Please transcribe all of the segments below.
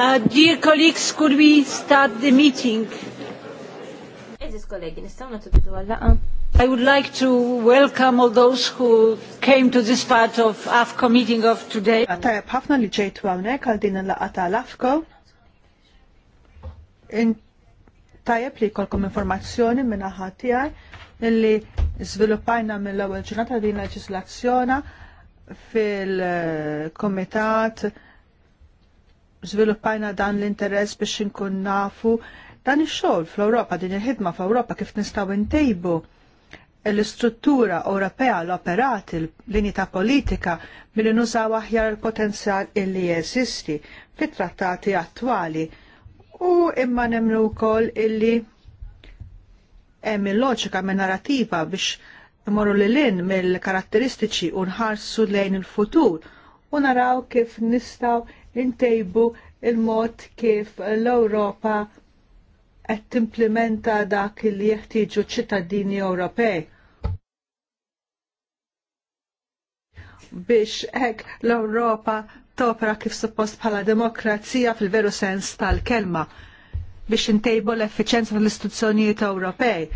Uh, dear colleagues, could we start the meeting? I would like to welcome all those who came to this part of AFCO meeting of today. Ah, tajjeb li ġejtu għawnek għal din l-laqa tal kolkom informazzjoni minna ħatijaj li zviluppajna mill-ewel ġurnata din leġislazzjona fil-komitat żviluppajna dan l-interess biex inkun nafu dan ix-xogħol fl-Ewropa, din il-ħidma f'Ewropa kif nistgħu ntejbu l-istruttura Ewropea l-operati l-linji ta' politika milli nużaw aħjar il-potenzjal illi jeżisti fit-trattati attwali u imma nemmnu wkoll illi hemm il-loġika minn narrativa biex imorru li lin mill-karatteristiċi u nħarsu lejn il-futur u naraw kif nistaw intejbu il-mod kif l-Ewropa qed timplementa dak li jeħtieġu ċittadini Ewropej. biex hekk l-Ewropa topra kif suppost bħala demokrazija fil-veru sens tal-kelma biex intejbu l-effiċenza tal-istituzzjonijiet Ewropej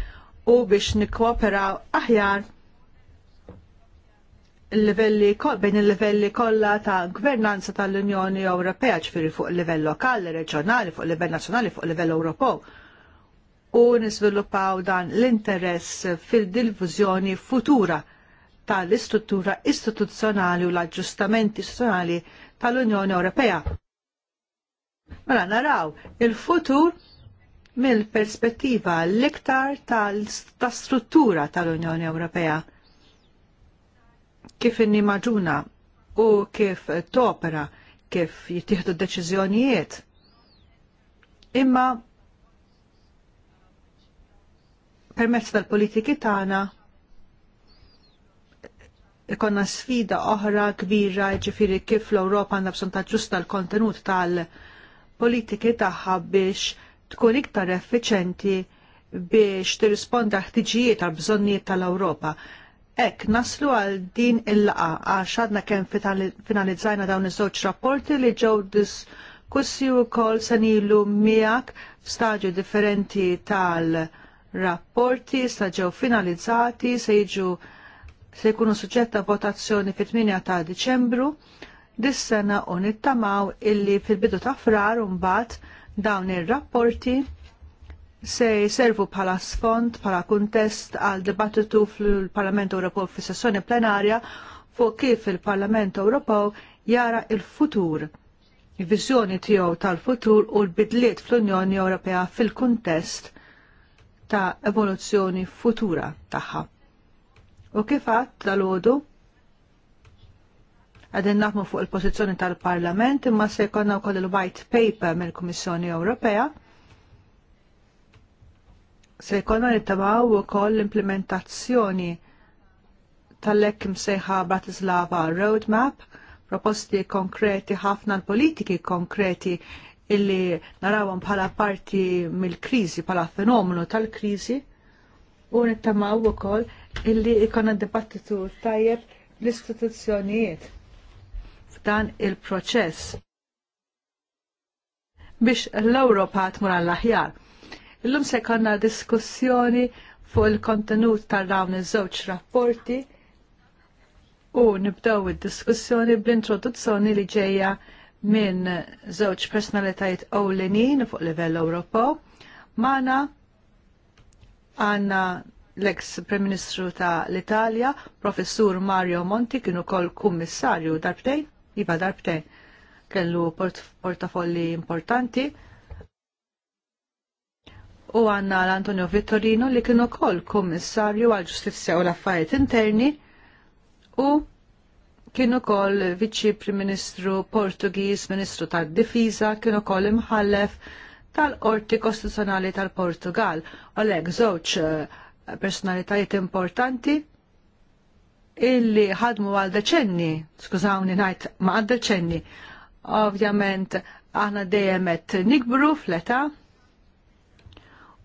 u biex nikkooperaw aħjar il-livelli bejn il-livelli kollha ta' gvernanza tal-Unjoni Ewropea ġifieri fuq il-livell lokali, reġjonali, fuq livell nazzjonali, fuq livell Ewropew. U niżviluppaw dan l-interess fil diffużjoni futura tal-istruttura istituzzjonali u l-aġġustamenti istituzzjonali tal-Unjoni Ewropea. Mela naraw il-futur mill-perspettiva l-iktar tal-struttura tal-Unjoni Ewropea. Kif inni maġuna u kif topera, kif jittieħdu deċiżjonijiet. Imma permezz tal-politiki tagħna ikonna sfida oħra kbira ġifiri kif l ewropa għandha bżonn ta' ġusta l-kontenut tal-politiki tagħha biex tkun iktar effiċenti biex tirrisponda ħtiġijiet għal bżonnijiet tal-Ewropa. Ek, naslu għal din il-laqa, għax għadna kem finalizzajna dawn iż-żewġ rapporti li ġew diskussi u kol ilu miegħek f'stadju differenti tal-rapporti, sta ġew finalizzati, se jiġu se jkunu suġġetta votazzjoni fit-8 ta' Diċembru dis-sena u nittamaw illi fil-bidu ta' frar u mbagħad Dawn ir-rapporti se servu bħala sfond, bħala kuntest għal dibattitu fil-Parlament Ewropew fis sessjoni plenarja fuq kif il-Parlament Ewropew jara il-futur, il-viżjoni tiegħu tal-futur u l-bidliet fl-Unjoni Ewropea fil-kuntest ta' evoluzzjoni futura tagħha. U kif għadd dal għadin naħmu fuq il-pozizjoni tal-Parlament imma se jkollna wkoll il-White Paper mill-Kummissjoni Ewropea se jkollna nittamaw ukoll l-implementazzjoni tal-lekk imsejħa Bratislava Roadmap proposti konkreti ħafna l-politiki konkreti illi narawhom bħala parti mill-kriżi, bħala fenomenu tal-kriżi, u nittamaw ukoll illi ikonna dibattitu tajjeb l-istituzzjonijiet f'dan il-proċess biex l-Ewropa tmur għall-aħjar. Illum se konna diskussjoni fuq il-kontenut tal dawn iż-żewġ rapporti u nibdew id-diskussjoni bl-introduzzjoni li ġejja minn żewġ personalitajiet ewlenin fuq livell Ewropew. Mana għanna l-ex Prem Ministru ta' l-Italja, Professur Mario Monti, kienu kol kummissarju darbtejn, iva Darbte kellu portafolli importanti u għanna l-Antonio Vittorino li kienu kol kummissarju għal ġustizja u l-affarijiet interni u kienu kol viċi prim ministru Portugiż, ministru tad-difiża, kienu kol imħallef tal-Qorti Kostituzzjonali tal-Portugal. Oleg żewġ eh, personalitajiet importanti illi ħadmu għal deċenni, skużawni najt ma għal deċenni, ovvjament aħna dejemet nikbru fleta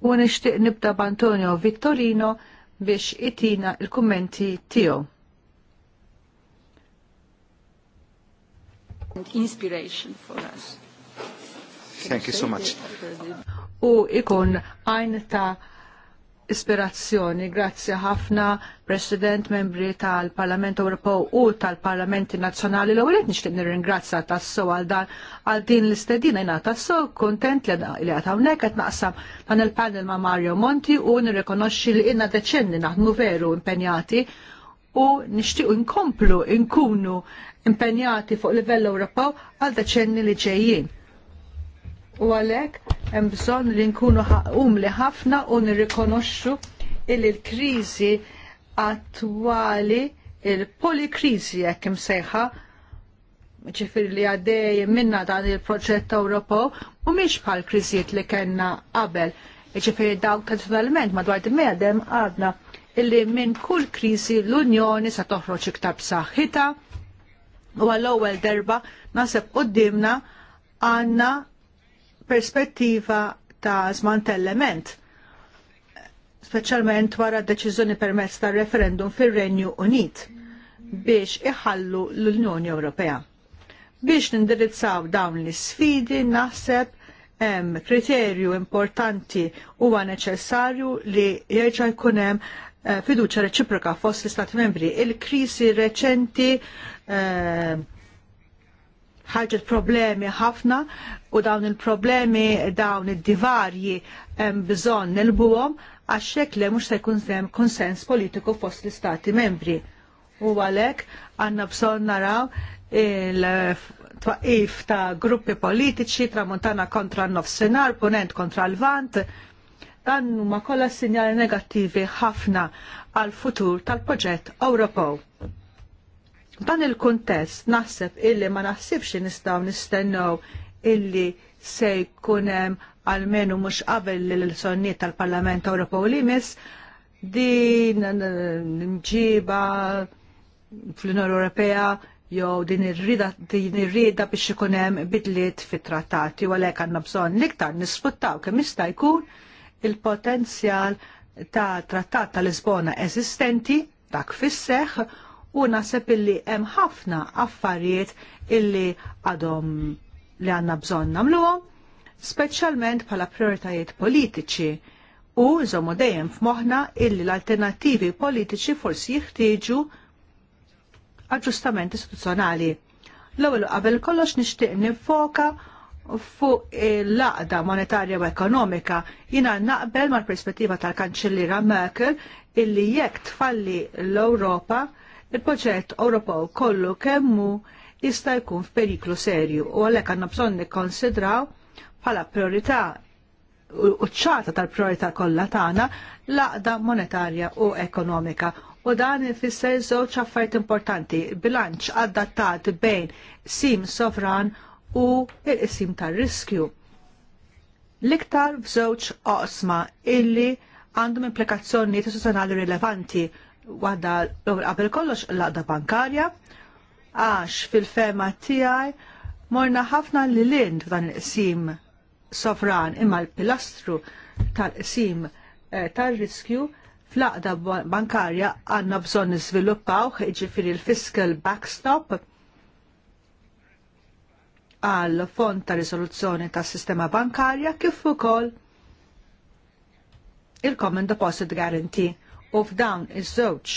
u nixtieq nibda b'Antonio Vittorino biex itina il-kummenti tiegħu. Inspiration for us. Thank you so much. U ikun għajn ta' ispirazzjoni. Grazzi ħafna, President, membri tal-Parlament Ewropew u tal-Parlamenti Nazzjonali. L-ewwel qed nixtieq nirringrazzja tas-sew għal dan għal din l-istedina jiena tas-sew kuntent li qed hawnhekk qed naqsam dan il-panel ma' Mario Monti u nirrikonoxxi li inna deċenni naħdmu veru impenjati u nixtiequ nkomplu nkunu impenjati fuq livell Ewropew għal deċenni li ġejjin. U għalhekk Hemm bżonn li nkunu umli ħafna u nirrikonoxxu illi l-kriżi attwali il-polikriżi jekk imsejħa ġifir li għaddej minna dan il-proġett Ewropew u miex bħal kriżiet li kellna qabel. Ċifir dawk tradizjonalment madwar dimedem għadna illi minn kull kriżi l-Unjoni sa toħroġ iktar b'saħħitha u għall-ewwel derba naseb qudiemna għandna perspettiva ta' żman element speċjalment wara d deċiżjoni permezz tar referendum fir-Renju Unit biex iħallu l-Unjoni Ewropea. Biex nindirizzaw dawn l-sfidi naħseb hemm kriterju importanti huwa neċessarju li jerġa' jkun hemm eh, fiduċja reċiproka fost l-Istati Membri. Il-krisi reċenti eh, ħarġet problemi ħafna u dawn il-problemi dawn id-divarji hemm bżonn nilbuhom għax hekk le mhux se jkun konsens politiku fost l-istati membri. U għalhekk għandna bżonn naraw il-twaqif ta' gruppi politiċi tramuntana kontra n-nofsenar, ponent kontra l-vant, dan huma kollha sinjali negattivi ħafna għal futur tal-proġett Ewropew. Dan il-kuntest naħseb illi ma naħsibx nistgħu nistennew illi se jkun hemm għalmenu mhux qabel l-sonniet tal-Parlament Ewropew li miss din mġiba fl-Unjoni Ewropea jew din ir-rida din ir biex ikun hemm bidliet fit-trattati u għalhekk għandna bżonn l-iktar nisfruttaw kemm jista' jkun il-potenzjal ta' trattat ta' Lisbona eżistenti dak fis-seħħ u naħseb illi hemm ħafna affarijiet illi għadhom li għandna bżonn nagħmluhom, speċjalment bħala prioritajiet politiċi u żommu dejjem f'moħħna illi l-alternattivi politiċi forsi jiħtieġu aġġustament istituzzjonali. L-ewwel qabel kollox nixtieq nifoka fuq l-laqda monetarja u ekonomika jina naqbel mal perspettiva tal-kanċellira Merkel illi jekk tfalli l ewropa il-proġett Ewropew kollu kemmu jista' jkun f'periklu serju u għalhekk għandna bżonn nikkonsidraw bħala priorità u ċata tal-priorità kollha tagħna l-aqda monetarja u ekonomika u dan ifisser żewġ affarijiet importanti, bilanċ adattat bejn sim sovran u il isim tar-riskju. L-iktar f'żewġ oqsma illi għandhom implikazzjoni istituzzjonali rilevanti waħda qabel kollox l għada bankarja għax fil-fema tijaj morna ħafna li l dan il-qsim sovran imma l-pilastru tal-qsim eh, tal-riskju fl-aqda bankarja għanna bżon nizviluppaw ġifiri l-fiscal backstop għal fond ta' risoluzzjoni ta' sistema bankarja kif ukoll il-Common Deposit Guarantee U f'dawn iż-żewġ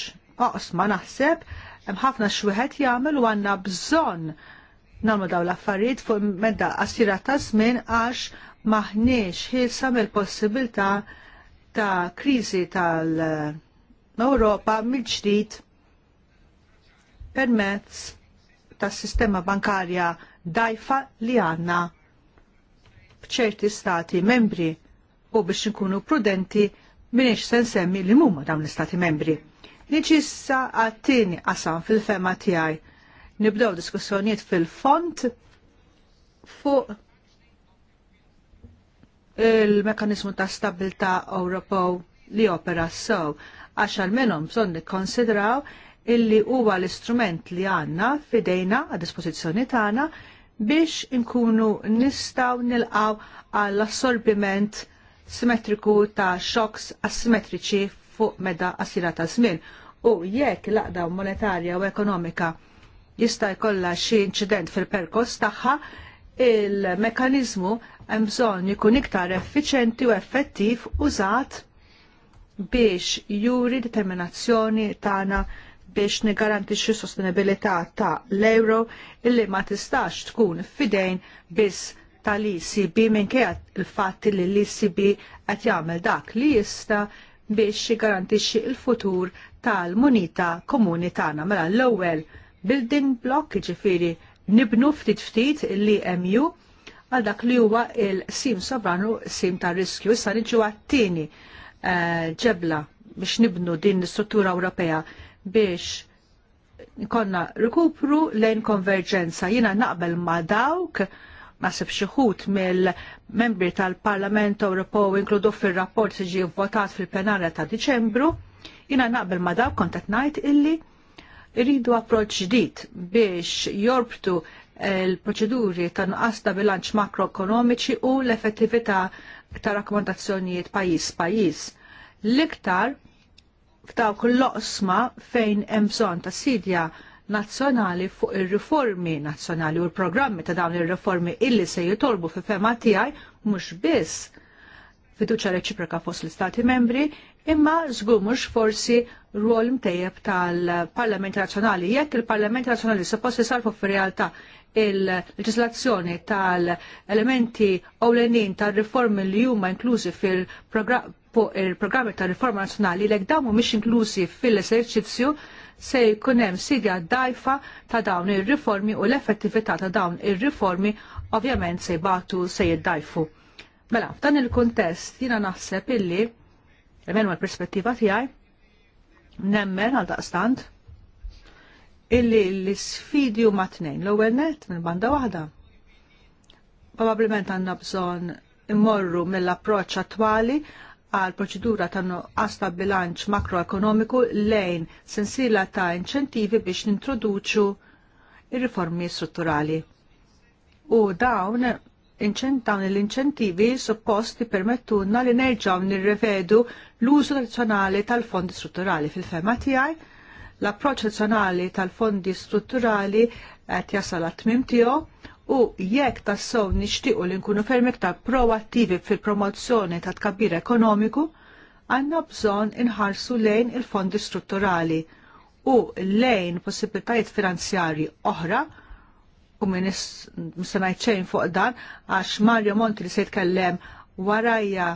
ma naħseb hemm ħafna xwieħed jagħmel u għandna bżonn nagħmlu dawn l-affarijiet fuq medda qasira ta' żmien għax maħniex ħiesa mill possibilità ta' kriżi tal-Ewropa mill-ġdid permezz tas sistema bankarja dajfa li għandna f'ċerti stati membri u biex nkunu prudenti minix se nsemmi li mumma dawn l-istati membri. Niċissa għattini għasan fil-fema tijaj. Nibdew diskussjoniet fil-font fuq il-mekanizmu ta' stabilta Ewropew li opera sew għax għalmenom bżon nikkonsidraw illi huwa l-istrument li għanna fidejna għad dispożizzjoni tagħna biex inkunu nistaw nilqaw għall-assorbiment simmetriku ta' xoks asimetriċi fuq meda qasira ta' żmien. U jekk laqda monetarja u ekonomika jista' jkollha xi inċident fil-perkos tagħha, il-mekanizmu hemm bżonn ikun iktar effiċenti u effettiv użat biex juri determinazzjoni tagħna biex nigarantixxi sostenibilità ta' l-euro illi ma tistax tkun fidejn biss tal-ECB minkejja il fat li l-ECB qed jagħmel dak li jista biex jiggarantixxi l futur tal-munita komuni tagħna. Mela l-ewwel building block jiġifieri nibnu ftit ftit l-EMU għal dak li huwa il-sim sovranu sim ta' riskju. Issa niġu għattini eh, ġebla biex nibnu din l-struttura Ewropea biex konna rikupru lejn konverġenza. Jina naqbel ma dawk nasib xuħut mill-membri tal-Parlament Ewropew inkludu fil-rapport si ġie votat fil-plenarja ta' Diċembru, jina naqbel ma daw kontet najt illi irridu approċ ġdid biex jorbtu l-proċeduri ta' nuqqas ta' bilanċ makroekonomiċi u l-effettività ta' rakkomandazzjonijiet pajis pajis. L-iktar f'dawk l-oqsma fejn hemm bżonn ta' sidja nazzjonali fuq ir-riformi nazzjonali u l-programmi ta' dawn ir-riformi illi se jitolbu fi fema tiegħi mhux biss fiduċa reċiproka fost l-Istati membri, imma żgur mhux forsi rwol mtejjeb tal-Parlament Nazzjonali. Jekk il-Parlament Nazzjonali suppost isalfu fir-realtà il-leġislazzjoni tal-elementi ewlenin tal-riformi li huma inklużi fil-programmi tal-riforma nazzjonali, lek dawn mhumiex inklużi fil-eserċizzju, se jkun hemm sidja dajfa ta' dawn ir-riformi u l-effettività ta' dawn ir-riformi ovvjament se jbatu se jiddajfu. Mela, f'dan il-kuntest jiena naħseb illi, ma' perspettiva tiegħi, nemmen għal daqstant, illi l isfidi huma tnejn l-ewwel net minn banda waħda. Probabbilment għandna bżonn immorru mill-approċċ attwali għal proċedura ta' nuqqas ta' bilanċ makroekonomiku lejn sensila ta' inċentivi biex nintroduċu ir-riformi strutturali. U dawn dawn l-inċentivi supposti permettuna li nerġaw nirrevedu l-użu tradizjonali tal-fondi strutturali. Fil-fema tiegħi, l-approċċ tradizjonali tal-fondi strutturali qed jasal għat-tmim tiegħu u jekk tassow nixtiequ li nkunu ferm iktar proattivi fil-promozzjoni ta' tkabbir ekonomiku, għandna bżonn inħarsu lejn il-fondi strutturali u lejn possibilitajiet finanzjarji oħra u mistanajt ċejn fuq dan, għax Mario Monti li se kellem warajja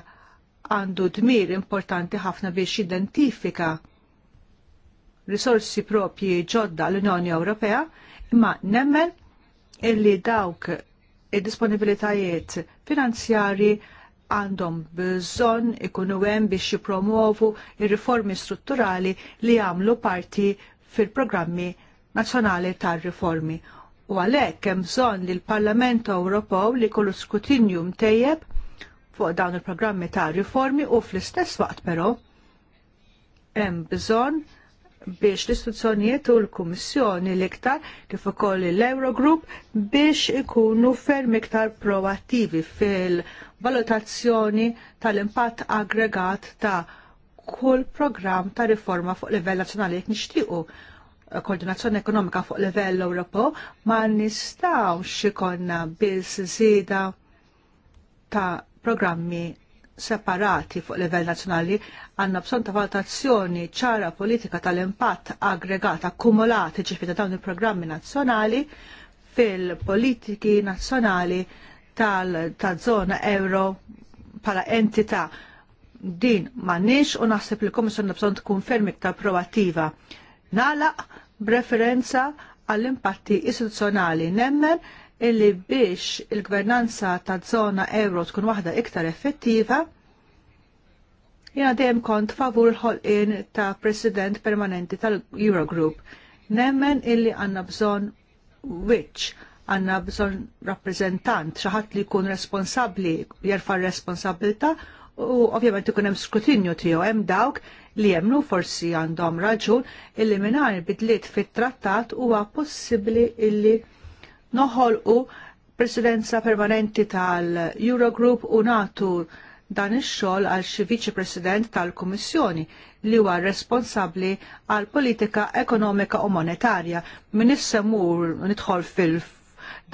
għandu dmir importanti ħafna biex identifika risorsi propji ġodda l-Unjoni Ewropea, imma nemmen illi dawk id-disponibilitajiet finanzjari għandhom bżonn ikunu hemm biex jippromovu ir-riformi strutturali li għamlu parti fil-programmi nazzjonali tar-riformi. U għalhekk hemm bżonn li l-Parlament Ewropew li kollu skrutinju mtejjeb fuq dawn il-programmi ta' riformi u fl-istess waqt però hemm bżonn biex l-istituzzjonijiet u l-Kummissjoni l-iktar kif ukoll l-Eurogroup biex ikunu ferm iktar proattivi fil-valutazzjoni tal-impatt aggregat ta' kull programm ta' riforma fuq livell nazzjonali jekk nixtiequ eh, koordinazzjoni ekonomika fuq livell Ewropew ma nistgħux ikonna biss żieda ta' programmi separati fuq livell nazzjonali għandna bżonn ta' valutazzjoni ċara politika tal-impatt aggregat akkumulati ġifi ta' dawn il-programmi nazzjonali fil-politiki nazzjonali tal-żona euro bħala entità din m'għandniex u naħseb li komissjon nabżon bżonn tkun fermi ta' provattiva Nalaq b'referenza għall-impatti istituzzjonali nemmen illi biex il-gvernanza ta' zona euro tkun waħda iktar effettiva, jena dejjem kont favur ħolqien ta' president permanenti tal-Eurogroup. Nemmen illi għanna bżon which għanna bżon rappresentant, xaħat li jkun responsabli, jerfa responsabilta u ovvjament ikun hemm skrutinju tiegħu hemm dawk li jemnu forsi għandhom raġun illi mingħajr bidliet fit-trattat huwa possibbli illi noħolqu presidenza permanenti tal-Eurogroup u natu dan ix-xogħol għal xi viċi president tal-Kummissjoni li huwa responsabbli għal politika ekonomika u monetarja. Min issemur nidħol fil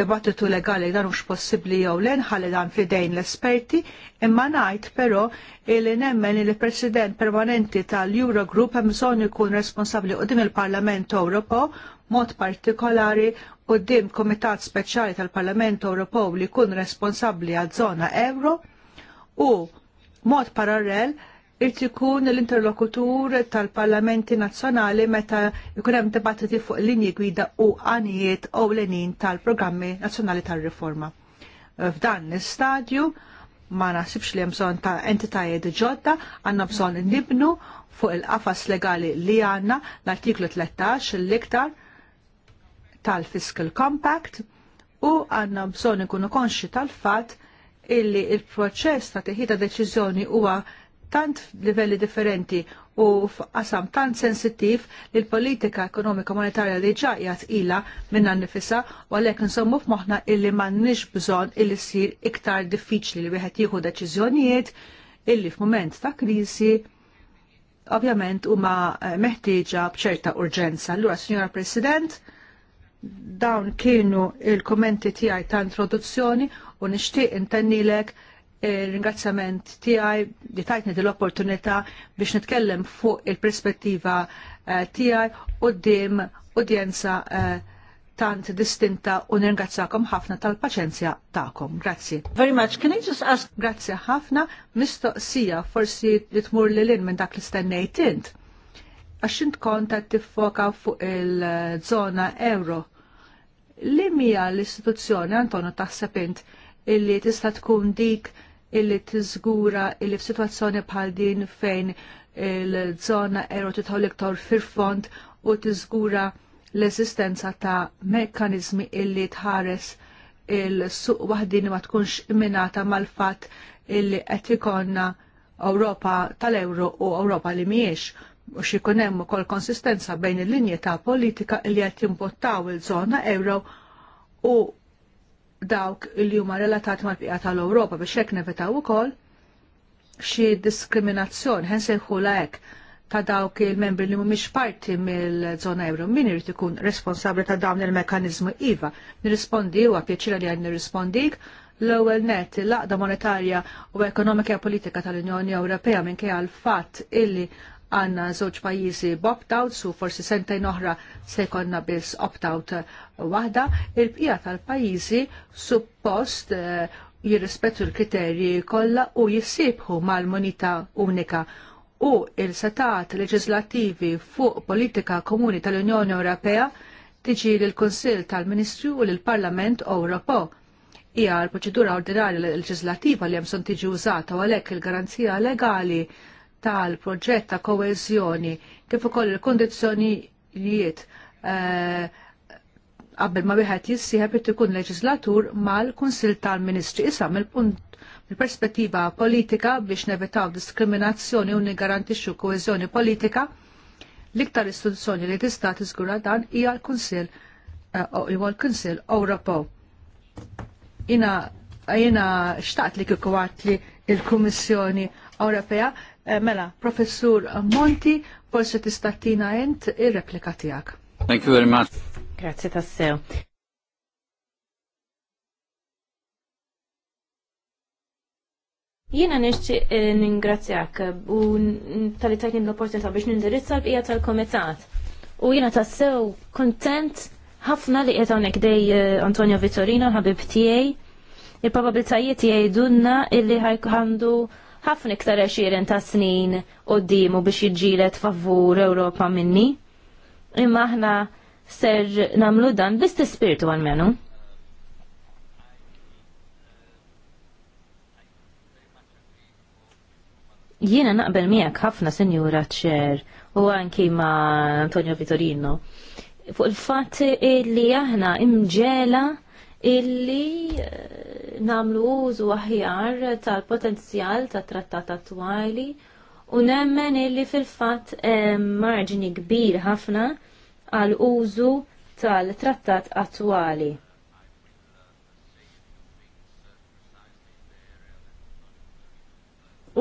debattitu legali dan mhux possibbli jew len ħalli dan fidejn l-esperti, imma ngħid però li nemmen li president permanenti tal-Eurogroup hemm bżonn ikun responsabbli qudiem il-Parlament Ewropew mod partikolari qudiem Kumitat Speċjali tal-Parlament Ewropew li jkun responsabbli għaż-żona euro u mod parallel irid ikun l-interlokutur tal-parlamenti nazzjonali meta jkun hemm dibattiti fuq linji gwida u għanijiet ewlenin tal-programmi nazzjonali tal-riforma. F'dan l-istadju ma naħsibx li hemm bżonn ta' entitajiet ġodda, għandna bżonn nibnu fuq il-qafas legali li għandna l-artiklu 13 l-iktar tal-Fiscal Compact u għandna bżonn ikunu konxi tal-fatt illi il-proċess ta' teħida deċiżjoni huwa tant livelli differenti u f'qasam tant sensittiv li l-politika ekonomika monetarja li ġajja tqila minna nifisa u għalhekk nsommu f'moħna illi m'għandniex bżonn illi sir iktar diffiċli li wieħed jieħu deċiżjonijiet illi f'mument ta' krisi ovvjament huma eh, meħtieġa b'ċerta urġenza. Allura, Signora President, dawn kienu il-kommenti tiegħi ta' introduzzjoni u nixtieq intennilek il ringrazzament tiegħi li tajtni l-opportunità biex nitkellem fuq il-perspettiva eh, tiegħi quddiem udjenza eh, tant distinta u nirgazzakom ħafna tal-paċenzja tagħkom. Grazzi. Very much. Can I just ask? Grazzi ħafna mistoqsija forsi li tmur lil lin minn dak li stennejt int. Għax int kont tiffoka fuq il-żona euro. Li mija l-istituzzjoni Antonio taħseb int illi tista' tkun dik illi tiżgura illi f'sitwazzjoni bħal din fejn il-żona ero titħol iktar fir-font u tiżgura l-esistenza ta' mekkanizmi illi tħares il-suq waħdin ma tkunx imminata mal-fatt illi qed ikonna Ewropa tal-Ewro u Ewropa li mhijiex u xikun hemm ukoll konsistenza bejn il-linji ta' politika li qed jimbottaw il-żona euro u dawk li huma relatati mal-bqija tal-Ewropa biex hekk nevitaw ukoll xi diskriminazzjoni ħen sejħu hekk ta' dawk il-membri li mhumiex parti mill-żona euro min irid ikun responsabbli ta' dawn il-mekkaniżmu iva. Nirrispondi huwa pjaċira li għandi nirrispondik l-ewwel net il-laqda monetarja u ekonomika e politika tal-Unjoni Ewropea minkejja l fatt illi għanna żewġ pajjiżi b'opt-out su forsi sentejn oħra se jkollna biss opt-out eh, waħda, il-bqija tal-pajjiżi suppost eh, jirrispettu l-kriterji kollha u jissibħu mal-monita unika u il-setat leġislattivi fuq politika komuni tal-Unjoni Ewropea tiġi lill-Kunsill tal-Ministru u lill-Parlament Ewropo. hija l-proċedura ordinarja leġislattiva li hemm tiġi użata u għalhekk il-garanzija legali tal-proġett ta' koezjoni kif ukoll il-kondizzjonijiet eh, qabel ma wieħed jissieħeb irid ikun leġislatur mal-Kunsill tal-Ministri Issa mill-punt mill-perspettiva politika biex nevitaw diskriminazzjoni u nigarantixxu koeżjoni politika l-iktar istituzzjoni li tista' tiżgura dan hija l-Kunsill eh, huwa l-Kunsill Ewropew. Jiena jiena xtaqt li kieku li l-Kummissjoni Ewropea Eh, mela, professur Monti, forse tistatina jent ir-replika tiegħek. Thank you very much. Grazie tassew. Jiena nixtieq eh, ningrazzjak u tal-li l-opportunità biex nindirizza l tal-komitat. U jiena tassew kontent ħafna li jieta hawnhekk dej eh, Antonio Vittorino ħabib tiegħi. Il-probabilitajiet jgħidulna illi għandu ħafna iktar għexieren ta' snin d-dimu biex jġilet favur Ewropa minni. Imma aħna ser namlu dan bist spiritu għal-menu. Jiena naqbel miegħek ħafna Sinjura Ċer u anki ma' Antonio Vitorino fuq il-fatt illi aħna imġela illi eh, namlu użu aħjar tal-potenzjal ta' trattat attwali u nemmen illi fil-fatt marġini kbir ħafna għal użu tal-trattat attwali.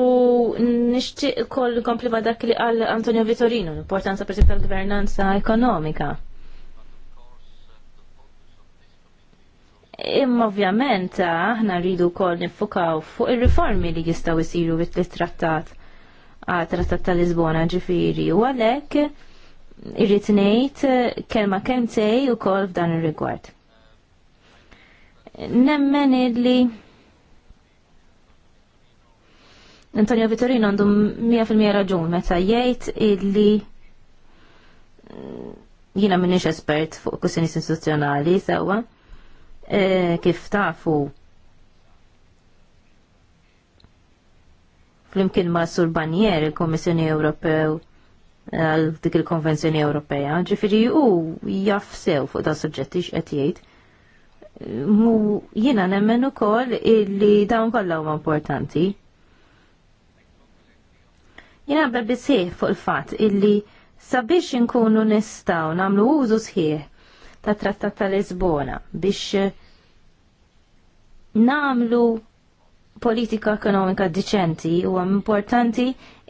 U nishtiq kol komplima dak li għal Antonio Vittorino, l-importanza per tal-gvernanza ekonomika. Imma ovvjament aħna rridu wkoll nifukaw fuq ir-riformi li jistgħu jsiru bit-trattat għal trattat tal-Lisbona ġifieri u għalhekk irrid ngħid kelma kemm sej ukoll f'dan ir-rigward. Nemmen illi Antonio Vittorino għandu 100% raġun meta jgħid illi Jiena miniex espert fuq kussjoni istituzzjonali sewwa. So E, kif tafu flimkien ma' Sur Banjer il-Komissjoni Ewropew għal dik il-Konvenzjoni Ewropea, ġifiri u jafsew fuq da' suġġetti x'qed jgħid. Mu jiena nemmen ukoll illi dawn kollha huma importanti. Jiena qabel bisih fuq il-fatt illi sabiex inkunu nistgħu nagħmlu użu sħiħ ta' Trattat tal Lisbona biex namlu politika ekonomika diċenti u għam importanti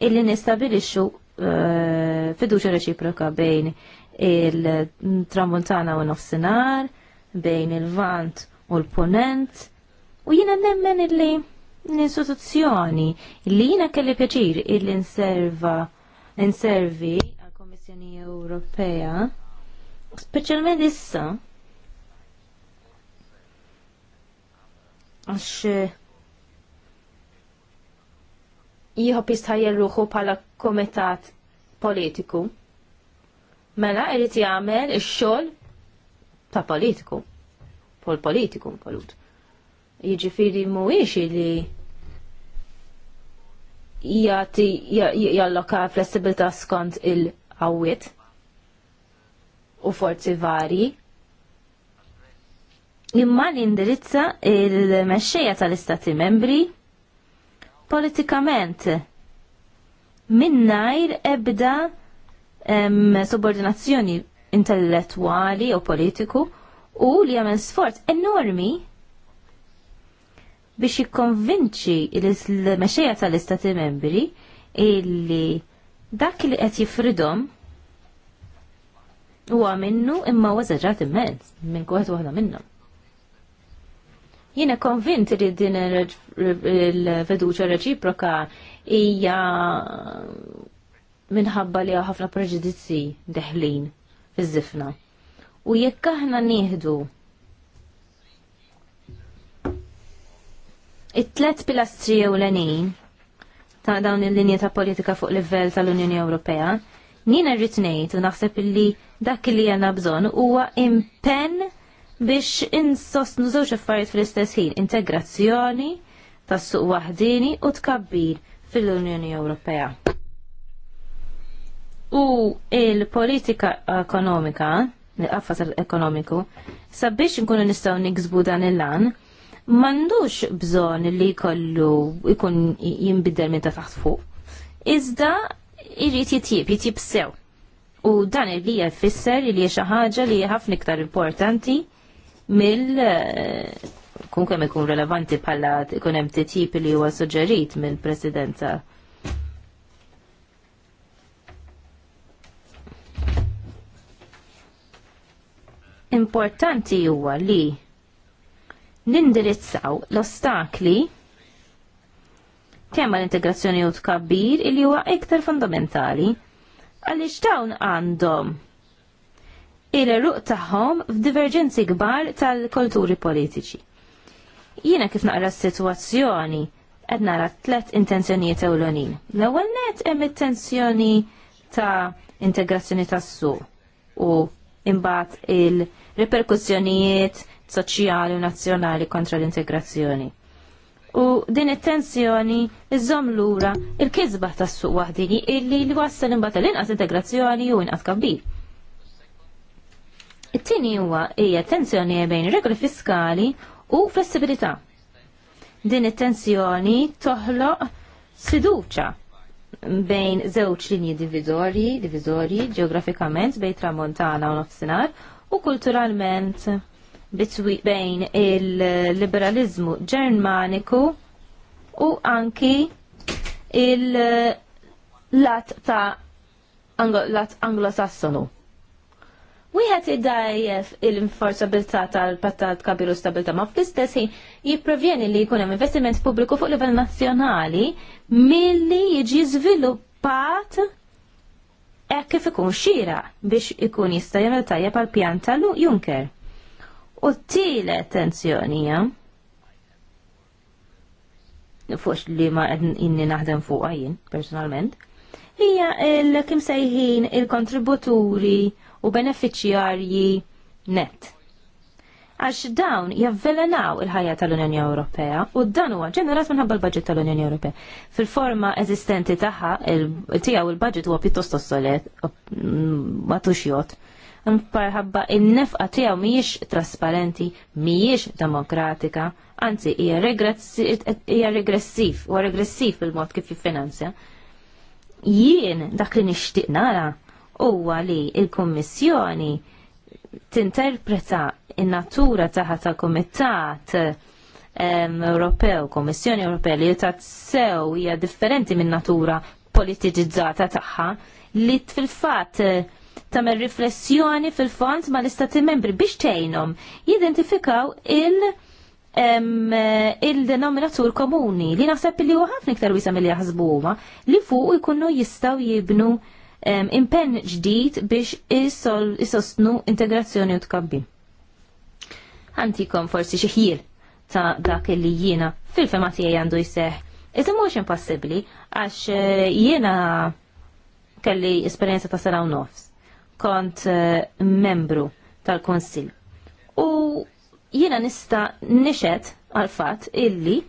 illi nistabilixxu uh, fiduċa reċiproka bejn il-tramuntana u nofsinar, bejn il-vant u l-ponent u jina nemmen illi l-istituzzjoni illi jina kelli pjaċir illi nserva nservi għal-Komissjoni Ewropea, specialment issa għax eh, jieħob jistħajjel ruħu bħala komitat politiku. Mela irrit jagħmel ix-xogħol ta' politiku. Pol politiku polut. Jiġifieri mhuwiex li jgħati jalloka flessibilità skont il-qawwiet u forzi varji imma li indirizza il-mexxejja tal-istati membri politikament minnajr ebda subordinazzjoni intellettuali u politiku u li għamel sforz enormi biex jikkonvinċi l-mexxejja tal-istati membri illi dak li qed jifridhom huwa minnu imma huwa immens minn kwaħed waħda minnhom. Jiena konvint li din il-veduċa reċiproka hija minħabba li ħafna preġudizzi deħlin fiż-żifna. U jekk aħna nieħdu it-tlet pilastri ewlenin ta' dawn il-linja ta' politika fuq livell tal-Unjoni Ewropea, nina rrit ngħid u naħseb illi dak li għandna bżonn huwa impenn biex insostnu żewġ affarijiet fl-istess ħin integrazzjoni tas-suq waħdini u tkabbir fil-Unjoni Ewropea. U il-politika ekonomika, l-qaffas ekonomiku, sabiex nkunu nistgħu niksbu dan il-lan, mandux bżon li kollu ikun jimbidel minn ta' taħt fuq. Iżda irrit jitjib, jitjib sew. U dan il-li jfisser li xi ħaġa li ħafna iktar importanti mill eh, kun kemm ikun relevanti bħala ikun hemm titjib li huwa suġġerit mill-Presidenza. Importanti huwa li nindirizzaw l-ostakli kemm l-integrazzjoni u tkabbir li huwa iktar fundamentali għaliex dawn għandhom ir-eruq tagħhom f'diverġenzi kbar tal-kulturi politiċi. Jiena kif naqra s-sitwazzjoni qed nara tliet intenzjonijiet ewlenin. L-ewwel net hemm it-tensjoni ta' integrazzjoni tas-suq u imbagħad il-reperkussjonijiet soċjali u nazzjonali kontra l-integrazzjoni. U din it-tensjoni iżom lura il kizba tas-suq waħdini illi li wassal imbagħad l-inqas integrazzjoni u inqas kabbir. It-tieni huwa hija tensjoni bejn regoli fiskali u flessibilità. Din it-tensjoni toħloq siduċa bejn żewġ linji divizorji, divizorji ġeografikament bejn tramontana u nofsinhar u kulturalment bejn il-liberalizmu ġermaniku u anki il-lat ta' lat anglosassonu. Anglo wieħed iddajjef il-inforzabilità tal-pattat kabiru stabilta ma fl-istess ħin jipprevjeni li jkun hemm investiment pubbliku fuq livell nazzjonali milli jiġi żviluppat hekk kif ikun xira biex ikun jista' jagħmel tajjeb għal pjan tal Juncker. U t-tielet hija, fuq li ma inni naħdem fuq għajin personalment hija l-kim sejħin il-kontributuri il kontributuri u beneficjarji net. Għax dawn javvelenaw il-ħajja tal-Unjoni Ewropea u dan huwa ġenerat minħabba l-budget tal-Unjoni Ewropea. Fil-forma eżistenti tagħha tiegħu il-budget huwa pjuttost ossolet mm, matux tuxjot. Parħabba in-nefqa tiegħu mhijiex trasparenti, mhijiex demokratika, anzi hija regressiv, huwa regressiv il-mod kif jiffinanzja jien dak li nixtieq nara huwa li il-Kummissjoni tinterpreta in-natura taħa ta' Kumitat Ewropew, Kommissjoni Ewropea li ta sew hija differenti minn natura politiċizzata tagħha li fil-fatt eh, tagħmel riflessjoni fil-fond ma l-istati membri biex tejnom jidentifikaw il- eh, il-denominatur komuni li naħseb li huwa ħafna iktar wisa mill jaħsbuhuma li fuq jkunnu jistgħu jibnu impenn ġdid biex isostnu integrazzjoni u tkabbi. Għantikom forsi xi ta' dak li jiena fil-fema tiegħi għandu jiseħ. Iżem mhux impossibbli għax eh, jiena kelli esperjenza ta' sena u nofs. Kont eh, membru tal-Konsil. U jiena nista' nixet għal fatt illi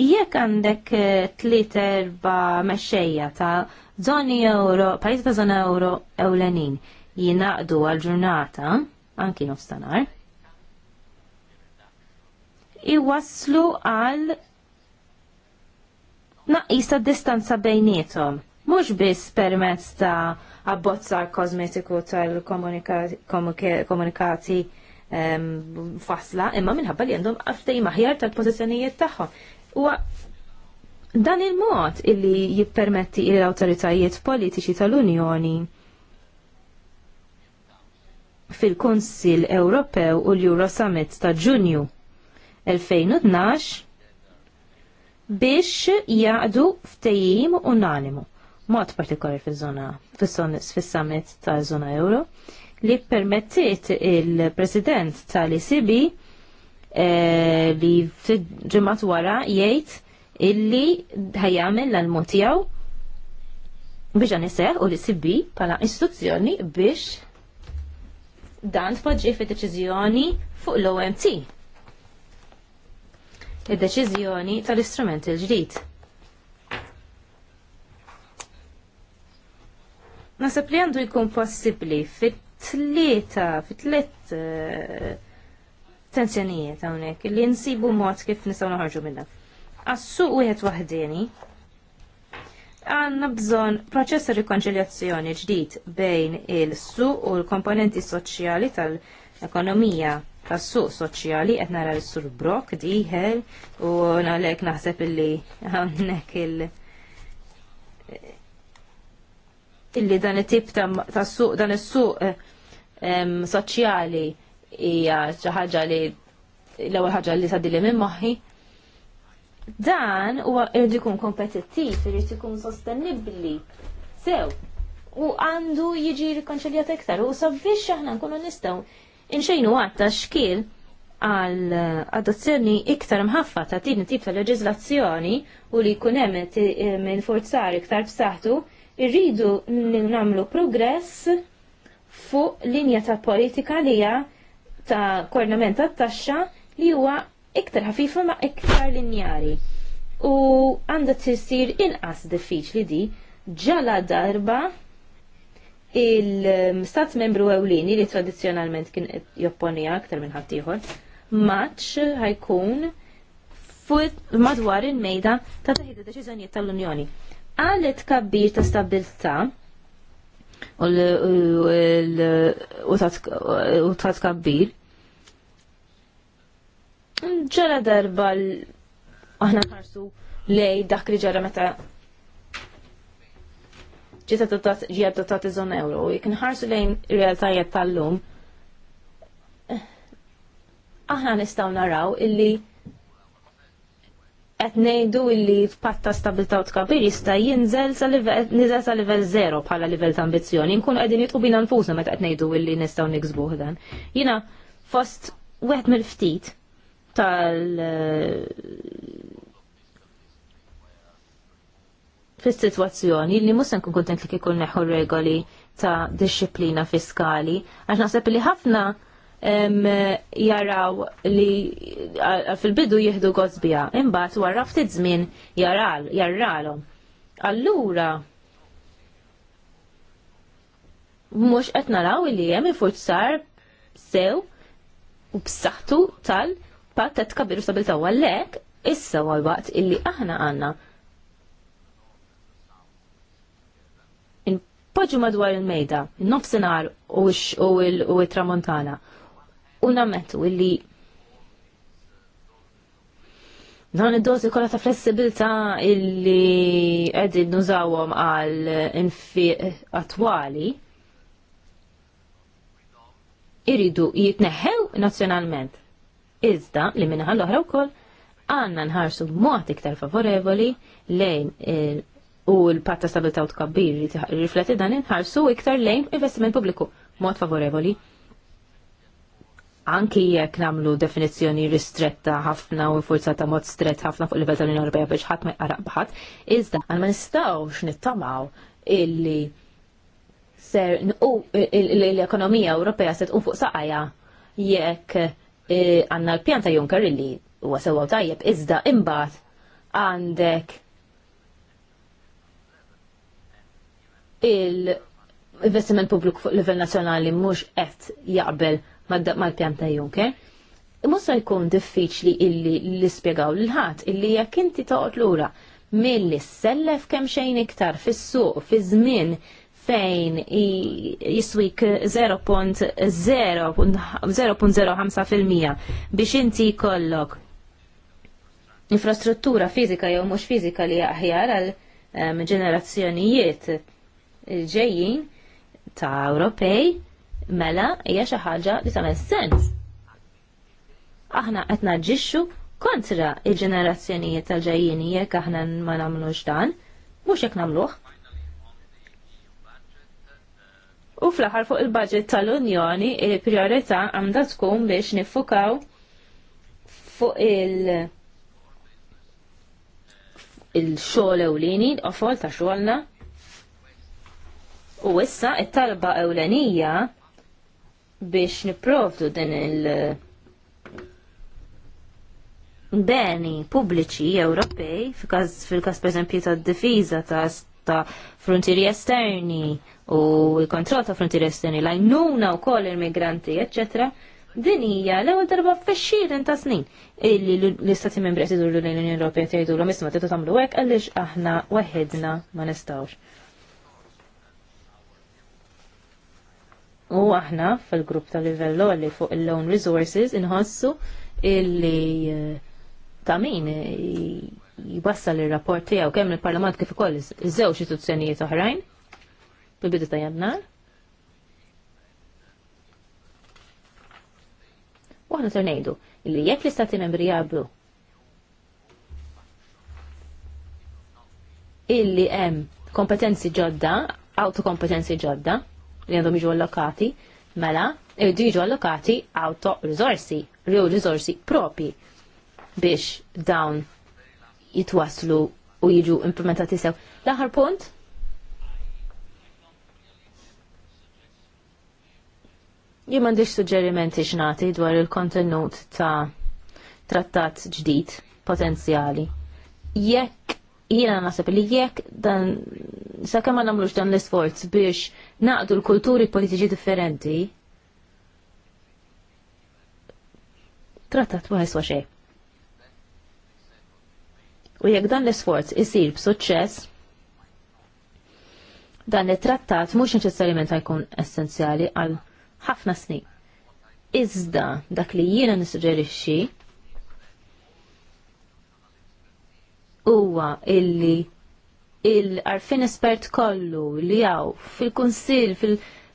jekk għandek eh, tliet erba' mexxejja ta' zoni euro, pajjiż ta' zona euro ewlenin jinaqdu għal ġurnata, anki nofstanar, iwaslu għal naqis ta' distanza bejnietom. Mhux biss permezz ta' abbozzar kosmetiku tal-komunikati fasla, imma minħabba li għandhom għaftej maħjar tal-pozizjonijiet tagħhom. U dan il-mod illi jippermetti il awtoritajiet politiċi tal-Unjoni fil-Konsil Ewropew u l-Euro Summit ta' Ġunju 2012 biex jaqdu ftejim unanimu mod partikolari fil-zona fil-summit ta' zona euro li permettiet il-president tal-ECB Eh, li fid-ġimgħat wara jgħid illi ħajjamel l-almu tiegħu biex għan u li sibbi bħala istituzzjoni biex dan tpoġġi fi deċiżjoni fuq l-OMT. Id-deċiżjoni tal-istrument il-ġdid. Nasab li għandu jkun possibbli fit-tlieta, fit-tliet eh, tensjonijiet hawnhekk li nsibu mod kif nistgħu noħorġu minnha. suq wieħed waħdieni għanna bżon proċess ta' rikonċiljazzjoni ġdid bejn il-suq u l-komponenti soċjali tal-ekonomija tas-suq soċjali qed nara l-sur Brok diħel u għalhekk naħseb illi hawnhekk il- illi dan it-tip ta' suq dan is-suq eh, soċjali hija xi ħaġa li l-ewwel ħaġa li sadili minn moħħi. Dan huwa irid ikun kompetittiv, irid ikun sostenibbli. Sew, u għandu jiġi rikonċiljat iktar u sabbiex aħna nkunu nistgħu inxejnu għatta xkil għal adozzjoni iktar mħaffa ta' din tip ta' leġizlazzjoni u li kunem minn forzar iktar b'saħtu, irridu namlu progress fuq linja ta' politika li hija ta' kornament ta' taxxa li huwa iktar ħafifa ma' iktar linjari. U għandha tisir inqas diffiċli di ġala darba il-stat membru ewlieni li tradizzjonalment kien jopponija aktar minn ħaddieħor, maċ ħajkun fuq madwar il-mejda ta' taħida deċiżjonijiet tal-Unjoni. Għalet kabbir ta' stabilta' u ta' tkabbir ġara darba aħna ħarsu lej dak li ġara meta ġiet adottat ġi adottat iż-żona euro, jek nħarsu lejn realtajiet tal-lum, aħna nistgħu naraw illi qed ngħidu illi f'patt ta' stabilità u tkabbir jista' jinżel sa livell niżel sa livell zero bħala livell ta' ambizzjoni, Nkun qegħdin jitqu bina nfusna meta qed ngħidu illi nistgħu niksbuh dan. Jiena fost wieħed mill-ftit tal fis situazzjoni li musa nkun kontent li kikun neħu regoli ta' disciplina fiskali, għax naħseb li ħafna jaraw li fil-bidu jihdu gozbija, imbat wara ftit żmien jaral, jarralhom. Allura mhux qed naraw li hemm sar sew u b'saħħtu tal- il-pat ta' tkabbiru stabilta' għallek, issa għal waqt illi aħna għanna Poġu madwar il-mejda, nofsenar u il-tramontana. U nammetu illi dan id-dozi kolla ta' flessibilta illi għedin nużawom għal infi attwali iridu jitneħew nazjonalment. Iżda li minnaħal l-oħra wkoll għandna nħarsu b'mod iktar favorevoli lejn u l-patta stabilta u tkabbir rifletti dan inħarsu iktar lejn investiment pubbliku mod favorevoli. Anki jekk nagħmlu definizzjoni ristretta ħafna u forzata mod stretta ħafna fuq livell tal-Unjoni Ewropea biex ħadd ma jqaraq bħadd, iżda għal ma nistgħux nittamaw illi ser l-ekonomija Ewropea se tqum fuq saqajja jekk E, għanna l-pjanta Junker illi huwa sewwa tajjeb iżda imbagħad għandek il-investiment pubbliku fuq livell nazzjonali mhux qed jaqbel mal-pjanta Junker. Musa jkun diffiċli illi l spiegaw l-ħat illi jekk inti toqgħod lura milli sellef kemm xejn iktar fis-suq fi żmien fejn jiswik 0.05% biex inti kollok infrastruttura fizika jew mhux fizika li aħjar għal ġenerazzjonijiet ġejjin ta' Ewropej mela hija xi ħaġa li tagħmel sens. Aħna qed naġġixxu kontra il-ġenerazzjonijiet tal-ġejjin jekk aħna ma nagħmlux dan, mhux jekk nagħmluh, U fl-aħħar fuq il-budget tal-Unjoni, il-priorità għandha tkun biex nifukaw fuq il- il-xogħol ewlieni, l-qofol ta' xogħolna. U issa it-talba ewlenija biex niprovdu din il- beni pubbliċi Ewropej, fil-kas per esempio ta' difiża ta' ta' frontieri esterni u kontroll ta' frontieri esterni lajnuna u koll il-migranti, eccetera. Din hija l-ewwel darba fix ta' snin illi l-Istati Membri qed iduru l-Unjoni Ewropea tgħidu l isma' tagħtu tagħmlu hekk għaliex aħna waħedna ma nistgħux. U aħna fil-grupp ta' livell li fuq il-Loan Resources inħossu illi eh, ta' min jwassal ir-rapport tiegħu kemm il-Parlament kif ukoll iż-żewġ istituzzjonijiet oħrajn bil bidu ta' jannar. U ser ngħidu li jekk l-istati membri jaqblu illi hemm kompetenzi ġodda, autokompetenzi ġodda li għandhom jiġu allokati, mela irdu jiġu allokati auto risorsi, rew risorsi propi biex dawn jitwaslu u jiġu implementati sew. L-aħar punt? Jien m'għandix suġġerimenti x'nagħti dwar il-kontenut ta' trattat ġdid potenzjali. Jekk jiena naħseb li jekk dan sakemm ma nagħmlux dan l-isforz biex naqdu l-kulturi politiċi differenti, trattat ma jiswa xejn. U jekk dan l-isforz isir b'suċċess, dan it-trattat mhux neċessarjament jkun essenzjali għal ħafna snin. Iżda dak li jiena nissuġġerixxi huwa illi il-arfin espert kollu li għaw fil-kunsil,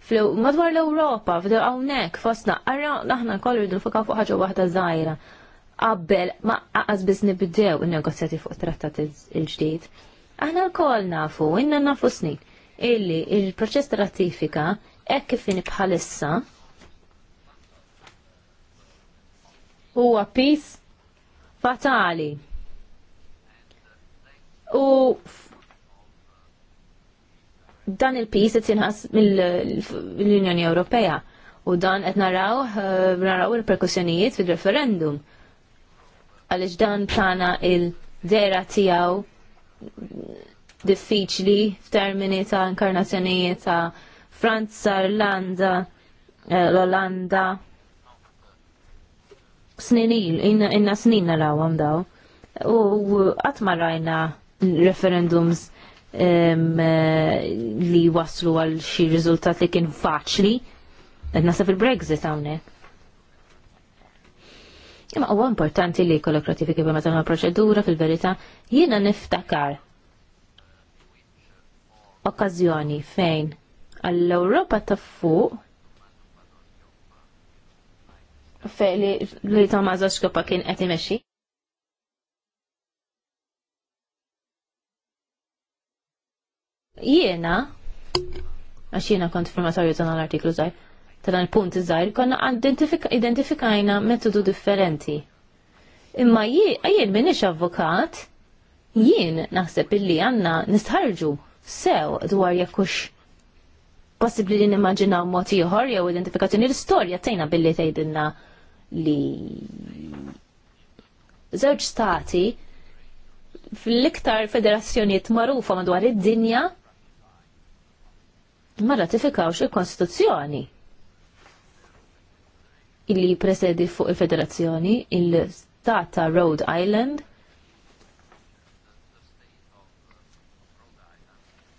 fil madwar l-Ewropa, f'dew hawnhekk fostna, għarra aħna kollu id nfokaw fuq ħaġa waħda żgħira qabel ma qaqas biss nibdew in-negozjati fuq trattat il-ġdid. Aħna l-kol nafu, inna nafu snin, illi il-proċess ta' ratifika hekk kif bħalissa huwa pis fatali. U dan il-pis qed jinħas mill-Unjoni Ewropea u dan qed naraw naraw il-perkussjonijiet fil-referendum għaliex dan plana il-dera tiegħu diffiċli f'termini ta' inkarnazzjonijiet ta' Franza, Irlanda, eh, l-Olanda. Sninil, inna, inna snin narawhom daw. U qatt ma rajna referendums um, li waslu għal xi riżultat li kien faċli. Nasab il-Brexit hawnhekk. Imma huwa importanti li jkollok ratifiki bimma ta' proċedura fil-verità jiena niftakar okkażjoni fejn għall-Ewropa ta' fuq fejn li, li Tomazo Xkopa kien qed imexxi. Jiena għax jiena kont firmatorju tagħna l-artiklu żgħir tal dan punt iżgħir konna identifikajna metodu differenti. Imma jien minix avvokat, jien naħseb illi għanna nistħarġu sew dwar jekkux possibli li nimmaġinaw mod ieħor jew identifikazzjoni l-istorja tajna billi tgħidilna li żewġ stati fl-iktar federazzjonijiet magħrufa madwar id-dinja ma ratifikawx il-Kostituzzjoni illi presedi fuq il-federazzjoni il-stat ta' Rhode Island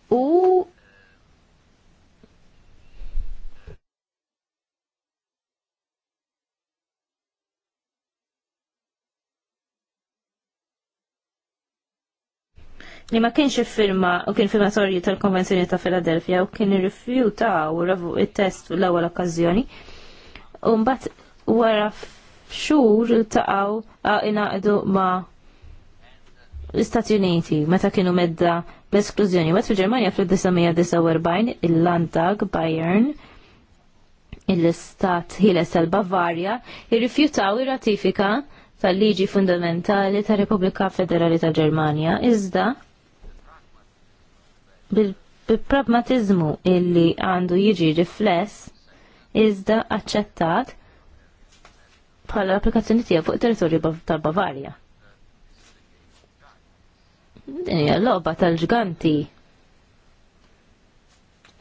u li ma kienx firma u kien firma firmatorju tal-Konvenzjoni ta' Filadelfja u kien irrifjutaw u ravu it-test l-ewwel okkażjoni u mbagħad wara xhur iltaqgħu inaqdu ma' l-Istati Uniti meta kienu medda l-esklużjoni. Mbagħad fil-Ġermanja fl-1949 il-Landtag Bayern il-istat ħiles tal-Bavarja irrifjutaw ir-ratifika tal-liġi fundamentali ta' Repubblika Federali ta' Ġermanja iżda bil-pragmatizmu illi għandu jiġi rifless iżda aċċettat bħala applikazzjoni tiegħu fuq it-territorju tal-Bavarja. Din hija logħba tal-ġganti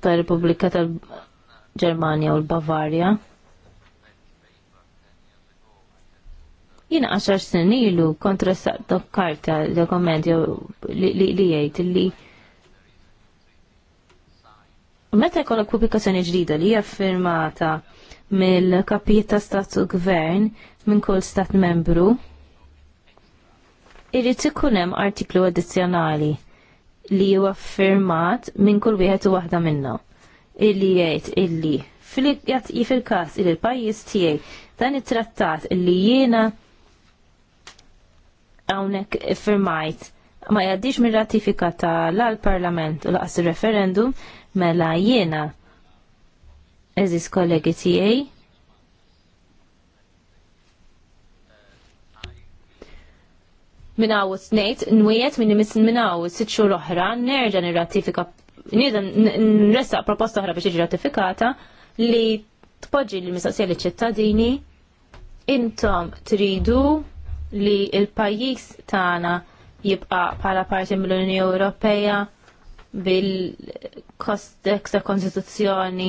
tal-Repubblika tal-Ġermanja u l-Bavarja. Jiena għaxar snin ilu kontra karta dokumenti li jgħid li, li, li Meta jkollok pubblikazzjoni ġdida li hija firmata mill-kapijiet ta' stat u gvern minn kull stat membru, irrid ikun hemm artiklu addizzjonali li huwa firmat minn kull wieħed u waħda minnha. Illi jgħid illi fil-każ il l-pajjiż tiegħi dan it-trattat illi jiena hawnhekk firmajt ma jgħaddix mir ratifika tal parlament u laqas referendum mela jiena eżis kollegi tiegħi. Min għawu snejt, nwiet minn missin minn sitxu sitt ohra oħra, nerġa' nirratifika, nerġa' nressaq proposta oħra biex tiġi ratifikata li tpoġġi l-mistoqsija li ċittadini intom tridu li il-pajjiż tagħna jibqa' bħala parti mill-Unjoni Ewropea bil-kost ekstra konstituzzjoni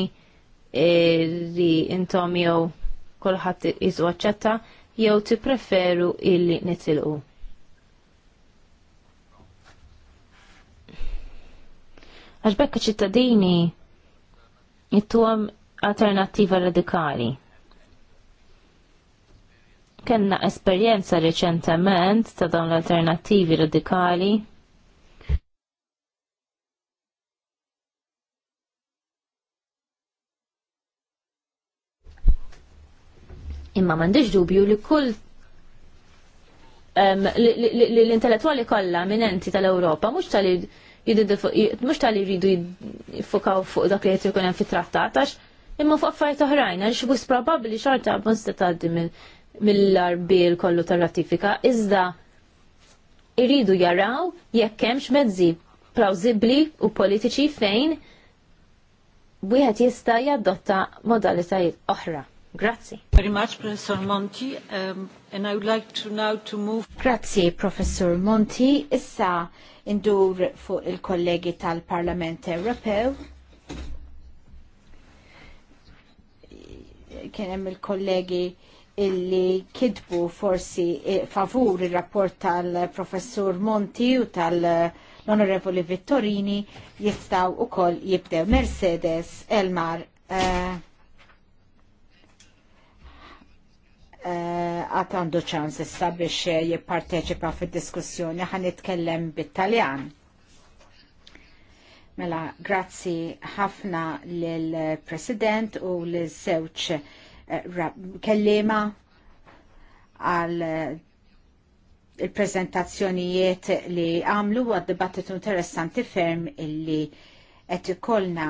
eh, li intom jew kolħat izu għacċetta jew ti preferu illi nitilqu. Għaxbekka ċittadini jittuħam alternativa radikali. Kenna esperienza reċentament ta' dawn l-alternativi radikali Imma m'għandix dubju li kull l-intellettuali kollha minenti tal-Ewropa mhux tal mhux tal jridu jiffukaw fuq dak li qed ikun hemm fit-trattat għax imma fuq affarijiet oħrajn għax wis probabbli xorta bun se tgħaddi mill arbil kollu tar-ratifika iżda jridu jaraw jekk hemmx mezzi plawzibbli u politiċi fejn wieħed jista' jadotta modalitajiet oħra. Grazzi. Very much, Professor Monti, um, and I would like to now to move. Grazzi, Professor Monti. Issa indur fuq il-kollegi tal-Parlament Ewropew. Kien hemm il-kollegi illi kidbu forsi eh, favur il-rapport tal-Professur Monti u tal-Onorevoli Vittorini jistaw u koll jibdew Mercedes Elmar. Uh, Eh, għat għandu ċans issa biex eh, jipparteċipa fi diskussjoni ħan nitkellem bit-Taljan. Mela, grazzi ħafna l-President u l żewġ eh, kellima għal il-prezentazzjonijiet li għamlu għad dibattitu interessanti ferm illi qed ikollna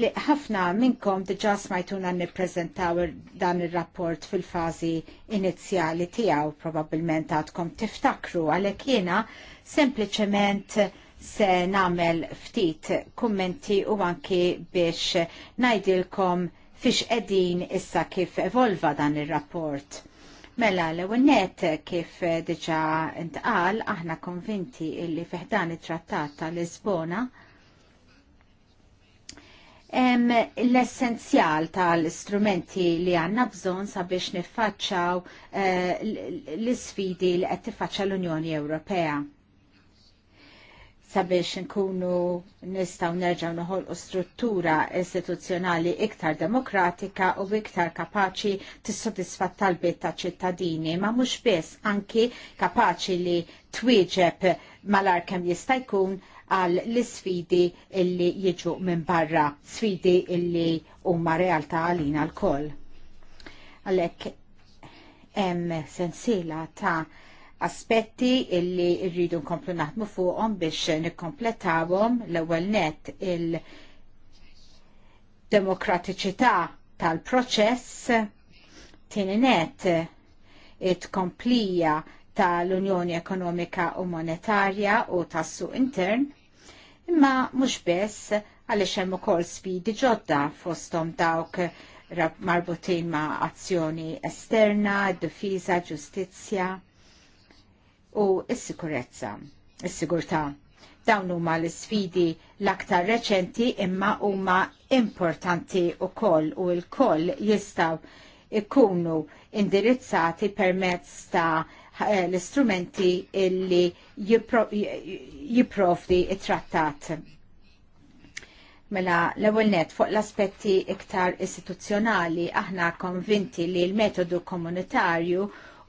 li ħafna minnkom diġa smajtuna nippreżentaw dan ir-rapport fil-fażi inizjali tiegħu probabbilment għadkom tiftakru għalhekk jiena sempliċement se nagħmel ftit kummenti u anki biex ngħidilkom fiex qegħdin issa kif evolva dan ir-rapport. Mela, l net kif diġa intqal, aħna konvinti illi fiħdan it-trattat ta' Lisbona, l-essenzjal tal-istrumenti li għanna bżon sabiex nifacċaw eh, l-sfidi li qed tiffaċċa l-Unjoni Ewropea sabiex nkunu nistaw nerġaw noħolqu struttura istituzzjonali iktar demokratika u iktar kapaċi tal talbiet ta' ċittadini, ma mhux biss anki kapaċi li twieġeb malar kemm jista' jkun għal l-sfidi illi jiġu minn barra, sfidi illi huma realtà għalina l-koll. Għalek, hemm sensiela ta' aspetti illi rridu nkomplu naħdmu fuqhom biex nikkompletawhom l-ewwel net il-demokratiċità tal-proċess tieni net it-komplija tal-Unjoni Ekonomika u Monetarja u tas-suq intern imma mhux biss għaliex hemm ukoll sfidi ġodda fosthom dawk marbutin ma' azzjoni esterna, difiża, ġustizzja u s-sikurezza, s-sigurtà. Dawn huma l-sfidi l-aktar reċenti imma huma importanti wkoll u l-koll jistgħu ikunu indirizzati permezz ta' Eh, l-istrumenti illi jipprovdi il trattat Mela, l ewwel net fuq l-aspetti iktar istituzzjonali aħna konvinti li l-metodu komunitarju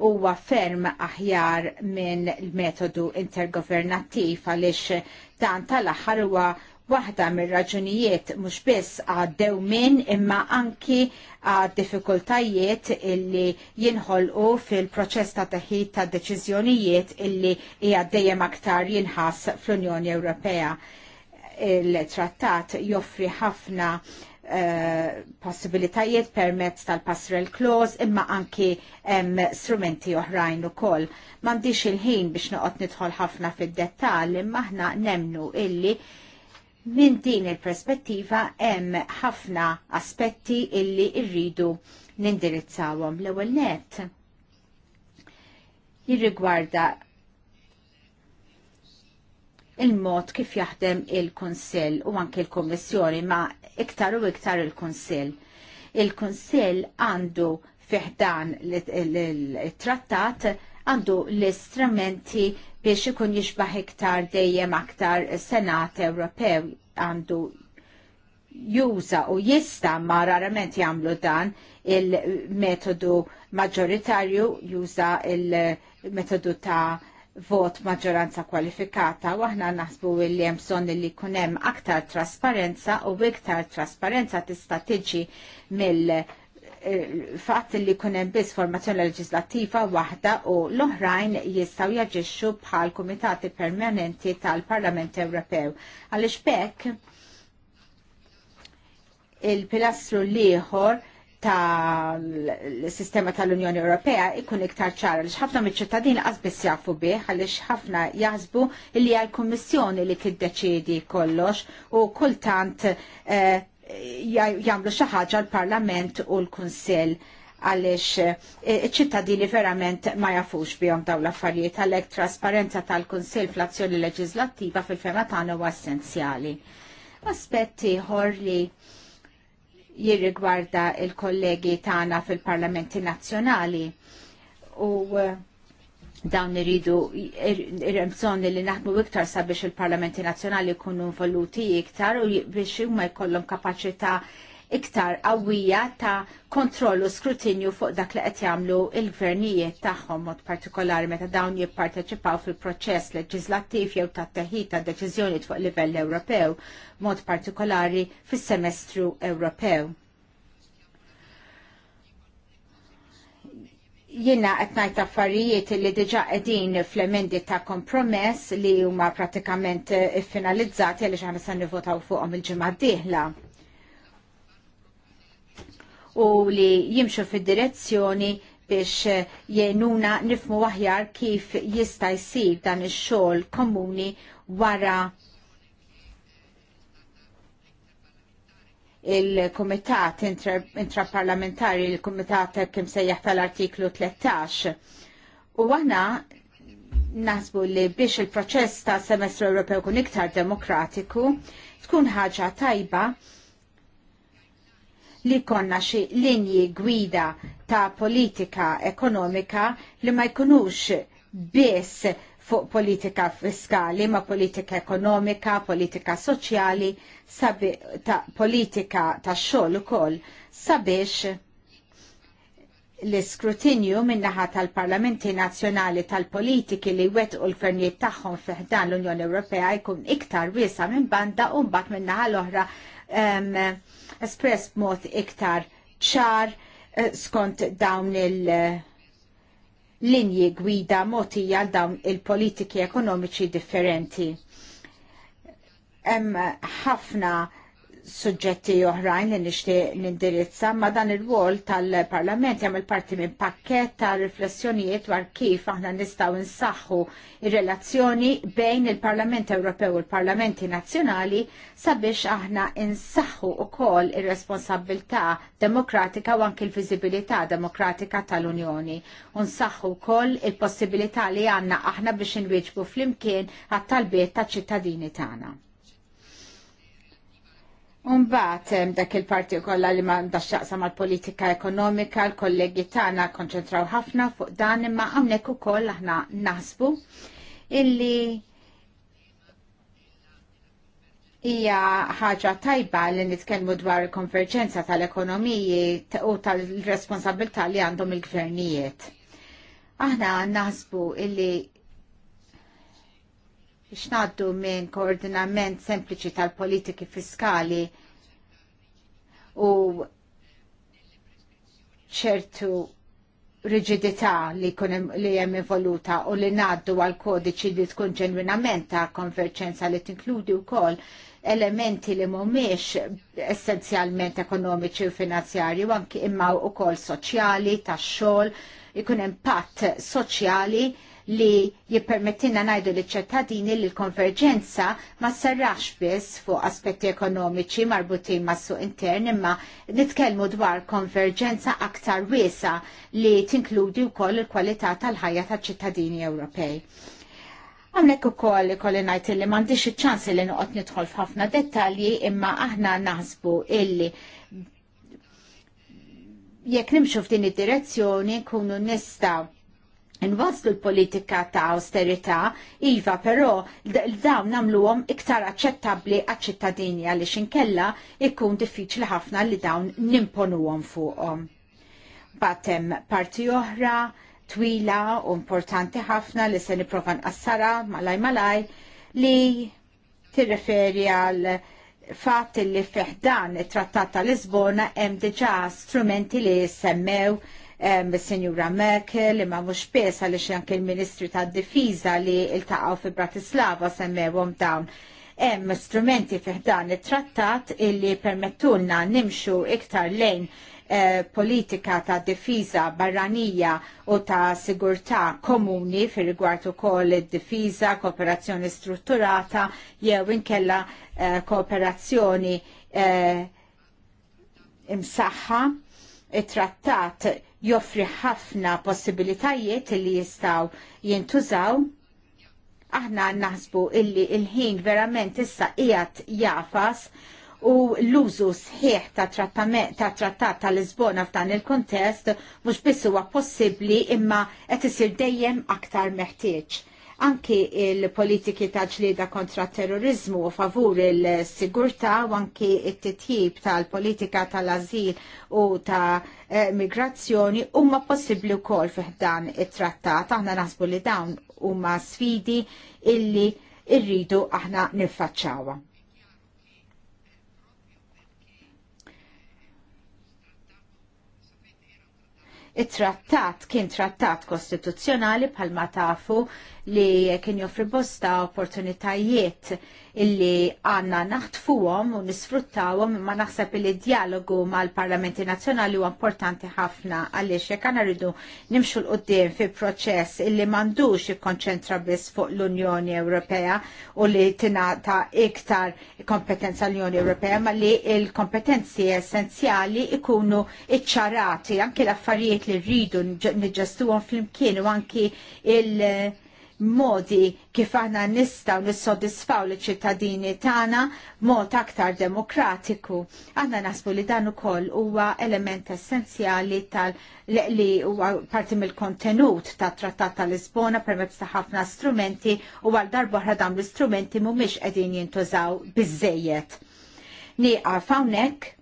huwa ferm aħjar minn l-metodu intergovernattiv għaliex dan tal-aħħar huwa Waħda mir-raġunijiet mhux biss għaddew minn imma anki għad diffikultajiet illi jinħolqu fil-proċess ta' teħid ta' deċiżjonijiet illi hija dejjem aktar jinħass fl-Unjoni Ewropea. Il-trattat joffri ħafna Uh, possibilitajiet permezz tal-passerel clause imma anki um, strumenti oħrajn u koll. Mandiċ il-ħin biex noqot nidħol ħafna fid detal imma ħna nemnu illi Minn din il-perspettiva hemm ħafna aspetti illi rridu nindirizzawhom l-ewwel net. Jirrigwarda il-mod kif jaħdem il-Kunsill u anke l-Kommissjoni ma iktar u iktar il-Kunsill. Il-Kunsill għandu fiħdan il-trattat il il il għandu l-istrumenti biex ikun jixbaħ iktar dejjem aktar Senat Ewropew għandu juża u jista ma rarament jagħmlu dan il-metodu maġġoritarju juża il-metodu ta' vot maġġoranza kwalifikata u aħna naħsbu li hemm bżonn li jkun hemm aktar trasparenza u iktar trasparenza tista' tiġi mill- fatt li kunem biss formazzjoni leġislattiva waħda u l-oħrajn jistaw jaġixxu bħal kumitati permanenti tal-Parlament Ewropew. Għaliex bekk il-pilastru liħor tal-sistema tal-Unjoni Ewropea ikun iktar ċara li ħafna mill-ċittadin qasbis jafu bih għaliex ħafna jazbu li hija l-Kummissjoni li tiddeċiedi kollox u kultant eh, jagħmlu xi ħaġa l-Parlament u l-Kunsill għalix eh, ċittadini verament ma jafux bihom daw l-affarijiet għalhekk trasparenza tal kunsell fl-azzjoni leġislattiva fil-fema tagħna huwa essenzjali. Aspetti ieħor li jirrigwarda il-kollegi tagħna fil-Parlamenti Nazzjonali u eh, dawn iridu irremson li naħdmu iktar sabiex il-parlamenti nazzjonali jkunu involuti iktar u biex huma jkollhom kapaċità iktar qawwija ta' kontrollu skrutinju fuq dak li qed jagħmlu l-gvernijiet tagħhom mod partikolari meta dawn jipparteċipaw fil-proċess leġislattiv jew ta' teħid ta' deċiżjoni fuq livell Ewropew, mod partikolari fis-semestru Ewropew jina etnajt affarijiet li diġa edin fl-emendi ta' kompromess li huma pratikament eh, finalizzati għalli ġana san nivotaw fuqom il-ġimma diħla u li jimxu fid-direzzjoni biex eh, jenuna nifmu aħjar kif jista' jsir dan ix-xogħol komuni wara il-Komitat Intraparlamentari, il-Komitat kim sejjaħ tal-artiklu 13. U għana nasbu li biex il-proċess ta' semestru Ewropew kun iktar demokratiku, tkun ħaġa tajba li konna xi linji gwida ta' politika ekonomika li ma jkunux biss fuq politika fiskali ma' politika ekonomika, politika soċjali, ta' politika ta' xogħol ukoll sabiex l-iskrutinju minnaħa tal-Parlamenti Nazzjonali tal-Politiki li u l-ferniet tagħhom fiħdan l-Unjoni Ewropea jkun iktar wiesa minn banda u mbagħad minnaħa l-oħra um, espress mod iktar ċar eh, skont dawn il- linji gwida moti għal dawn il-politiki ekonomiċi differenti. Hemm ħafna suġġetti oħrajn li nixtieq nindirizza, ma dan il-wol tal-Parlament jagħmel parti minn pakket ta' riflessjonijiet dwar kif aħna nistgħu nsaħħu ir-relazzjoni bejn il-Parlament Ewropew u l-Parlamenti Nazzjonali sabiex aħna nsaħħu ukoll ir-responsabilità demokratika u anke l-viżibilità demokratika tal-Unjoni. U nsaħħu wkoll il-possibilità li għandna aħna biex inwieġbu flimkien għat-talbiet taċ-ċittadini tagħna. Umbat, dak il-parti kollha li m'għandha x'jaqsam mal-politika ekonomika, l-kollegi tagħna konċentraw ħafna fuq dan imma hawnhekk ukoll aħna naħsbu illi hija ħaġa tajba li nitkellmu dwar il-konverġenza tal-ekonomiji u tal-responsabilità li għandhom il-gvernijiet. Aħna naħsbu illi biex naddu minn koordinament sempliċi tal-politiki fiskali u ċertu rigidità li hemm evoluta u li naddu għal kodiċi li tkun ġenwinament ta' konverġenza li tinkludi wkoll elementi li mhumiex essenzjalment ekonomiċi u finanzjarji u anki imma wkoll soċjali, tax-xogħol, ikun hemm patt soċjali li jippermettina najdu li ċertadini li l-konverġenza ma sarrax biss fuq aspetti ekonomiċi marbuti ma' suq intern imma nitkellmu dwar konverġenza aktar wiesa li tinkludi wkoll il-kwalità tal-ħajja ta' ċittadini Ewropej. Għamlek u koll koll najt li mandiċ ċans li nuqot nidħol f'ħafna dettalji imma aħna naħsbu illi jekk nimxu f'din id-direzzjoni kunu nistaw Nważlu l-politika ta' austerità, iva però dawn namluwom iktar aċċettabbli għaċ-ċittadini għaliex inkella ikun diffiċli ħafna li dawn nimponuhom fuqhom. Batem parti oħra twila u importanti ħafna li se nipprova nqassara malaj malaj li tirreferi għal fatt li fiħdan it-Trattat ta' Lisbona hemm diġà strumenti li semmew Signora Merkel, imma mhux biss għaliex anke il-Ministri tad-Difiża li iltaqgħu fi Bratislava semmewhom dawn. Hemm strumenti fih dan it-trattat illi permettulna nimxu iktar lejn eh, politika ta' difiża barranija u ta' sigurtà komuni fir rigward ukoll id-difiża, kooperazzjoni strutturata jew inkella eh, kooperazzjoni eh, it-trattat joffri ħafna possibilitajiet li jistaw jintużaw. Aħna naħsbu illi il-ħin verament issa qiegħed jafas u l-użu sħiħ ta' trattat ta' Lisbona f'dan il-kontest mhux biss huwa possibbli imma qed isir dejjem aktar meħtieġ anki il-politiki ta' ġlieda kontra terrorizmu u favur il-sigurta u anki il titjib tal-politika tal-azil u ta' eh, migrazzjoni huma possibbli wkoll kol dan it-trattat. Aħna naħsbu li dawn huma sfidi illi irridu aħna niffaċċawha. it-trattat kien trattat kostituzzjonali bħalma tafu li kien joffri bosta opportunitajiet illi għanna naħtfuhom u nisfruttawhom ma naħseb li dialogu mal-Parlamenti Nazzjonali huwa importanti ħafna għaliex jekk għanna rridu nimxu l-qudiem fi proċess illi m'għandux jikonċentra biss fuq l-Unjoni Ewropea u li tingħata iktar kompetenza l-Unjoni Ewropea ma li l-kompetenzi essenzjali ikunu iċċarati anke l-affarijiet li rridu niġġestuhom flimkien u anki il- modi kif aħna nistaw nissodisfaw li ċittadini tagħna mod aktar demokratiku. Aħna nasbu li dan ukoll huwa element essenzjali tal li huwa parti mill-kontenut tat Trattat ta' Lisbona permezz ta' ħafna strumenti u għal darba dawn l-istrumenti mhumiex qegħdin jintużaw biżejjed. Nieqaf hawnhekk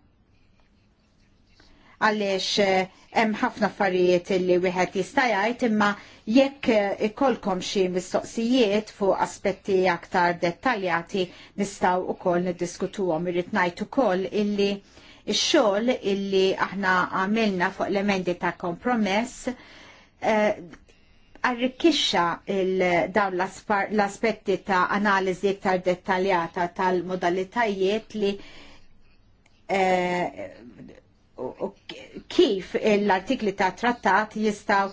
għaliex eh, hemm ħafna affarijiet li wieħed jista' jgħid imma jekk eh, ikolkom xi mistoqsijiet fuq aspetti aktar dettaljati nistgħu wkoll niddiskutuhom irid ngħid ukoll illi Ix-xogħol illi aħna għamilna fuq l-emendi ta' kompromess eh, arrikkixxa dawn l-aspetti ta' analiżi iktar dettaljata tal-modalitajiet li kif l-artikli ta' trattat jistaw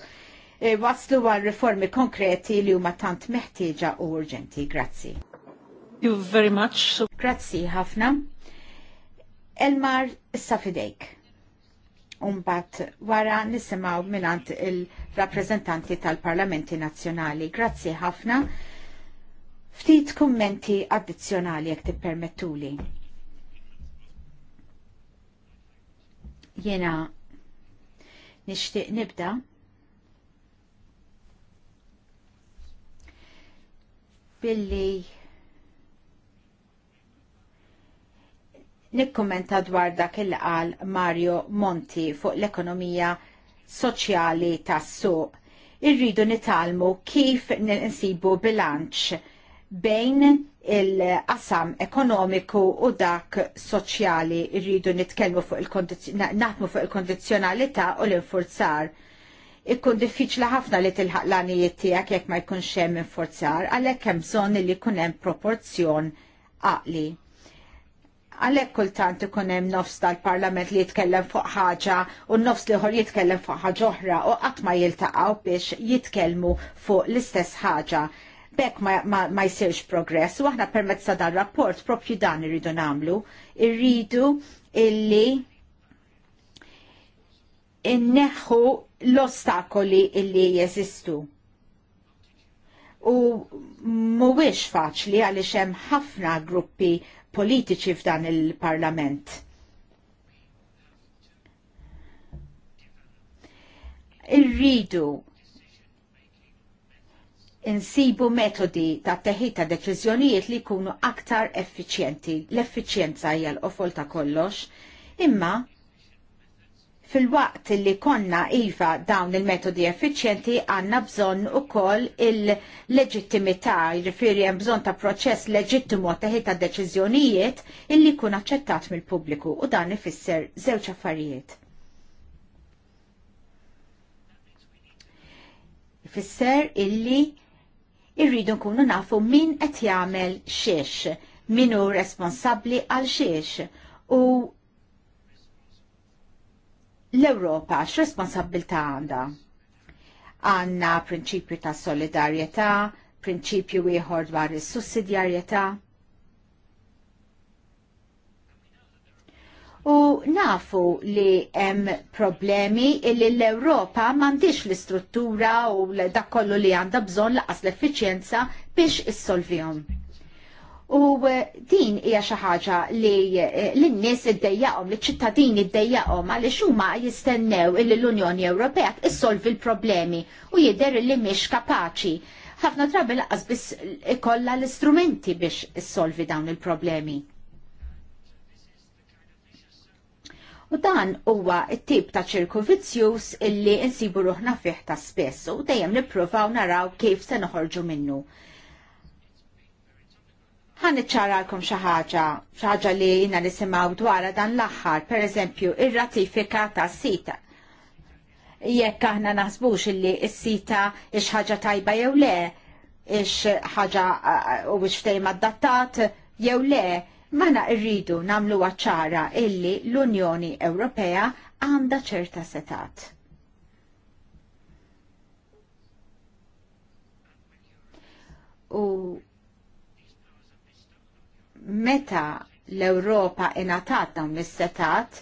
eh, waslu għal riformi konkreti li huma tant meħtieġa u urġenti. Grazzi. You very much. Grazzi ħafna. Elmar Safidejk. Umbat wara nisimaw minant il-rappresentanti tal-Parlamenti Nazzjonali. Grazzi ħafna. Ftit kummenti addizzjonali jek tippermettuli. permettuli Jena nishtiq nibda billi nikkommenta dwar dak il qal Mario Monti fuq l-ekonomija soċjali tas-suq. Irridu nitalmu kif ninsibu bilanċ bejn il-qasam ekonomiku u dak soċjali rridu nitkellmu fuq il-naħdmu fuq il-kondizjonalità u l-infurzar. Ikkun diffiċli ħafna li tilħaq l-għanijiet tiegħek jekk ma jkunx hemm infurzar, għalhekk hemm bżonn li jkun hemm proporzjon għaqli Għalhekk kultant ikun hemm nofs tal-Parlament li jitkellem fuq ħaġa u nofs liħor jitkellem fuq ħaġa oħra u qatt ma jiltaqgħu biex jitkellmu fuq l-istess ħaġa. Bekk ma, jsirx progress u aħna permezz ta' rapport propju dan irridu namlu. Irridu illi inneħħu l-ostakoli illi jeżistu. U mhuwiex faċli għaliex hemm ħafna gruppi politiċi f'dan il-Parlament. Irridu insibu metodi ta' teħid ta' deċiżjonijiet li jkunu aktar effiċjenti. L-effiċjenza hija l-qofol ta' kollox, imma fil-waqt li konna iva dawn il-metodi effiċjenti għanna bżon u koll il-leġittimità, jirrifiri għan bżon ta' proċess leġittimu ta' deċizjonijiet illi kun aċċettat mill-pubbliku u dan ifisser żewġ affarijiet. Ifisser illi irridu nkunu nafu min qed jagħmel xiex, min hu responsabbli għal xiex u l-Ewropa x'responsabbiltà għandha. Għandna prinċipju ta' solidarjetà, prinċipju ieħor dwar is-sussidjarjetà, u nafu li hemm problemi illi l-Ewropa m'għandix l-istruttura u l-dakollu li għandha bżonn laqas l-effiċjenza biex issolvihom. U eh, din hija xi ħaġa li eh, l-nies iddejjaqhom, li ċittadini iddejjaqhom għaliex huma jistennew illi l-Unjoni Ewropea issolvi l-problemi u jidher li mhix kapaċi. Ħafna drabi laqas biss ikollha l-istrumenti biex issolvi dawn il-problemi. U dan huwa t-tip ta' ċirku vizzjus illi insibu ruħna fih ta' spess u dejjem nippruvaw naraw kif se noħorġu minnu. Ħan iċċaralkom xi ħaġa, xi ħaġa li jiena nisimgħu dwar dan l-aħħar, pereżempju ir-ratifika ta' sita jekk aħna naħsbux illi s-sita x ħaġa tajba jew le, ix ħaġa uh, u biex ftejma adattat jew le, Mana rridu namlu ċara illi l-Unjoni Ewropea għanda ċerta setat. U meta l-Ewropa inatat dawn is-setat,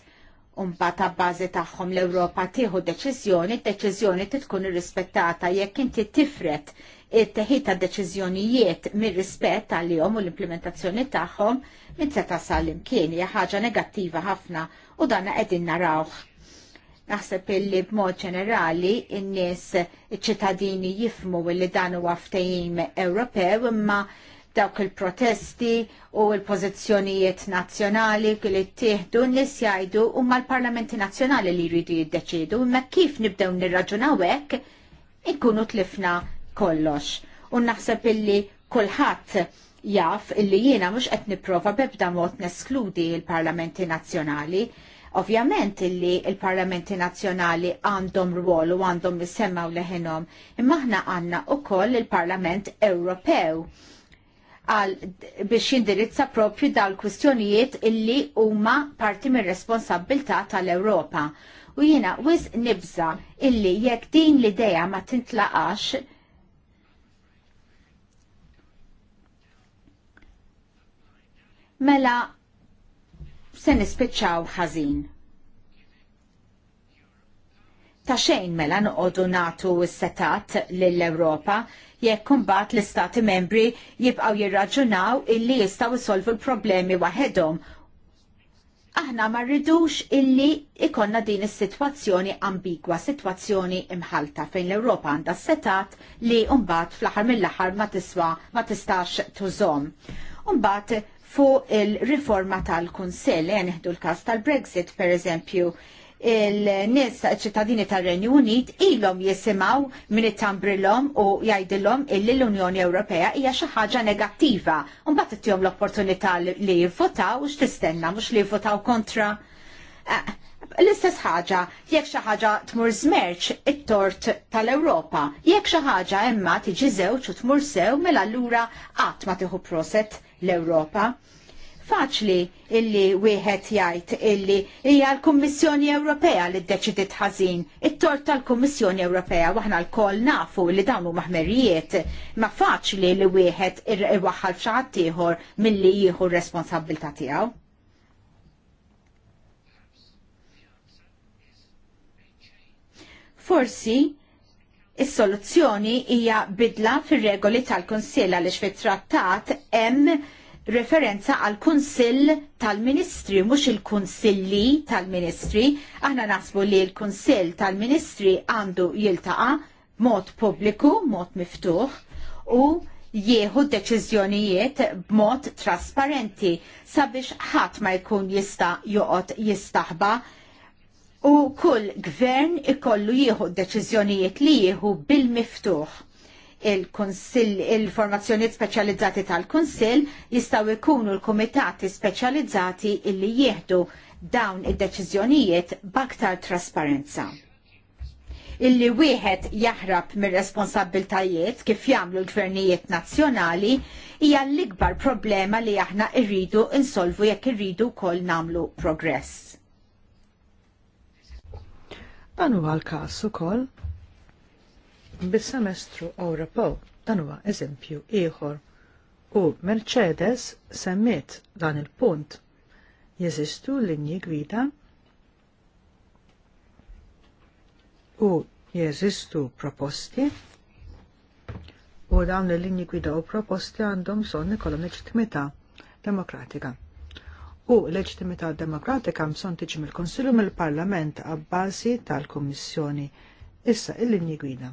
Umba ta' bażi tagħhom l-Ewropa tieħu deċiżjoni, deċiżjoni tkun irrispettata jekk inti tifret it teħita deċiżjonijiet mir-rispett għalihom u l-implementazzjoni tagħhom, minn seta sal-imkien hija ħaġa negattiva ħafna u danna qegħdin narawh. Naħseb illi b'mod ġenerali in-nies iċ-ċittadini jifmu li dan huwa ftehim Ewropew imma dawk il-protesti u l-pozizjonijiet nazzjonali li ttieħdu n-nies jgħidu u mal-parlamenti nazzjonali li jridu jiddeċidu imma kif nibdew nirraġunaw hekk inkunu tlifna kollox. U naħseb illi kulħadd jaf illi jiena mhux qed nipprova bebda mod neskludi l-Parlamenti Nazzjonali. Ovvjament illi l-Parlamenti il Nazzjonali għandhom rwol u għandhom jissemmaw leħinhom, imma aħna għandna ukoll il-Parlament Ewropew għal biex jindirizza propju dal kwistjonijiet illi huma parti mir responsabilità tal-Ewropa. U jiena wis nibża illi jekk din l-idea ma tintlaqax mela se nispiċċaw ħażin. Ta' xejn mela noqogħdu natu s-setat lill-Ewropa jekk imbagħad l-istati membri jibqgħu jirraġunaw illi jistgħu isolvu l-problemi waħedhom. Aħna ma rridux illi ikonna din is-sitwazzjoni ambigwa, sitwazzjoni imħalta fejn l-Ewropa għandha setat li mbagħad fl-aħħar mill-aħħar ma tiswa ma tistax tużom. Umbat fuq il-riforma tal-Kunsell, neħdu l-kas tal-Brexit per eżempju, il-nis ċittadini tal-Renju Unit ilhom jisimaw minn it-tambrilhom u jgħidilhom illi l-Unjoni Ewropea hija xi ħaġa negattiva. Mbagħad ittihom l-opportunità li jivvotaw u x'tistenna mhux li jivvotaw kontra. Eh, l-istess ħaġa, jekk xi ħaġa tmur żmerċ it-tort tal-Ewropa, jekk xi ħaġa imma tiġi żewġ u tmur sew mela allura qatt ma tieħu proset l-Ewropa. Faċli illi wieħed jgħid illi hija l-Kummissjoni Ewropea li ddeċidiet ħażin, it-tort tal-Kummissjoni Ewropea waħna l nafu li dawn huma ħmerijiet, ma faċli li wieħed irwaħħal f'xi ieħor milli jieħu r responsabbilità tiegħu. forsi Is-soluzzjoni hija bidla fir-regoli tal-Kunsill għaliex fit-trattat hemm referenza għal kunsill tal-ministri, mhux il-kunsilli tal-ministri. Aħna nasbu li l-kunsill tal-ministri għandu jiltaqa mod pubbliku, mod miftuħ, u jieħu deċiżjonijiet b'mod trasparenti sabiex ħadd ma jkun jista' joqgħod jistaħba u kull gvern ikollu jieħu deċiżjonijiet li jieħu bil-miftuħ il-formazzjoniet il speċjalizzati tal-Kunsill jistgħu jkunu l-kumitati speċjalizzati illi jieħdu dawn id-deċiżjonijiet b'aktar trasparenza. Illi wieħed jaħrab mir-responsabbiltajiet kif jagħmlu l-gvernijiet nazzjonali hija l-ikbar problema li aħna rridu insolvu jekk irridu wkoll nagħmlu progress. Dan huwa l-każ ukoll bis-semestru po Dan huwa eżempju ieħor. U Mercedes semmiet dan il-punt. Jeżistu linji gwida u jeżistu proposti u dawn il-linji gwida u proposti għandhom sonni ikollhom tmita demokratika u l-leġitimità demokratika mson tiġi mill-Konsilju mill-Parlament għabbasi tal komissjoni Issa il-linji gwida.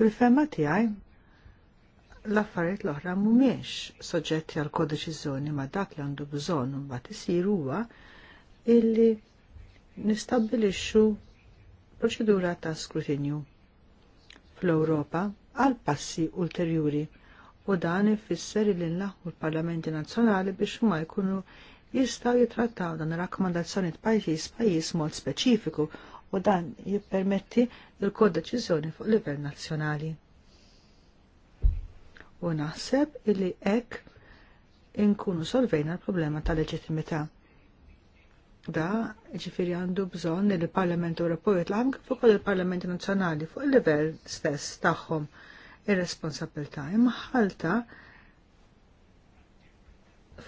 Fil-fema tiegħi l-affarijiet l-oħra mhumiex soġġetti għal kodeċiżjoni ma' dak li għandu bżonn mbagħad isir huwa illi nistabilixxu proċedura ta' skrutinju fl-Ewropa għal passi ulterjuri u dan ifisser li nlaħħu l-Parlamenti Nazzjonali biex huma jkunu jistgħu jitrattaw dan ir-rakkomandazzjoni pajjiż pajjiż mod speċifiku u dan jippermetti l deċiżjoni fuq livell nazzjonali. U naħseb illi hekk inkunu solvejna l-problema tal-leġittimità. Da ġifiri għandu bżonn li l-Parlament Ewropew jitlaq fuq il-Parlamenti Nazzjonali fuq il-livell stess tagħhom. Ta ir-responsabilità imħalta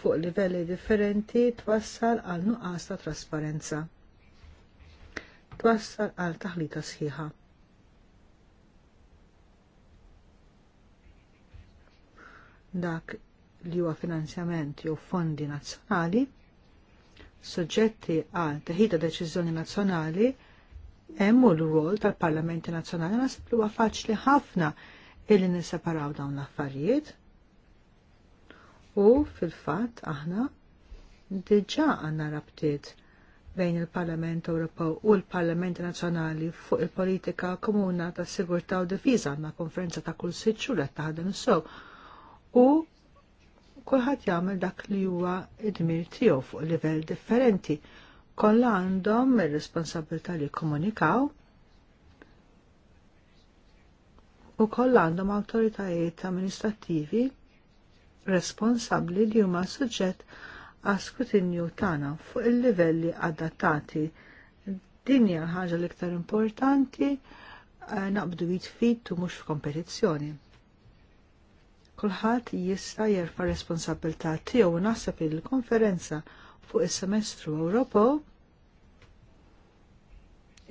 fuq livelli differenti twassal għal nuqqas ta' trasparenza. Twassal għal taħlita sħiħa. Dak li huwa finanzjament jew fondi nazzjonali, soġġetti għal teħida deċiżjoni nazzjonali, hemm l-rol tal-Parlamenti Nazzjonali nasib li huwa faċli ħafna illi nisseparaw dawn l-affarijiet u fil-fatt aħna diġà għandna rabtiet bejn il-Parlament Ewropew u l-Parlament Nazzjonali fuq il-politika komuna ta' sigurtà u difiża għandna konferenza ta' kull sitt xhur qed taħdem sew u kulħadd jagħmel dak li huwa id-dmir tiegħu fuq livell differenti kollha għandhom ir-responsabilità li jikkomunikaw u koll għandhom awtoritajiet amministrattivi responsabbli li huma suġġett għas skrutinju tagħna fuq il-livelli adattati. Din hija ħaġa l-iktar importanti eh, naqbdu jitfid u mhux f'kompetizzjoni. Kulħadd jista' jerfa' responsabilità tiegħu u naħseb il-konferenza fuq is-semestru Ewropew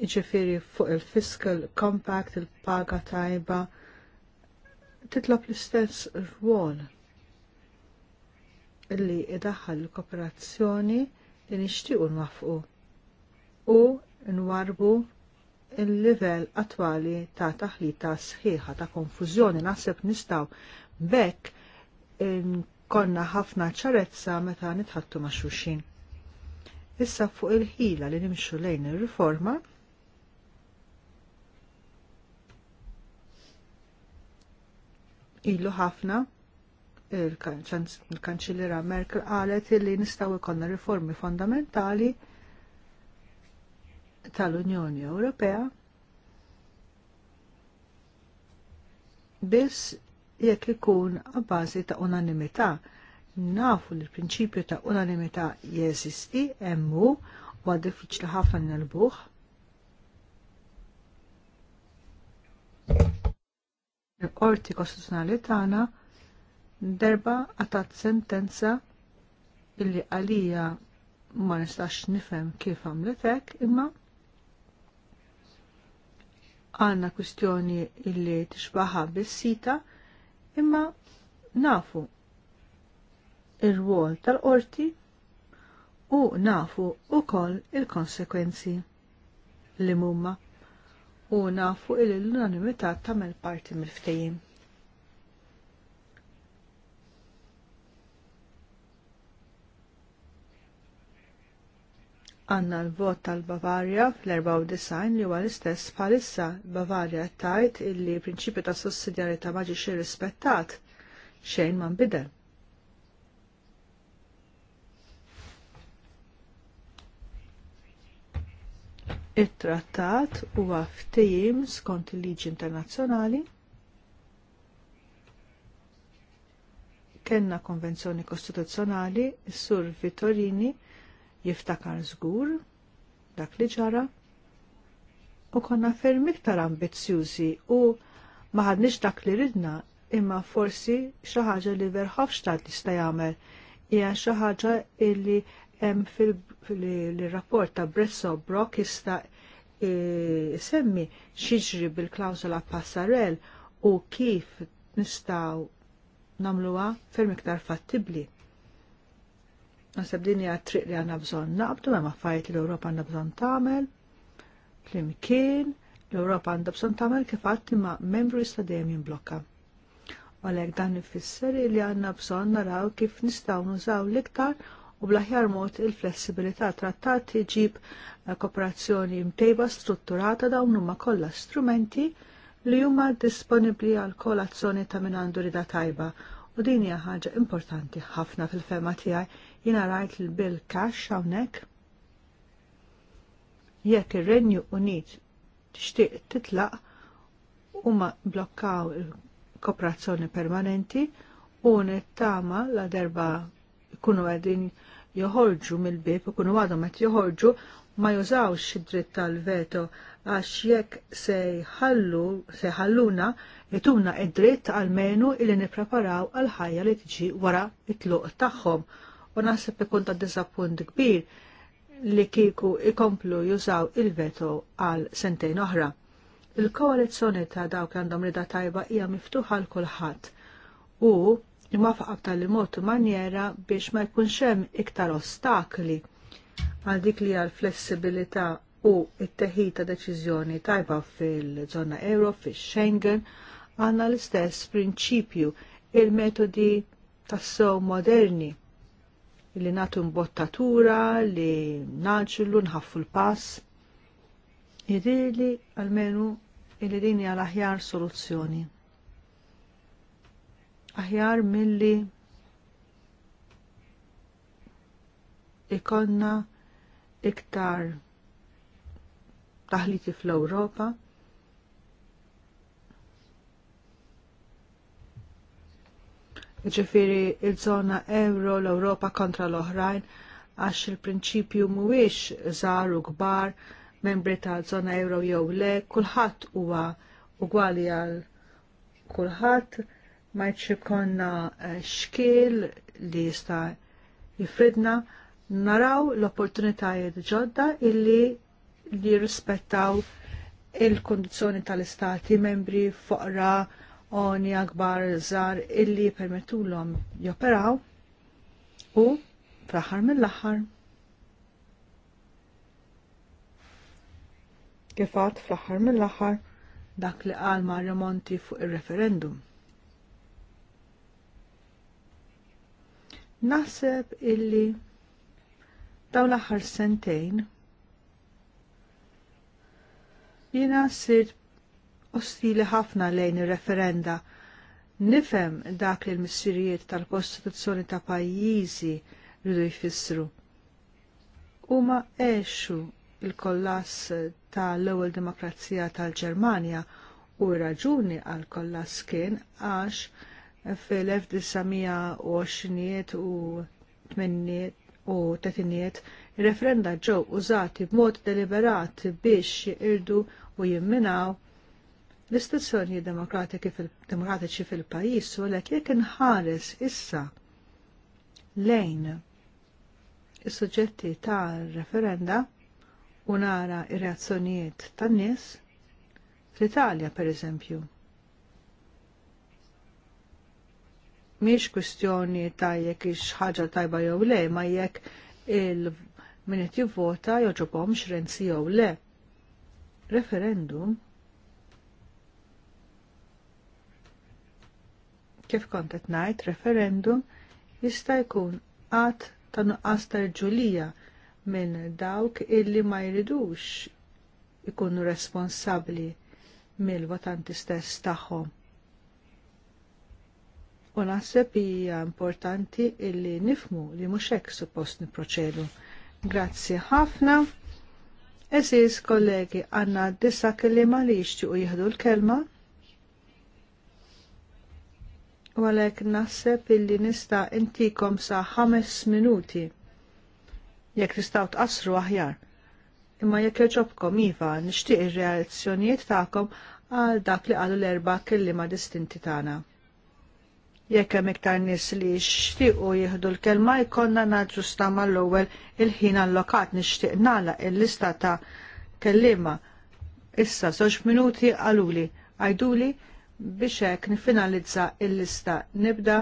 ġifiri fuq il-fiscal compact, il-paga tajba, titlob l-istess rwol illi idaħħal l-kooperazzjoni li nixtiequ nwafqu u nwarbu il-livell attwali ta' taħlita sħiħa ta' konfużjoni naħseb nistgħu bekk konna ħafna ċarezza meta nitħattu ma' xuxin. Issa fuq il-ħila li nimxu lejn ir-riforma ilu ħafna il-kanċillera Merkel qalet li nistaw ikonna riformi fondamentali tal-Unjoni Ewropea biss jekk ikun għabbażi ta' unanimità. Nafu li l-prinċipju ta' unanimità jeżisti emmu u għad diffiċli ħafna nelbuħ Il-Qorti Kostituzzjonali tagħna derba għatat sentenza illi għalija ma nistax nifhem kif għamlet hekk imma għandna kwistjoni illi tixbaħa bis-sita imma nafu ir-rwol tal-qorti u nafu ukoll il-konsekwenzi li mumma u nafu il l-unanimità tagħmel parti mill-ftehim. Għanna l-vot tal-Bavarja fl-94 li huwa l-istess bħalissa Bavarja tajt illi prinċipju ta' sussidjarità ma ġiex irrispettat xejn ma nbidel. it-trattat huwa ftehim skont il-liġi internazzjonali kenna konvenzjoni kostituzzjonali, is-sur Vittorini jiftakar żgur dak li ġara u konna ferm iktar ambizzjużi u ma ħadniex dak li ridna imma forsi xi ħaġa li Verhofstadt jista' jagħmel hija xi ħaġa illi hemm fil-rapport ta' Bresso Brock jista' semmi xiġri bil-klawsola passarell u kif nistaw namluwa ferm iktar fattibli. Naseb din hija triq li għandna bżonn naqbdu hemm affarijiet li l-Ewropa għandha bżonn tagħmel, flimkien l-Ewropa għandha bżonn tagħmel kif qatt imma membru jista' dejjem jimblokka. Għalhekk dan ifisser li għandna bżonn naraw kif nistgħu nużaw l-iktar u bl-aħjar mod il-flessibilità trattat tiġib eh, kooperazzjoni mtejba strutturata dawn huma kollha strumenti li huma disponibbli għal kolazzjoni ta' min għandu rida tajba u din hija ħaġa importanti ħafna fil-fema tiegħi jiena rajt il-bill cash hawnhekk. Jekk ir-Renju Unit tixtieq titlaq huma blokkaw il-kooperazzjoni permanenti u nittama la derba kunu għedin joħorġu mill-bib kunu għadhom qed joħorġu ma jużawx id-dritt tal-veto għax jekk se jħallu se ħalluna jituna id-dritt għalmenu illi nippreparaw għal ħajja li tiġi wara it-tluq tagħhom. U naħseb ikun ta' dizappunt kbir li kieku ikomplu jużaw il-veto għal sentejn oħra. Il-koalizzjoni ta' dawk għandhom rida tajba hija miftuħa l kulħadd u imwafaqak li mod manjera biex ma jkunx hemm iktar ostakli għal dik li għal flessibilità u it-teħid ta' deċiżjoni tajba fil-żona euro, fil-Schengen, għanna l-istess prinċipju il-metodi tassew moderni li natu mbottatura, li naġlu, nħaffu l-pass. jidili għalmenu il lini għal-aħjar soluzzjoni aħjar milli ikonna iktar taħliti fl-Ewropa ġifiri il-zona euro l-Europa kontra l-oħrajn għax il-prinċipju mhuwiex żgħar u kbar membri ta' zona euro jew le, kulħadd huwa ugwali għal kulħadd ma konna eh, xkil li jista jifridna naraw l-opportunitajiet ġodda illi li jirrispettaw il-kondizjoni tal-istati membri foqra oni akbar zar illi l-om joperaw u fl-aħħar mill-aħħar. Kifat fl-aħħar mill-aħħar dak li qal ma' remonti fuq ir referendum Naħseb illi daw l-aħħar sentejn jina sir ostili ħafna lejn ir-referenda nifem dak li l-missirijiet tal-Kostituzzjoni ta' pajjiżi rridu jfissru. Huma għexu il-kollass tal-ewwel demokrazija tal-Ġermanja u raġuni għal kollass kien għax fil-1920 u 8 u 30 referenda ġew użati b'mod deliberat biex jirdu u jimminaw l-istituzzjoni demokratiċi fil-pajis u l jekk inħares issa lejn is-suġġetti ta' referenda u nara ir-reazzjonijiet tan-nies fl-Italja pereżempju. miex kustjoni ta' jekk ix ħaġa tajba jew le, ma jekk il-minit jivvota joġobom xrenzi jew le. Referendum kif kont najt, ngħid, referendum jista' jkun qatt ta' nuqqas tarġulija minn dawk illi ma jridux ikunu responsabbli mill-votanti stess tagħhom u naħseb hija importanti illi nifmu li mhux hekk suppost niproċedu. Grazzi ħafna. Eżis kollegi għanna disa kelima li jixtiequ jieħdu l-kelma. U għalhekk naħseb illi nista' intikom sa ħames minuti jekk tistgħu tqasru aħjar. Imma jekk joġobkom iva, nixtieq ir-reazzjonijiet tagħkom għal dak li qalu l-erba' kelliema distinti tagħna jekk hemm iktar nies li jixtiequ jieħdu l-kelma jkollna naġġusta mal-ewwel il-ħin allokat nixtieq nagħlaq il-lista ta' kelliema. Issa żewġ minuti għaluli għajduli biex hekk nifinalizza il-lista nibda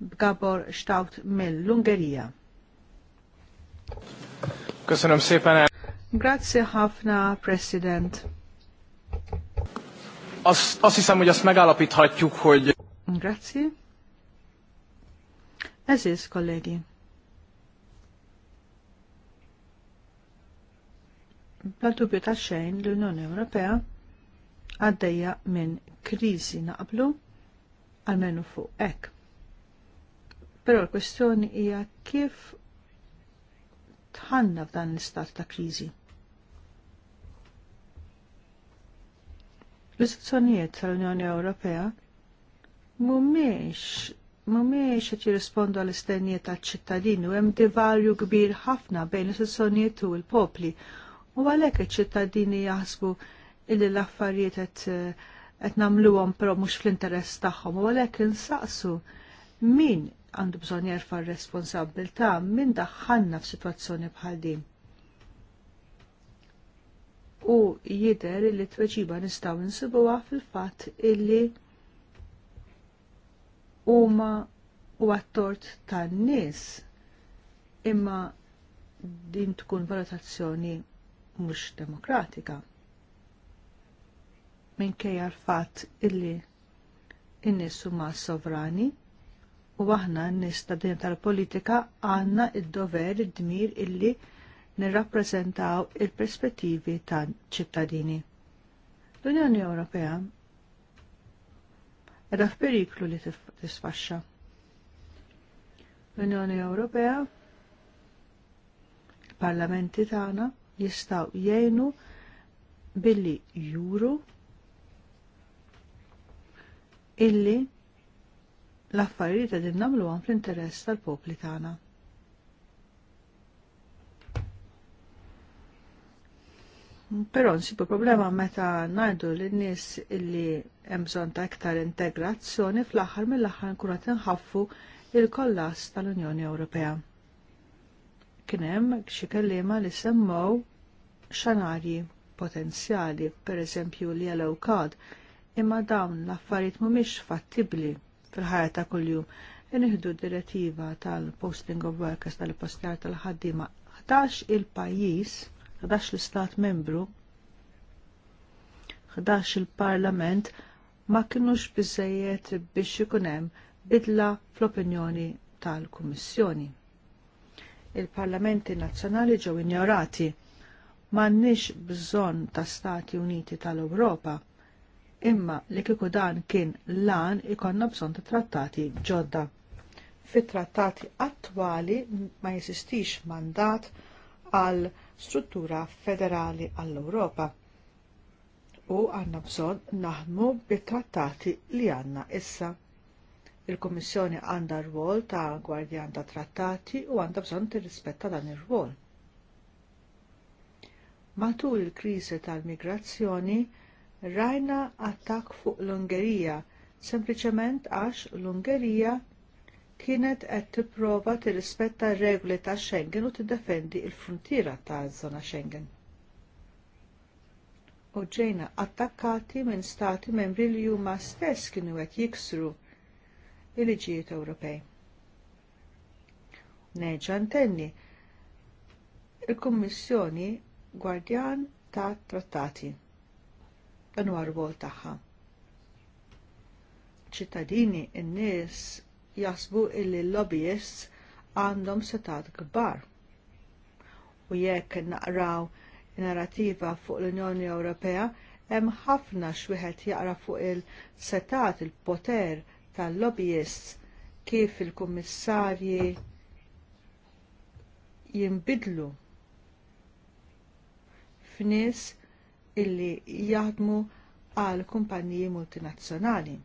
b'Gabor Stout mill-Ungerija. Grazzi ħafna, President. hogy Grazzi. Eżis, kollegi. Bla ta' xejn l-Unjoni Ewropea għaddejja minn kriżi naqblu għal menu fuq hekk. Però l-kwestjoni hija kif tħanna f'dan l-istat ta' kriżi. L-istituzzjonijiet tal-Unjoni Ewropea mumiex mumiex qed jirrispondu għall istennijiet tal-ċittadini u hemm divarju kbir ħafna bejn is-sessonijiet u l-popli. U għalhekk iċ-ċittadini jaħsbu illi l-affarijiet qed eh, qed nagħmluhom però mhux fl-interess tagħhom u għalhekk insaqsu min għandu bżonn jerfa' r-responsabbiltà min daħħanna f'sitwazzjoni bħal din. U jidher li t-tweġiba nistgħu nsibuha fil-fatt illi huma u għattort tan-nies imma din tkun valutazzjoni mhux demokratika. Minkejja l-fatt illi in-nies huma sovrani u aħna n-nies ta' din tal-politika għandna id-dover id-dmir illi nirrappreżentaw il-perspettivi ta' ċittadini. L-Unjoni Ewropea edha f'periklu li tisfaxxa. L-Unjoni Ewropea, il-parlamenti tagħna jistgħu jgħinu billi juru illi l-affarijiet qegħdin nagħmluhom fl-interess tal-popli tagħna. Però nsibu problema meta ngħidu lin nies illi hemm bżonn ta' iktar integrazzjoni fl-aħħar mill-aħħar nkunu nħaffu il-kollass tal-Unjoni Ewropea. Kien hemm xi kelliema li semmow xanarji potenzjali, pereżempju li għal kad, imma dawn l-affarijiet mhumiex fattibbli fil-ħajja ta' kuljum. Inħdu d-direttiva tal-posting of workers tal-postjar tal-ħaddima 11 il-pajjiż 11 l-Istat membru, 11 il-Parlament ma kinux biżejjed biex ikun hemm bidla fl-opinjoni tal-Kummissjoni. Il-Parlamenti nazzjonali ġew injorati m'għandniex bżonn ta' Stati Uniti tal-Ewropa imma li kieku dan kien lan ikonna bżonn ta' trattati ġodda. Fit-trattati attwali ma jesistix mandat għal struttura federali għall-Ewropa. U għanna bżon naħmu bit-trattati li għanna issa. il għanda għandha rwol ta' gwardjan ta' trattati u għandha bżon tirrispetta dan ir wol Matul il-kriżi tal-migrazzjoni rajna attak fuq l-Ungerija, sempliċement għax l-Ungerija kienet qed tipprova tirrispetta r-regoli ta' Schengen u tiddefendi l-fruntiera taż-żona Schengen. U ġejna attakkati minn stati membri li huma stess kienu qed jiksru il-liġijiet Ewropej. Neġa ntenni, il-Kummissjoni Gwardjan ta' Trattati. Dan huwa rwol tagħha. Ċittadini, in-nies, jasbu illi l-lobbyists għandhom setat kbar. U jekk naqraw narrativa fuq l-Unjoni Ewropea, hemm ħafna xwieħed jaqra fuq il-setat il-poter tal-lobbyists kif il-kummissarji jinbidlu f'nies illi jaħdmu għal kumpaniji multinazzjonali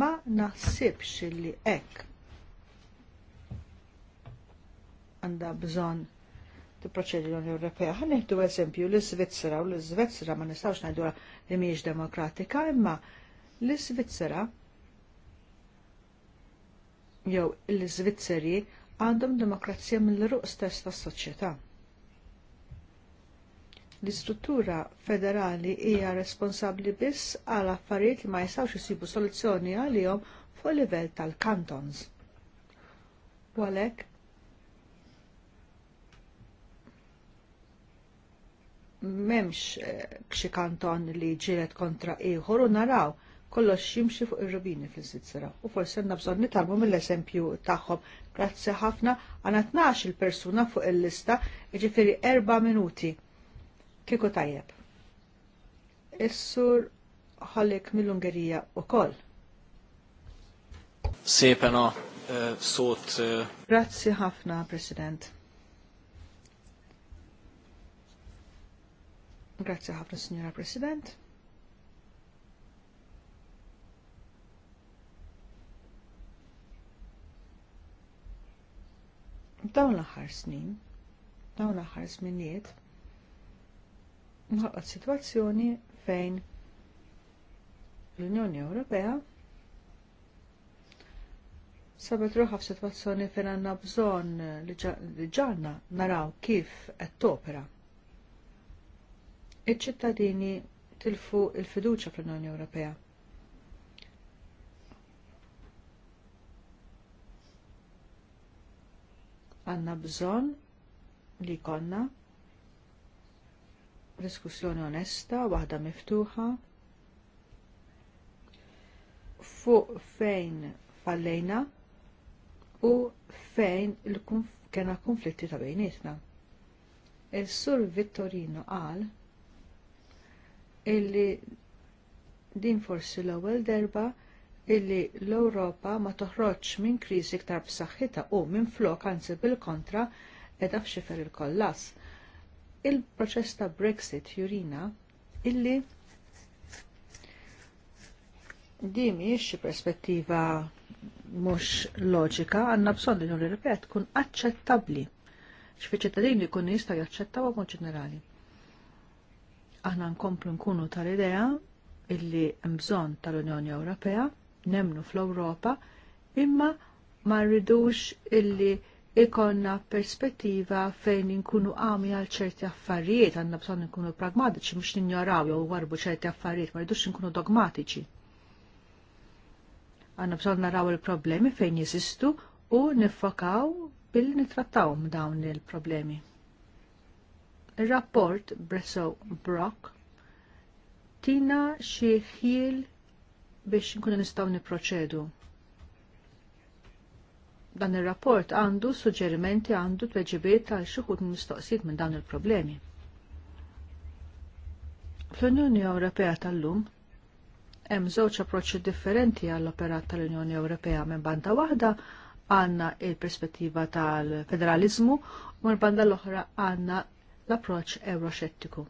ma naħsibx li hekk għandha bżonn proċedi l-Unjoni Ewropea. Għan nieħdu eżempju l svizzera u l-Iżvizzera ma nistgħux najdu li mhijiex demokratika, imma l-Iżvizzera jew l svizzeri għandhom demokrazija mill-ruq stess tas-soċjetà l-istruttura federali hija responsabbli biss għal affarijiet li ma jistgħux isibu soluzzjoni għalihom fuq il livell tal-kantons. U għalhekk m'hemmx eh, xi kanton li ġiret kontra ieħor u naraw kollox jimxi fuq ir-rubini fl iżvizzera u forsi għandna bżonn nitalbu mill-eżempju tagħhom. Grazzi ħafna għandna 12 il persuna fuq il-lista, jiġifieri erba' minuti kieku tajjeb. Is-sur ħallek mill-Ungerija wkoll. Sepena eh, sot. Eh, Grazzi ħafna, President. Grazzi ħafna, Signora President. Dawn l-aħħar snin, dawn l-aħħar nħolqot situazzjoni fejn l-Unjoni Ewropea sabet ruħa f'sitwazzjoni fejn għandna bżonn li ġanna naraw kif qed topera. Iċ-ċittadini tilfu il-fiduċa fl-Unjoni Ewropea. Għanna bżonn li konna diskussjoni onesta, waħda miftuħa, fuq fejn fallejna u fejn kena konflitti ta' bejnietna. Il-sur Vittorino qal illi din forsi l-ewwel derba illi l-Ewropa ma toħroġ minn kriżi iktar b'saħħitha u minn flok anzi bil-kontra edha f'xifer il-kollass Il-proċess ta' Brexit jurina illi di miex perspettiva mhux loġika, għandna bżonn li ripet tkun aċċettabbli xfi ċittadin li kun jista' jaċċettaw mod ġenerali. Aħna nkomplu nkunu tal-idea illi hemm bżonn tal-Unjoni Ewropea, nemnu fl-Ewropa, imma ma rridux illi ikonna perspettiva fejn inkunu għami għal ċerti affarijiet, għanna bżon inkunu pragmatiċi, mux ninjoraw jew warbu ċerti affarijiet, ma rridux inkunu dogmatiċi. Għanna bżon naraw il-problemi fejn jesistu u nifokaw billi nitrattaw dawn il-problemi. Il-rapport Bresso Brock tina xi biex nkunu nistgħu niproċedu dan ir-rapport għandu suġġerimenti għandu tweġibiet għal xi ħud mistoqsijiet minn dawn il-problemi. Fl-Unjoni Ewropea tal-lum hemm żewġ approċċi differenti għall-operat tal-Unjoni Ewropea minn banda waħda għandna il-perspettiva tal-federalizmu u minn banda l-oħra għandna l-approċċ euroxettiku.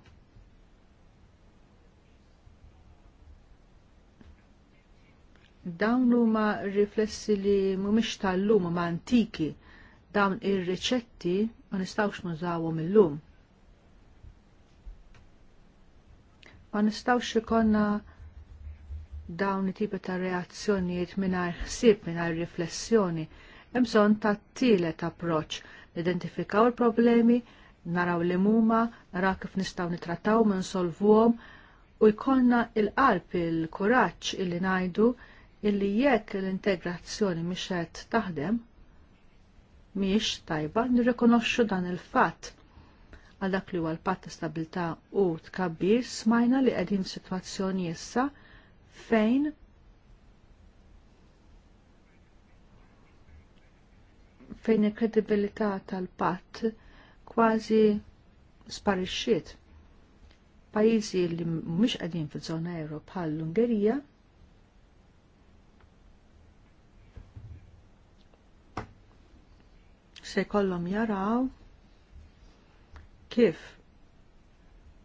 Dawn huma riflessi li mhumiex tal-lum ma antiki dawn ir-riċetti ma nistgħux nużawhom illum. Ma nistgħux ikonna dawn it-tipi ta' reazzjonijiet mingħajr ħsieb mingħajr riflessjoni. Hemm bżonn ta' tielet approċċ nidentifikaw il-problemi, naraw li huma, naraw kif nistgħu nitrattaw minn u jkollna il-qalb il-kuraġġ illi ngħidu illi jekk l-integrazzjoni mhix qed taħdem mhix tajba nirrikonoxxu dan il-fatt għal dak li huwa l-patt ta' stabilità u tkabbir smajna li qegħdin sitwazzjoni issa fejn fejn il-kredibilità tal-patt kważi sparixxiet. Pajjiżi li mhumiex qegħdin fiż-żona Ewro bħal l-Ungerija se jkollhom jaraw kif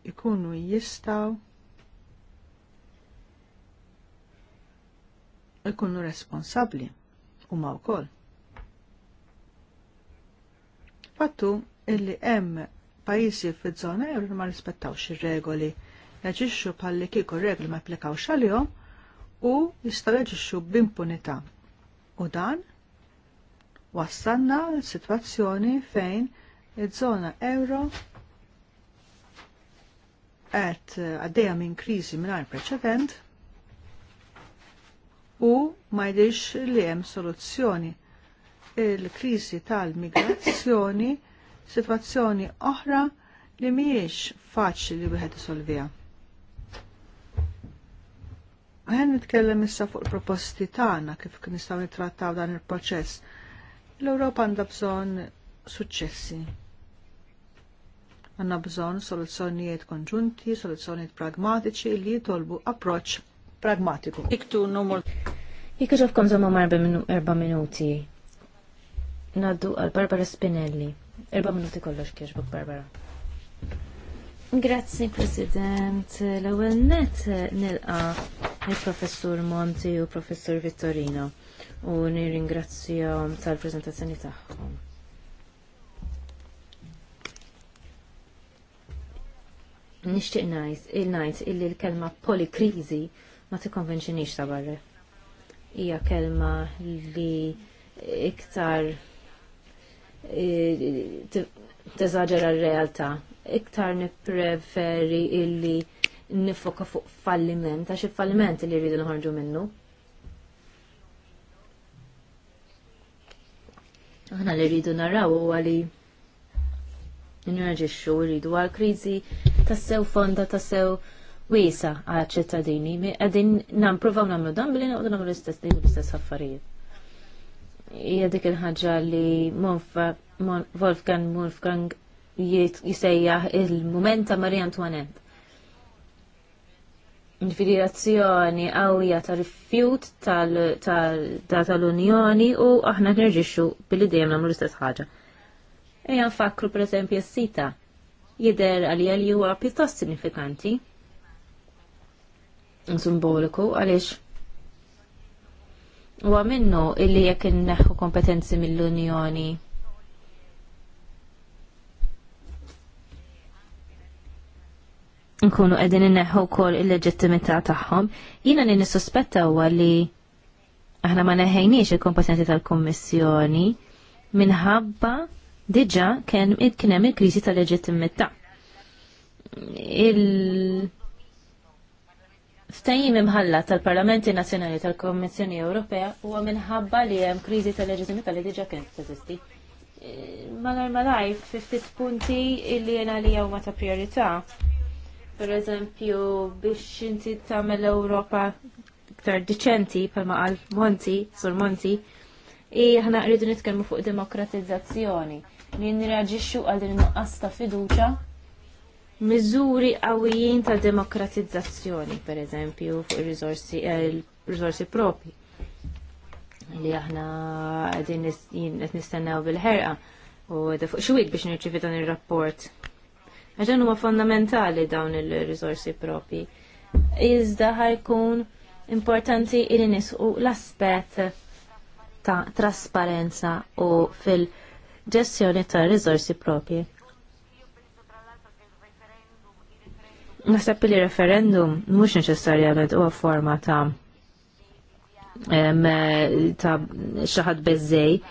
ikunu jistaw ikunu responsabli u ma' wkoll. Fattu illi hemm pajjiżi fiż-żona li ma rispettawx ir-regoli, jaġixxu bħalli kieku regli ma applikawx għalihom u jistgħu jaġixxu b'impunità. U dan wassanna l-situazzjoni fejn il żona euro qed għaddejja minn kriżi mingħajr preċedent u ma jidhirx li hemm soluzzjoni. Il-kriżi tal-migrazzjoni situazzjoni oħra li mhijiex faċli li wieħed isolvija. Għen nitkellem issa fuq il proposti tagħna kif nistgħu nittrattaw dan il-proċess L-Ewropa għandha bżonn suċċessi. Għanna bżonn soluzzjonijiet konġunti, soluzzjonijiet pragmatiċi li jitolbu approċċ pragmatiku. Iktu numur. Jekk ġofkom zomma marba erba minuti. Naddu għal Barbara Spinelli. Erba minuti kollox kieġbuk Barbara. Grazzi President. L-ewwel net nilqa il-Professur Monti u Professur Vittorino u nir-ingrazzja tal-preżentazzjoni tagħhom. Nixtieq ngħid il-ngħid illi l-kelma polikrizi ma konvenċinix ta' barre. Hija kelma li iktar e, teżaġera r-realtà. Iktar nippreferi illi nifoka fuq falliment, għax il-falliment li rridu nħarġu minnu. Aħna li rridu naraw huwa li nirġixxu rridu għal kriżi tassew fonda tassew wiesa għal ċittadini qegħdin nampruvaw nagħmlu dan billi naqgħdu nagħmlu l-istess l-istess affarijiet. Hija dik il-ħaġa li Wolfgang Wolfgang jisejjaħ il-mument ta' Maria Antoinette infiljazzjoni qawwija ta' rifjut tal-Unjoni u aħna nerġixxu billi dejjem nagħmlu l-istess ħaġa. Ejja nfakru pereżempju s-sita jidher għal li huwa pjuttost sinifikanti simboliku għaliex huwa minnu illi jekk inneħħu kompetenzi mill-Unjoni nkunu qegħdin inneħħu wkoll il-leġittimità tagħhom. Jiena li nissospetta u li aħna ma neħejniex il-kompetenti tal-Kummissjoni minħabba diġa' kien id hemm il-kriżi tal-leġittimità. Il Ftajim imħalla tal-Parlamenti Nazzjonali tal-Kommissjoni Ewropea huwa minħabba li hemm kriżi tal-leġittimità li diġà kienet teżisti. Eh, ma' malaj, 50 punti illi jena li jew ma ta' prijorità. Per eżempju, biex inti tagħmel Ewropa iktar diċenti palma għal Monti, sur Monti, i ħna rridu nitkellmu fuq demokratizzazzjoni. Li nirraġixxu għal din nuqqas ta' fiduċa miżuri qawwijin ta' demokratizzazzjoni, per eżempju, fuq ir-riżorsi eh, propi. li aħna qegħdin qed nistennew bil-ħerqa u fuq xi biex nirċivi dan ir-rapport Għaxan huma fondamentali dawn il-rizorsi propi. Iżda ħajkun importanti il nisqu l-aspet ta' trasparenza u fil-ġestjoni ta' rizorsi propi. Nasab li referendum mhux neċessarjament huwa forma ta' ta' xaħat bezzej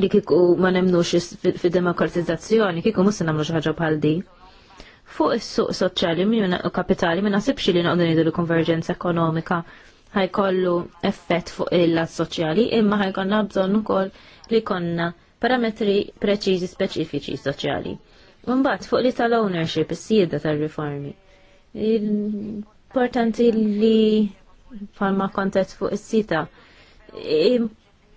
li kiku ma nemnux fil-demokratizzazzjoni, kiku mus namlu xaħġa bħal di. Fuq is-suq soċjali u kapitali ma nasibx li naqdu nidu l-konverġenza ekonomika ħajkollu effett fuq il-lat soċjali, imma ħajkonna bżonn ukoll li konna parametri preċiżi speċifiċi soċjali. Mbagħad fuq li tal-ownership is-sieda tal riformi Importanti li bħalma kontet fuq is-sita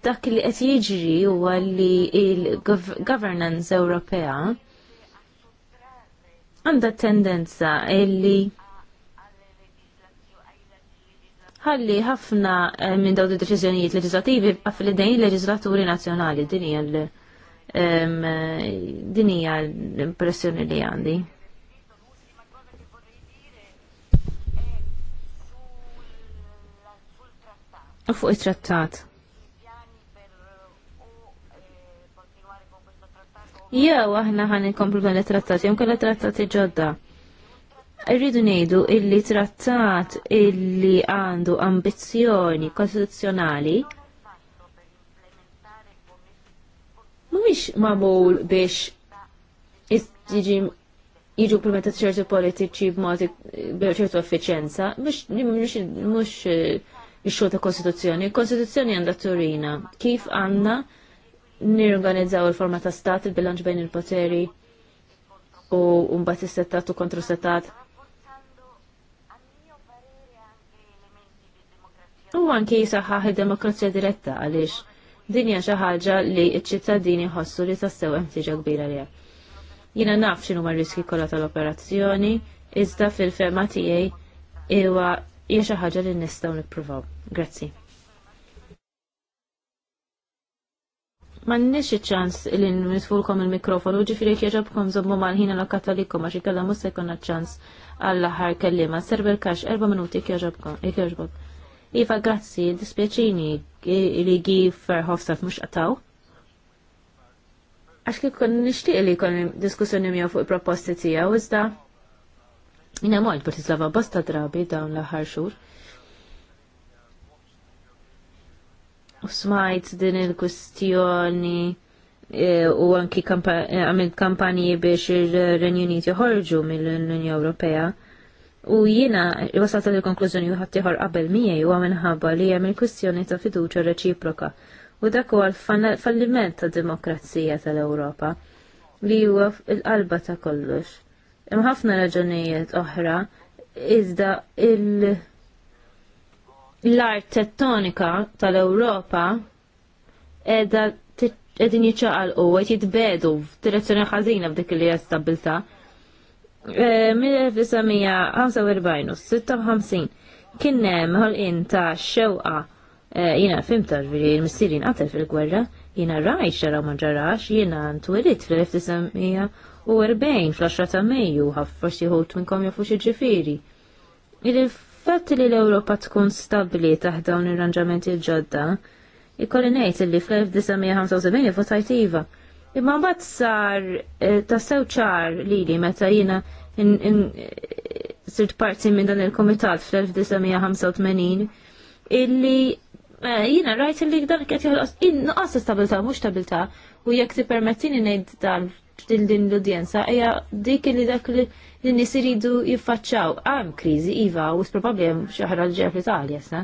dak li qed jiġri huwa li l governance Ewropea għandha tendenza illi ħalli ħafna eh, minn dawn id-deċiżjonijiet leġislattivi għaf li dejn leġislaturi nazzjonali din hija eh, din hija l-impressjoni li għandi. U fuq it-trattat. jew aħna ħan inkomplu dan it-trattati, jew kellha trattati ġodda. Irridu ngħidu illi trattat illi għandu ambizzjoni kostituzzjonali mhuwiex magħmul biex jiġi jiġu implementat ċertu politiċi b'mod ċertu effiċenza, biex mhux eh, ix-xogħol ta' Kostituzzjoni. Il-Kostituzzjoni għandha Turina. Kif għandna nirganizzaw il-forma ta' stat il-bilanċ bejn il-poteri u mbagħad is-settat u kontrasettat. U anki jisaħħaħ id-demokrazija diretta għaliex din hija xi ħaġa li ċ-ċittadini ħossu li tassew hemm tiġa kbira li Jiena naf x'inhu r-riski kollha tal-operazzjoni, iżda fil ferma tiegħi huwa hija xi ħaġa li nistgħu nippruvaw. Grazzi. Ma nix ċans li nitfulkom il-mikrofonu, ġifiri kieġabkom zommu mal-ħina la katalikom, għax ikella mus sekonna ċans għall-ħar kellima. Server kax, erba minuti kieġabkom, kieġabkom. Iva, grazzi, dispieċini li għi ferħofsaf mux għataw. Għax li kon nishtiq li kon diskussjoni mija fuq il-proposti tijaw, iżda. Jina mort Bratislava bosta drabi dawn l-ħar xur u smajt din il-kustjoni eh, u anki eh, għamil kampanji biex il-Renju Uniti mill-Unjoni Ewropea. U jina, wasalt il konklużjoni u ħattieħor qabel miegħi huwa minħabba li hemm il ta' fiduċja reċiproka. U dak huwa l-falliment ta' demokrazija tal-Ewropa li huwa l-qalba ta' kollox. Hemm ħafna raġunijiet oħra iżda il- l-art tettonika tal-Ewropa edha edin jiċaqal u għet jitbedu f'direzzjoni ħażina f'dik li jastabilta. 1945 u 56 kienem ħolqin ta' xewqa eh, jina fimtar ġviri l missirin għatel fil-gwerra, jina raj xara ma ġarax, jina ntwirit u 1940 fl-10 ta' Mejju, ħaf forsi ħut minnkom jafu xie ġifiri. Il fatt li l-Ewropa tkun stabbli taħt dawn ir-ranġamenti ġodda, ikolli ngħid li fl-1975 votajt iva. Imma mbagħad sar eh, tassew ċar lili meta jiena eh, sirt parti minn dan il-komitat fl-1985 illi eh, jiena rajt li dan qed joħloq inqas stabilta mhux stabilta u jekk tippermettini ngħid dan Din din l-udjenza hija dik li dak li n-nies iridu jiffaċċaw. Għam kriżi iva u s problem xaħra eh, xi ħaġa l fl-Italja sa.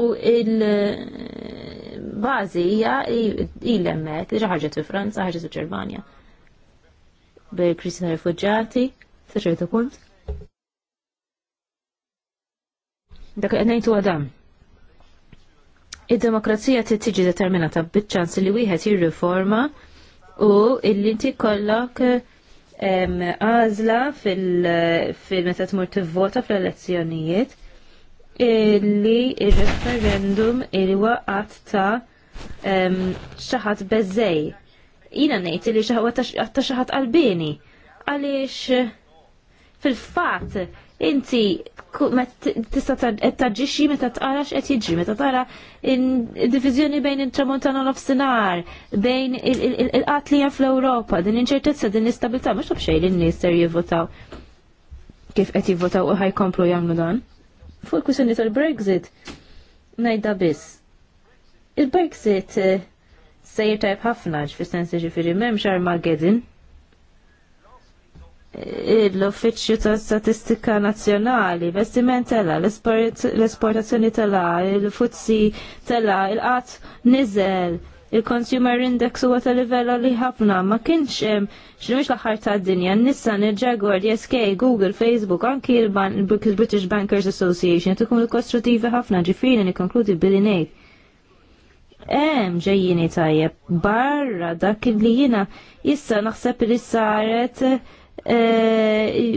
U il-bażi hija il-hemmhekk li ħarġet fi Franza, ħarġet fi Ġermanja. Bej kriżi ta' rifuġġati, sa ċertu punt. Dak li ngħidu għadam. Id-demokrazija tiġi determinata biċ-ċans li wieħed jirriforma u illi ti kollok għazla fil-meta tmur tivvota fl-elezzjonijiet illi il-referendum ilwa għat ta' xaħat bezzej. Ina nejt illi xaħat ta' xaħat għalbini. għaliex fil-fat inti tista' taġġixxi meta tqara x'qed jiġri, meta tara in diviżjoni bejn it-tramuntana nofsinhar, bejn il-qatli hemm fl-Ewropa, din inċertezza, din l-istabilità mhux xejn n nies ser jivvotaw. Kif qed jivvotaw u ħajkomplu jagħmlu dan. Fuq il-kwissjoni tal-Brexit ngħidha biss. Il-Brexit eh, se jirtajb ħafna ġfis sensi ġifieri m'hemmx Armageddon l-Uffiċċju ta' Statistika Nazzjonali, vestiment tela, l-esportazzjoni tela, il-futsi tela, il qat nizel, il-Consumer Index huwa ta' livella li ħafna, ma kienx x'nux l-aħħar ta' dinja, Nissan, il-Jaguar, DSK, Google, Facebook, anki il-British Bankers Association, tukum il-kostruttivi ħafna, ġifiri nikonkludi billi ngħid. Em, ġejjini tajjeb, barra dak li jiena, issa naħseb li saret l eh,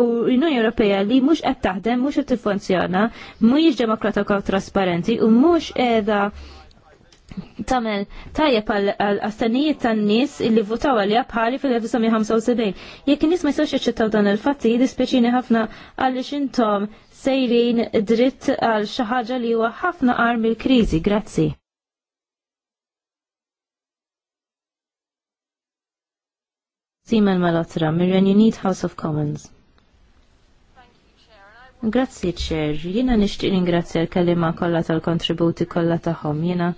Unjoni Ewropea li mhux qed taħdem, mhux qed tiffunzjona, mhijiex demokratika u trasparenti u mhux qiegħda tamel tajjeb għal-astanijiet tan-nies li votaw għalija bħali fil-1975. Jekk nies ma jistgħux jaċċettaw dan il-fatti, dispjaċini ħafna għaliex intom sejrin dritt għal xi ħaġa li huwa ħafna qar mill-kriżi. Grazzi. Simon Malotra, Mirren Unit House of Commons. Grazzi Chair. Jena nishtiq ringrazzja l-kalima kollha tal-kontributi kollha tagħhom. ta'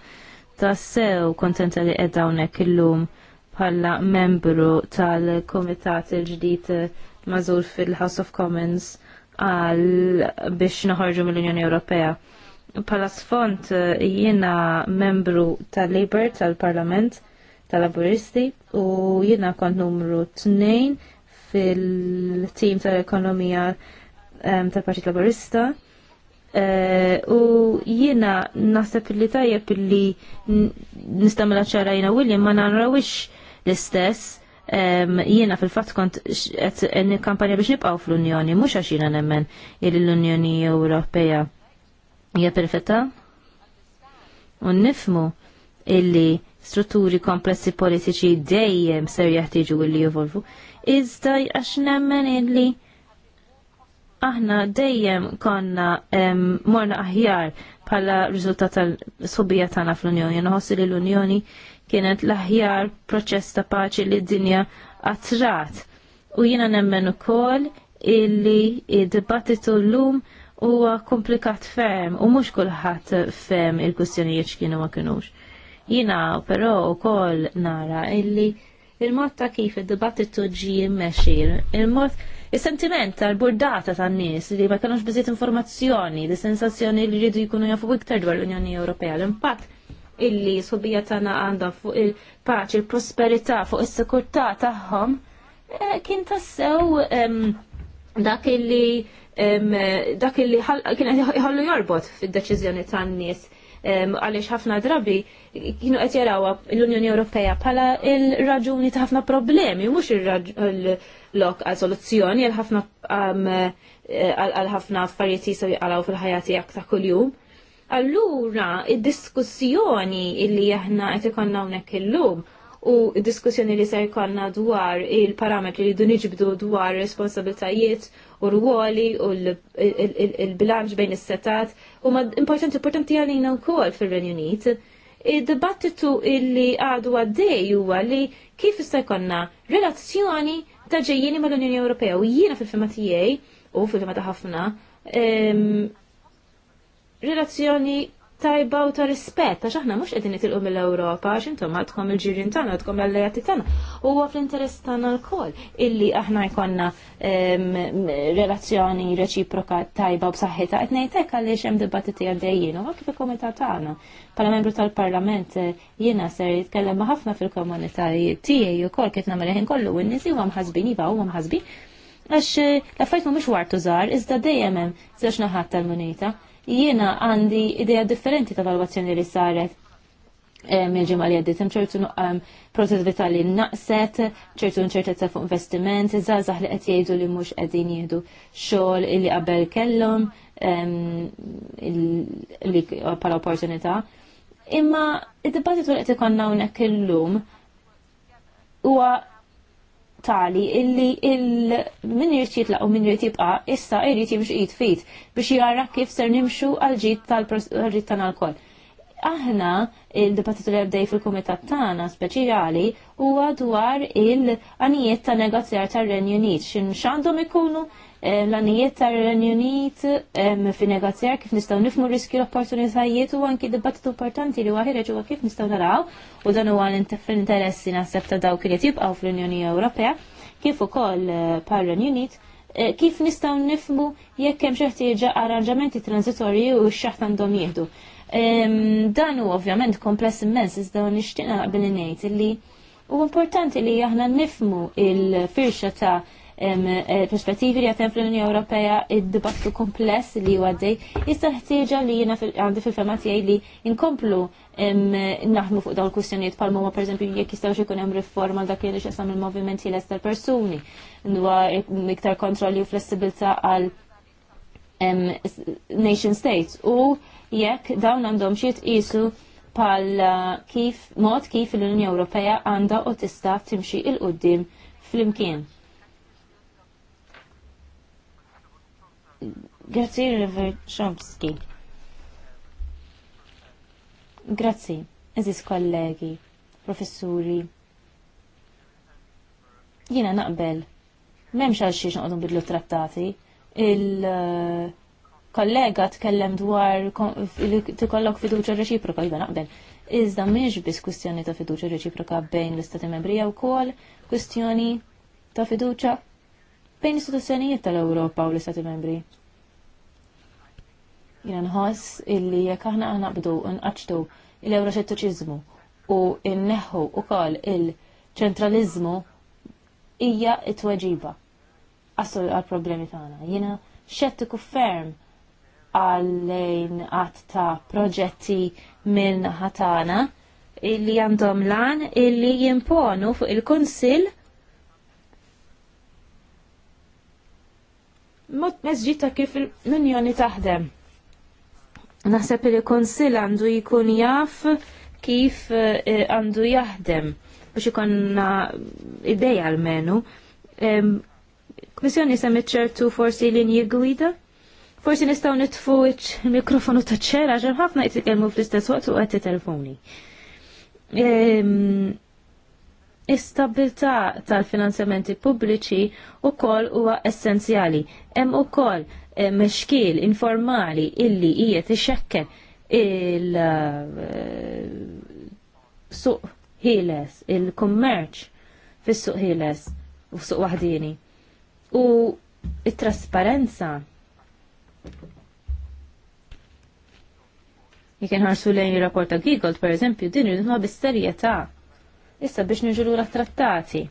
tassew kontenta li qed hawnhekk illum bħala membru tal komitat il-ġdid mażur fil-House of Commons għal biex naħorġu mill-Unjoni Ewropea. Bħala sfond jiena membru tal-Labor tal-Parlament tal-laburisti u jiena kont numru 2 fil-tim tal-ekonomija tal-Partit Laburista. Uh, eh, u jiena naħseb li tajjeb li nistamela ċara jina William ma wix l-istess um, jiena fil-fatt kont kampanja biex nibqgħu fl-Unjoni, mhux għax jiena nemmen li l-Unjoni Ewropea hija perfetta. U nifmu illi strutturi komplessi politiċi dejjem ser jaħtiġu illi jivolvu. Iżda għax nemmen illi aħna dejjem konna morna aħjar bħala riżultat tal-subija tagħna fl-Unjoni. Nħossi li l-Unjoni kienet l-aħjar proċess ta' paċi li d-dinja attrat. U jiena nemmen ukoll illi id-dibattitu l-lum huwa komplikat ferm u mhux kulħadd ferm il-kwistjonijiet x'kienu ma kinux. Jina però wkoll nara illi il-mod ta' kif id-dibattitu ġi immexxir, il-mod Is-sentiment tal-burdata tan-nies li ma kellux biżiet informazzjoni, li sensazzjoni li jridu jkunu jafu iktar dwar l-Unjoni Ewropea, l-impatt illi subija tagħna għanda fuq il-paċi, il-prosperità, fuq is-sikurtà tagħhom eh, kien tassew dak illi dak illi kien ħallu jorbot fid-deċiżjoni tan-nies għaliex ħafna drabi kienu qed jarawha l-Unjoni Ewropea bħala l raġuni ta' ħafna problemi, mhux il-lok għal soluzzjoni għal ħafna għal ħafna affarijiet jisaw jaqalaw fil-ħajja tiegħek ta' kuljum. Allura, id-diskussjoni li aħna qed ikollna hawnhekk illum u diskussjoni li se jkollna dwar il-parametri li dun iġbdu dwar responsabiltajiet u rwoli u l-bilanċ bejn is-setat u ma importanti importanti għalina wkoll kol fil Unit. Id-dibattitu illi għadu għaddej huwa li kif jista' jkollna relazzjoni ta' ma' mal-Unjoni Ewropea u jiena fil-fema tiegħi u fil-fema ta' ħafna relazzjoni tajba u ta' rispett, għax aħna mhux qegħdin nitilqu mill-Ewropa, għax intom għadkom il-ġirien tagħna, għadkom l-allejati tagħna. Huwa fl-interess tagħna l illi aħna jkollna relazzjoni reċiproka tajba u b'saħħitha qed ngħid hekk għaliex hemm dibattiti għaddejjin u kif il-komitat tagħna. pala membru tal-Parlament eh, jiena ser jitkellem ma' ħafna fil-komunitajiet tiegħi wkoll kif nagħmel ħin kollu u n-nies huwa mħasbin iva huwa mħasbin għax eh, l-affajt ma mux wartu zar, iżda dejjem hemm żewġ naħat tal-munita jiena għandi idea differenti ta' valwazzjoni li saret eh, mill-ġimgħa li għaddit hemm ċertu ehm, proċess vitali naqset, ċertu nċertezza fuq investiment, iżgħażagħ li qed jgħidu li mhux qegħdin jieħdu xogħol illi qabel kellhom ehm, li bħala opportunità. Imma id-dibattitu li qed ikonna hawnhekk illum huwa tali illi il-min jirrit jitlaq u min jirrit jibqa' issa irrit jimx jid fit biex jara kif ser nimxu għal-ġid tal-ġid tan alkoll. Aħna il-dibattitu li għabdej fil-komitat tagħna speċjali huwa dwar il-għanijiet ta' negozjar tar-Renju Unit x'għandhom ikunu l-għanijiet tar Unit fi negozjar kif nistaw nifmu riski l-opportunitajiet u anki dibattitu importanti li għahir huwa kif nistaw naraw u dan huwa l-interessi naħseb ta' dawk li jibqgħu fl-Unjoni Ewropea kif ukoll eh, par Unit eh, kif nistaw nifmu jekk hemm xi arranġamenti transitorji u x-xaħt għandhom jieħdu. Dan u ovvjament kompless immens iżda nixtieq naqbel ngħid li u importanti li aħna nifmu il-firxa ta' Eh, perspettivi li għatem fl-Unjoni Ewropea id-dibattu kompless li għaddej, jista ħtieġa li jina għandi fil-fema tiegħi li inkomplu naħmu fuq dawn kustjoniet palmu ma perżempju jekk jistgħu x'ikun hemm riforma dak li x'qasam il movimenti l tal-persuni dwar iktar kontrolli u flessibilità għal nation states u jekk dawn għandhom xi tqisu pal eh, kif mod kif l-Unjoni Ewropea għandha u tista' timxi il-qudiem fl-imkien. Grazzi, River Chomsky. Grazzi, eżis kollegi, professuri. Jina naqbel, memx għal xiex naqdu bidlu trattati, il-kollega tkellem dwar tikollok fiduċa reċiproka, jina naqbel. Iżda miex bis kwistjoni ta' fiduċa reċiproka bejn l-Istati Membri u kol, kwistjoni ta' fiduċa bejn istituzzjonijiet tal-Europa u l-Istati Membri. Jina nħoss illi jekk aħna naqbdu nqaċtu l-euroxettuċiżmu u nneħħu ukoll il-ċentraliżmu hija t-tweġiba assul għal-problemi tagħna. Jina xettiku ferm għallejn għat ta' proġetti minn ħatana illi għandhom lan illi jimponu fuq il-Kunsil mod mezġita kif l-Unjoni taħdem. Naħseb li konsil għandu jkun jaf kif eh, għandu jaħdem biex ikonna ideja għal-menu. Komissjoni semmit ċertu forsi linji gwida? Forsi nistaw nitfu il-mikrofonu ta' ċera, ġem ħafna jtikelmu fl-istess waqt u għetti telefoni. Istabilta tal-finanzjamenti pubbliċi u kol huwa essenzjali. Hemm ukoll mexkil informali illi qiegħed ixekken il uh, suq ħieles, il-kummerċ fis-suq ħieles u suq waħdini. U it-trasparenza Jek inħarsu lejn ir rapport ta' Giggold, per eżempju, din irridna bis-serjetà. Issa biex niġu l trattati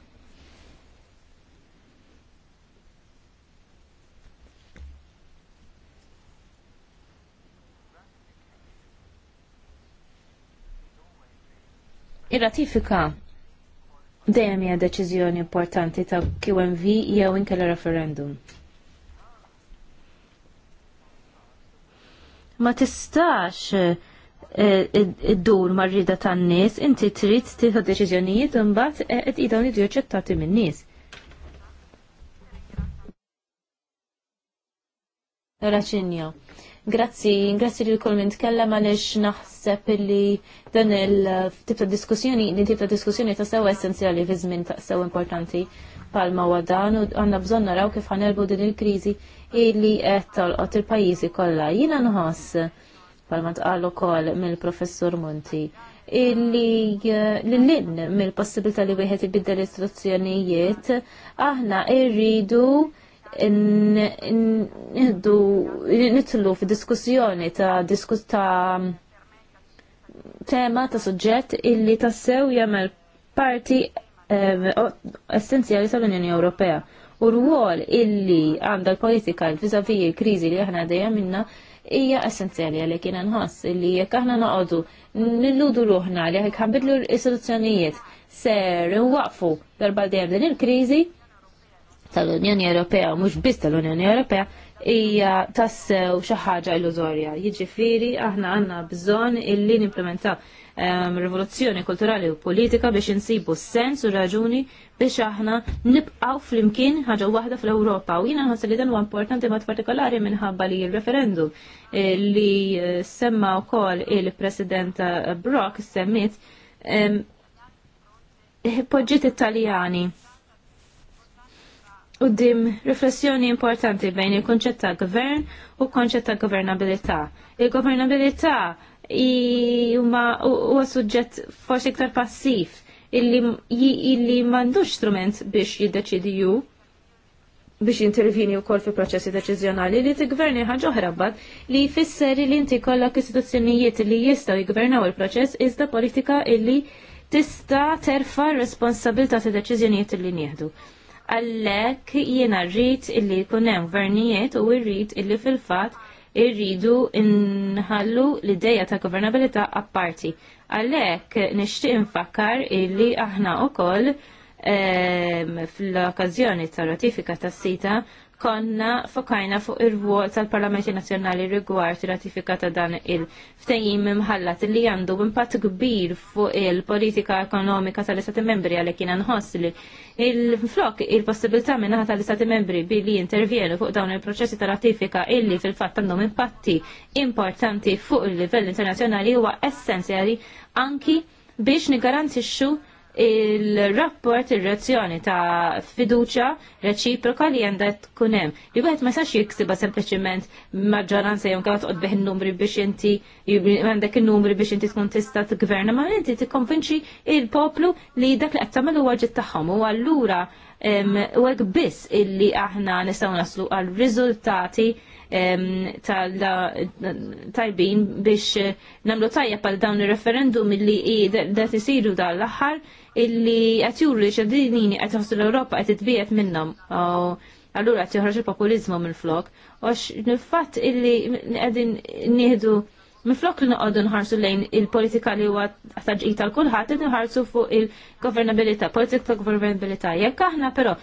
Ir-ratifika dejjem hija deċiżjoni importanti ta' QMV jew inkella referendum. Ma tistax eh, id-dur ta' tan nies inti trid tieħu deċiżjonijiet u mbagħad eh, qed idhom jiġu aċċettati min-nies. Raċinja. Grazzi, grazzi li l-kol minn t-kellem għalix naħseb li dan il-tip ta' diskussjoni, din tip ta' diskussjoni ta' sew essenzjali fi żmien ta' sew importanti palma wa dan u għanna bżon naraw kif ħanelbu din il-krizi li qed tolqot il-pajjiżi kollha. Jiena nħoss palma tqal ukoll mill-professur Monti illi eh, l-lin mill-possibilità li wieħed ibiddel istruzzjonijiet aħna irridu nħiddu nitlu fi diskussjoni ta' diskus ta' tema ta' suġġett illi tassew jagħmel parti eh, essenzjali tal-Unjoni Ewropea. U rwol illi għandha l-politika vizavi l-kriżi li aħna dejjem minna hija essenzjali għalhekk jiena nħoss illi jekk aħna noqogħdu nilludu ruħna li ħanbidlu l-istituzzjonijiet ser waqfu darba dejjem din il-kriżi, tal-Unjoni Ewropea u mhux biss tal-Unjoni Ewropea hija tassew xi ħaġa illużorja. Jiġifieri aħna għandna bżonn illi nimplementaw ehm, rivoluzzjoni kulturali u politika biex insibu sens u raġuni biex aħna nibqgħu flimkien ħaġa waħda fl-Ewropa. U jiena nħoss li dan huwa importanti mod partikolari minħabba li l-referendum eh, li eh, semma wkoll il-President eh, Brock semmit ehm, poġġiet Italjani dim riflessjoni importanti bejn il-konċett ta' gvern u konċett ta' governabilità. Il-governabilità huwa suġġett forsi iktar passiv illi, m'għandux strument biex jiddeċidi ju biex intervini u kol fi proċessi deċizjonali li t-gverni ħagħuħra bad li fisser li inti kollok istituzzjonijiet li jistaw jgvernaw il-proċess iżda politika illi tista terfa responsabilta ta' deċizjonijiet li nieħdu għallek jiena rrit illi kunem gvernijiet u rrit illi fil-fat irridu inħallu l-ideja ta' governabilità apparti. Għallek nishtiq infakkar illi aħna u koll ehm, fl-okkazjoni ta' ratifika ta' sita konna fokajna fuq ir-ruol tal-Parlamenti Nazzjonali rigward ratifika ta' dan il-ftejjim imħallat li għandu impatt kbir fuq il-politika ekonomika tal-Istati Membri għalhekk jiena li il-flok il-possibilità minnaħa tal-Istati Membri billi intervjenu fuq dawn il-proċessi ta' ratifika illi fil-fatt għandhom impatti importanti fuq il-livell internazzjonali huwa essenzjali anki biex nigarantixxu il-rapport ir-razzjoni ta' fiduċa reċiproka li għandha tkun hemm. Li wieħed ma sax jiksiba sempliċement maġġoranza jew kif tqod bih numri biex inti għandek in-numri biex inti tkun tista' tgverna ma inti tikkonvinċi il-poplu li dak li qed tagħmel huwa ġid tagħhom u allura u hekk biss illi aħna nistgħu naslu għal riżultati tajbin biex namlu tajja pal dawn il-referendum li dat isiru dal aħħar illi qed juru għatjuri xadinini qed jħossu l-Europa qed tbijet minnhom għallura għat jħorġ il populiżmu minn flok għax fatt illi għadin nieħdu minn flok li noqogħdu nħarsu lejn il-politika li huwa taġqita tal kulħadd qed nħarsu fuq il-governabilità, politika ta' governabilità. Jekk aħna però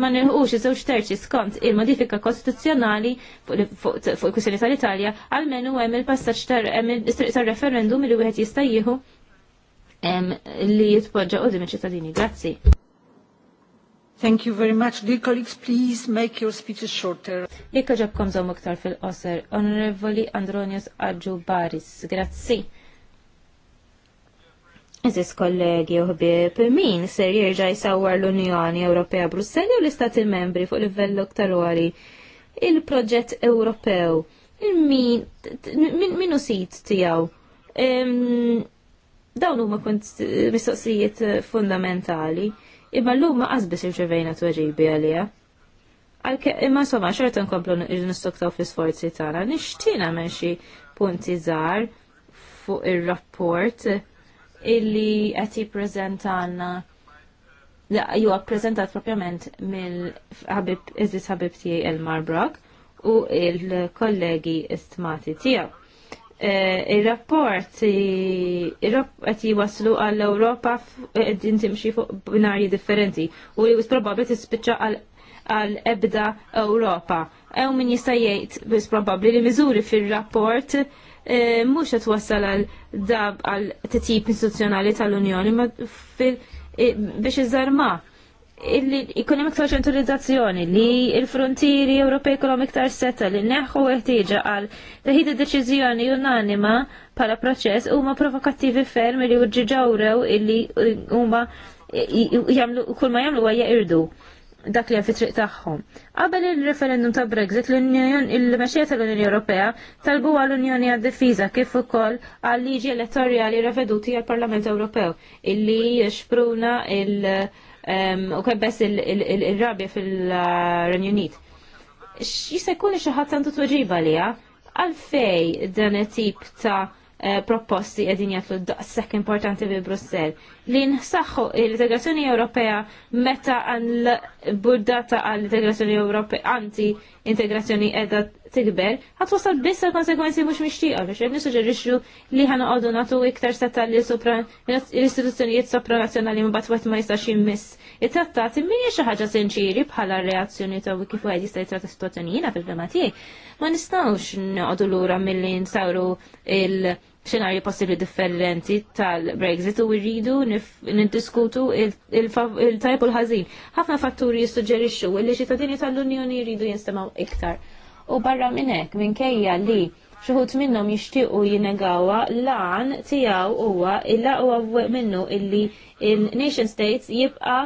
ma nilħux iż-żewġ terċi skont il-modifika kostituzzjonali fuq il-kwistjoni tal-Italja, għalmenu hemm il-passaġġ hemm il referendum li wieħed jista' jieħu li jitpoġġa u ċittadini. Grazzi. Thank you very much. Dear colleagues, please make your speeches shorter. Jekka ġabkom zom uktar fil qosser Onorevoli Andronius Aġu Baris, grazzi. Iżis kollegi u per min ser jirġa jisawar l-Unjoni Ewropea Brusseli u l-Istati membri fuq livell iktar il-proġett Ewropew. Min, min, minu sit tijaw? Dawn huma eh, mistoqsijiet eh, fundamentali, imma l-lum ma qasbis irċevejna tuħġibi għalija. Għalke, imma s-soma, xorta nkomplu nistoktaw fl-sforzi tagħna, nishtina menxi xi punti żgħar fuq ir-rapport illi qed jippreżentanna La, ju prezentat propjament mill-ħabib, iżis ħabib tijaj il marbrok u il-kollegi istmati tijaw. Eh, il-rapport qed jiwaslu għall europa eh, din timxi fuq binarji differenti u li probabbli tispiċċa għal ebda Ewropa. Ew min jista' jgħid biss probabbli li miżuri fir-rapport eh, mhux qed wassal għal dab għal titjib istituzzjonali tal-Unjoni biex iżarma illi ikunem iktar ċentralizzazzjoni li il-frontieri Ewropej kolom iktar seta li neħħu eħtieġa għal taħid deċiżjoni unanima pala proċess huma provokattivi ferm li uġġiġawrew illi huma jamlu kull ma jagħmlu għajja irdu dak li fi triq tagħhom. Qabel il-referendum ta' Brexit l-Unjon il-mexxija tal-Unjoni Ewropea talbu għall-Unjoni għad-Difiża kif ukoll għal liġi elettorjali reveduti għall-Parlament Ewropew illi jxpruna il- u kebbes il-rabja fil-Renjunit. Jista' jkun xi ħadd għandu li, liha għalfej dan it-tip ta' Eh, proposti edin jatlu daqsek importanti bi Brussel. Lin saħħu l-integrazzjoni Ewropea meta għan l burdata għall-integrazzjoni Ewropea anti-integrazzjoni edha tikber, għat wasal bissa konsekwenzi mux mishtiqa, biex għedni suġerixu li ħana għodu natu iktar setta li l-istituzzjonijiet sopranazjonali mbat wet ma jistax jimmiss. Il-trattat minn minni ħagġa sinċiri bħala reazzjoni ta' kif għed jista' jitratta jina fil-bema Ma nistawx nqodu l-ura mill-li nsawru il- Xenarju possibli differenti tal-Brexit u rridu nindiskutu il-tajb u l-ħazin. ħafna fatturi jissuġġerixxu li ċittadini tal-Unjoni jridu jinstemaw iktar. U barra minnek minkejja li xuħut minnom jishtiqu jinegawa lan tijaw huwa illa huwa minnu illi il-nation states jibqa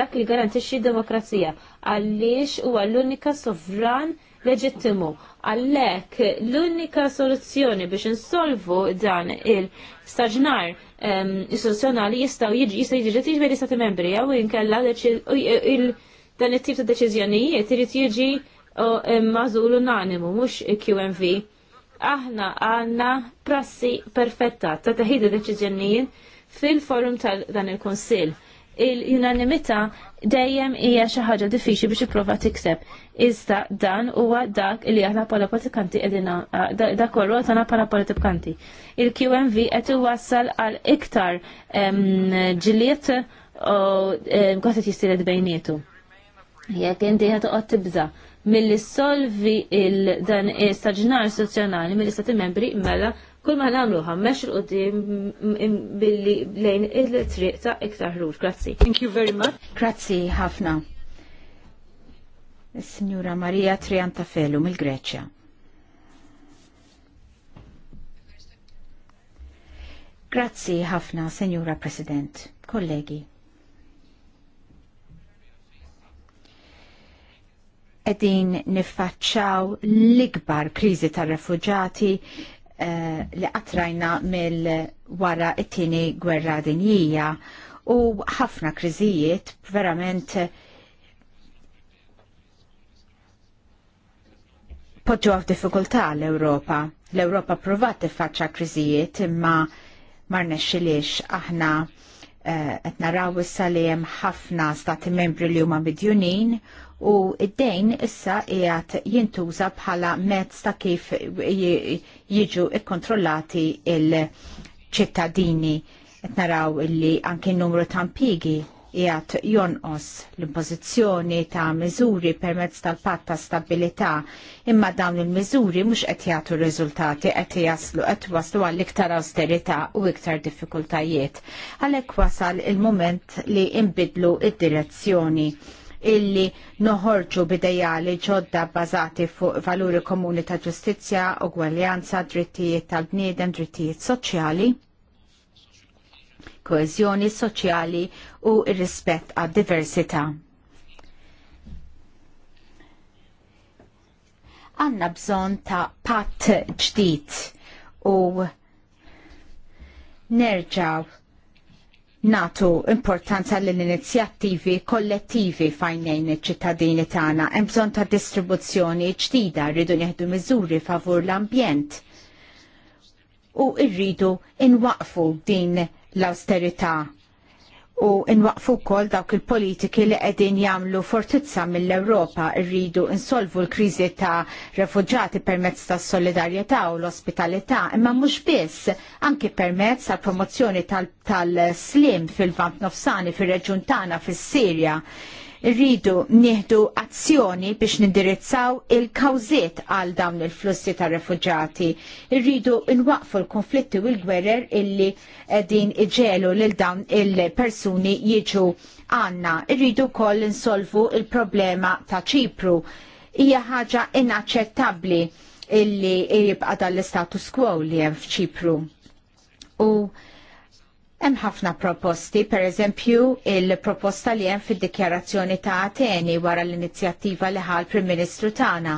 dak li garantixxi demokrazija għaliex huwa l-unika sovran leġittimu. Għallek l-unika soluzzjoni biex insolvu dan il-staġnar ehm, istituzzjonali jistaw jiġi jistaw jiġi ġetiġ veri stati membri għaw inkella e- dan it-tip ta' deċiżjonijiet irid jiġi ehm, mażul unanimu mhux QMV. Aħna għanna prassi perfetta ta' taħida deċiżjonijiet fil-forum tal dan il-Konsil. Il-unanimità dejjem hija xi ħaġa diffiċli biex ipprova tikseb. Iżda dan huwa dak li aħna bħala politikanti qegħdin dak kollu qed bħala politikanti. Il-QMV qed iwassal għal iktar ġiliet u kważi jistielet bejnietu. Jekk inti qed toqgħod tibża' mill-solvi dan eh, staġnar istituzzjonali mill-istati membri mela Kull ma namlu ħammex il qudiem billi lejn il-triq ta' iktar ħruġ. Grazzi. Thank you very much. Grazzi ħafna. Signora Maria Triantafelu mill-Greċja. Grazzi ħafna, Signora President, kollegi. Edin niffaċċaw l-ikbar kriżi tar-refuġati Eh, li qatrajna mill-wara it-tieni gwerra dinjija u ħafna kriżijiet verament poġġu għaf diffikultà l-Ewropa. L-Ewropa provat tiffaċċa kriżijiet imma marnexxilix aħna eh, qed naraw issa li hemm ħafna stati membri li huma midjunin u id-dejn issa qiegħed jintuża bħala mezz ta' kif jiġu ikkontrollati il-ċittadini. Qed naraw illi anki n-numru ta' impigi qiegħed jonqos l-impożizzjoni ta' miżuri permezz tal-patt ta' stabilità imma dawn il-miżuri mhux qed jagħtu riżultati qed jaslu qed waslu għall iktar austerità u iktar diffikultajiet. Għalhekk wasal il-mument li imbidlu id-direzzjoni. il inbidlu d direzzjoni illi noħorġu li ġodda bazati fuq valuri komuni ta' ġustizzja, ugwaljanza, drittijiet tal-bniedem, drittijiet soċjali, koezjoni soċjali u rispett għad diversità. Għanna bżon ta' pat ġdid u nerġaw natu importanza l-inizjattivi kollettivi fajnejn iċ-ċittadini tagħna hemm bżonn ta' distribuzzjoni ġdida rridu nieħdu miżuri favur l-ambjent. U rridu inwaqfu din l-austerità u nwaqfu wkoll dawk il-politiki li qegħdin jagħmlu fortizza mill-Ewropa rridu insolvu l-kriżi ta' refuġati permezz ta' solidarjetà u l-ospitalità, imma mhux biss anki permezz ta' promozzjoni tal-slim fil-vant nofsani fir-reġjun tagħna fis-Sirja. fil vant nofsani fil vant nofsani fir reġjun tagħna fis sirja rridu nieħdu azzjoni biex nindirizzaw il-kawżiet għal dawn il-flussi ta' refuġati. Irridu nwaqfu l-konflitti u l-gwerer illi din iġelu lil dawn il-persuni jiġu għanna. Irridu koll insolvu il-problema ta' ċipru. Hija ħaġa inaċċettabbli illi jibqa' dal-status quo li hemm f'ċipru. U Hemm ħafna proposti, per eżempju il-proposta li hemm fid-dikjarazzjoni ta' Ateni wara l-inizjattiva li ħal Prim Ministru tagħna.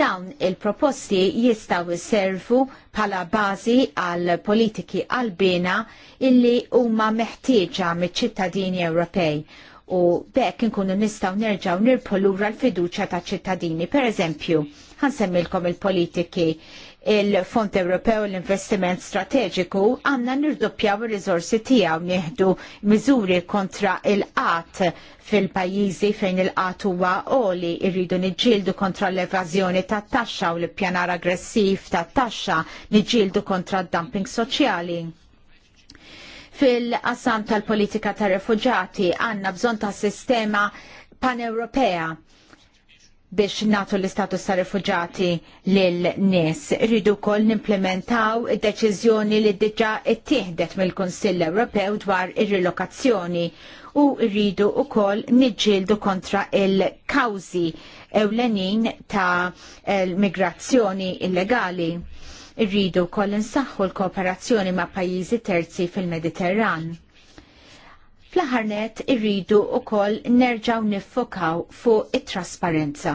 Dawn il-proposti jistaw servu pala bażi għal politiki qalbina illi huma meħtieġa miċ-ċittadini Ewropej u bekk nkunu nistaw nerġaw nirpolura l-fiduċa ta' ċittadini. Per eżempju, ħansemmilkom il-politiki il-Fond Ewropew l-Investiment Strateġiku għandna nirdoppjaw ir rizorsi tiegħu nieħdu miżuri kontra il-qat fil-pajjiżi fejn il-qat huwa oli irridu niġġieldu kontra l-evażjoni tat-taxxa u l-pjanar aggressiv tat-taxxa niġġieldu kontra d-dumping soċjali fil-qasam tal-politika tar refuġati għandna bżonn ta' sistema pan-Ewropea biex natu l-istatus ta' rifugjati lil-nies. Rridu kol nimplementaw id-deċiżjoni li diġa it-tihdet mill-Kunsill Ewropew dwar ir-rilokazzjoni u rridu u kol nġildu kontra il-kawzi ewlenin ta' migrazzjoni illegali. Rridu kol nsaħħu l-kooperazzjoni ma' pajjiżi terzi fil-Mediterran Fl-ħarnet irridu u koll nerġaw nifokaw fuq it-trasparenza.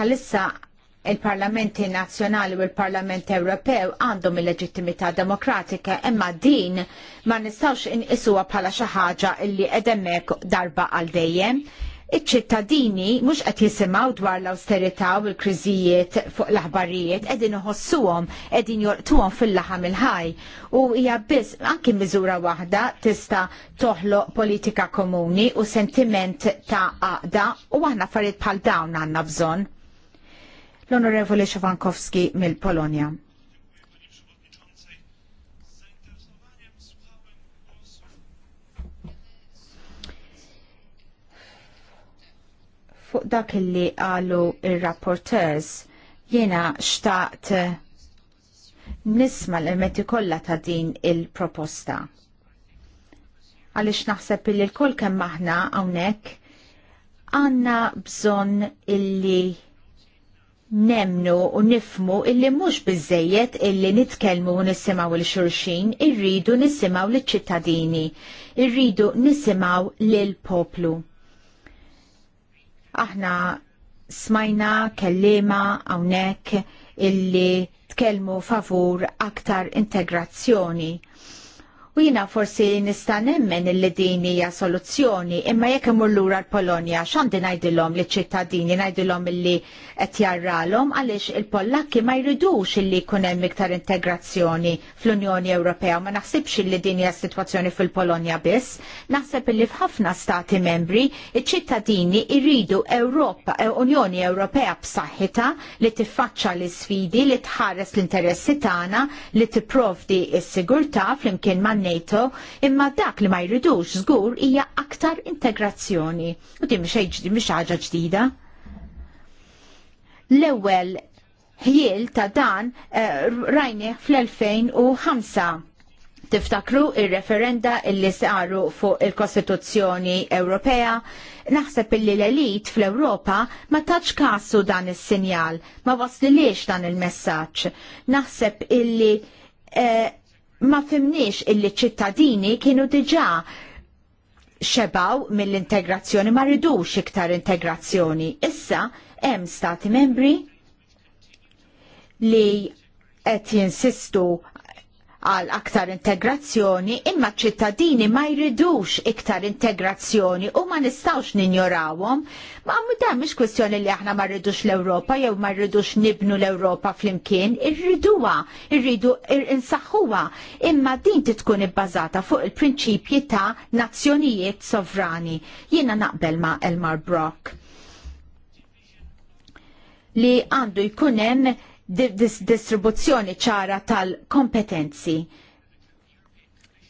Palissa il-Parlamenti Nazzjonali u il-Parlament Ewropew għandhom il-leġittimità demokratika imma din ma nistawx inqisuha bħala xi ħaġa illi qed hemmhekk darba għal dejjem iċ-ċittadini mhux qed jisimgħu dwar l-awsterità u l-kriżijiet fuq l-aħbarijiet qegħdin iħossuhom qegħdin jolqtuhom fil-laħam il-ħaj u hija biss anki miżura waħda tista' toħloq politika komuni u sentiment ta' għaqda u aħna farid bħal dawn għandna bżonn. L-Onorevoli Xovankowski mill-Polonja. fuq dak li għalu il-rapporters jena xtaqt nisma l emeti kollha ta' din il-proposta. Għalix naħseb li l-kol kemm aħna hawnhekk għanna bżon illi nemnu u nifmu illi mhux bizzejiet illi nitkellmu u nisimgħu l xurxin irridu nisimgħu l-ċittadini, irridu nisimgħu l poplu Aħna smajna kellima hawnhekk illi tkellmu favur aktar integrazzjoni U jina forsi nista' nemmen illi din hija soluzzjoni, imma jekk imur lura l-Polonja x'għandi ngħidilhom liċ ċittadini ngħidilhom illi qed jarralhom għaliex il-Pollakki ma jridux illi jkun hemm iktar integrazzjoni fl-Unjoni Ewropea ma naħsibx illi din hija sitwazzjoni fil-Polonja biss, naħseb illi f'ħafna stati membri iċ-ċittadini jridu Ewropa, e, Unjoni Ewropea b'saħħitha li tiffaċċa l-isfidi, li tħares l-interessi tagħna, li tipprovdi s-sigurtà flimkien man NATO, imma dak li ma jridux żgur hija aktar integrazzjoni. U din mhix ħaġa ġdida. L-ewwel ħjiel ta' dan eh, rajni fl-2005 tiftakru il-referenda illi saru fuq il-Kostituzzjoni Ewropea, naħseb illi l-elit fl-Ewropa ma taċ kasu dan il-sinjal, ma wasli dan il messaċ Naħseb illi eh, ma fimniex illi ċittadini kienu diġa xebaw mill-integrazzjoni ma ridux iktar integrazzjoni. Issa hemm stati membri li qed jinsistu għal aktar integrazzjoni imma ċittadini ma jridux iktar integrazzjoni u ma nistawx ninjorawhom ma dan mhix kwestjoni li aħna ma rridux l-Ewropa jew ma rridux nibnu l-Ewropa flimkien irriduha irridu insaħħuha imma din titkun ibbażata fuq il-prinċipji ta' nazzjonijiet sovrani. Jiena naqbel ma' Elmar Brock li għandu jkunem distribuzzjoni ċara tal-kompetenzi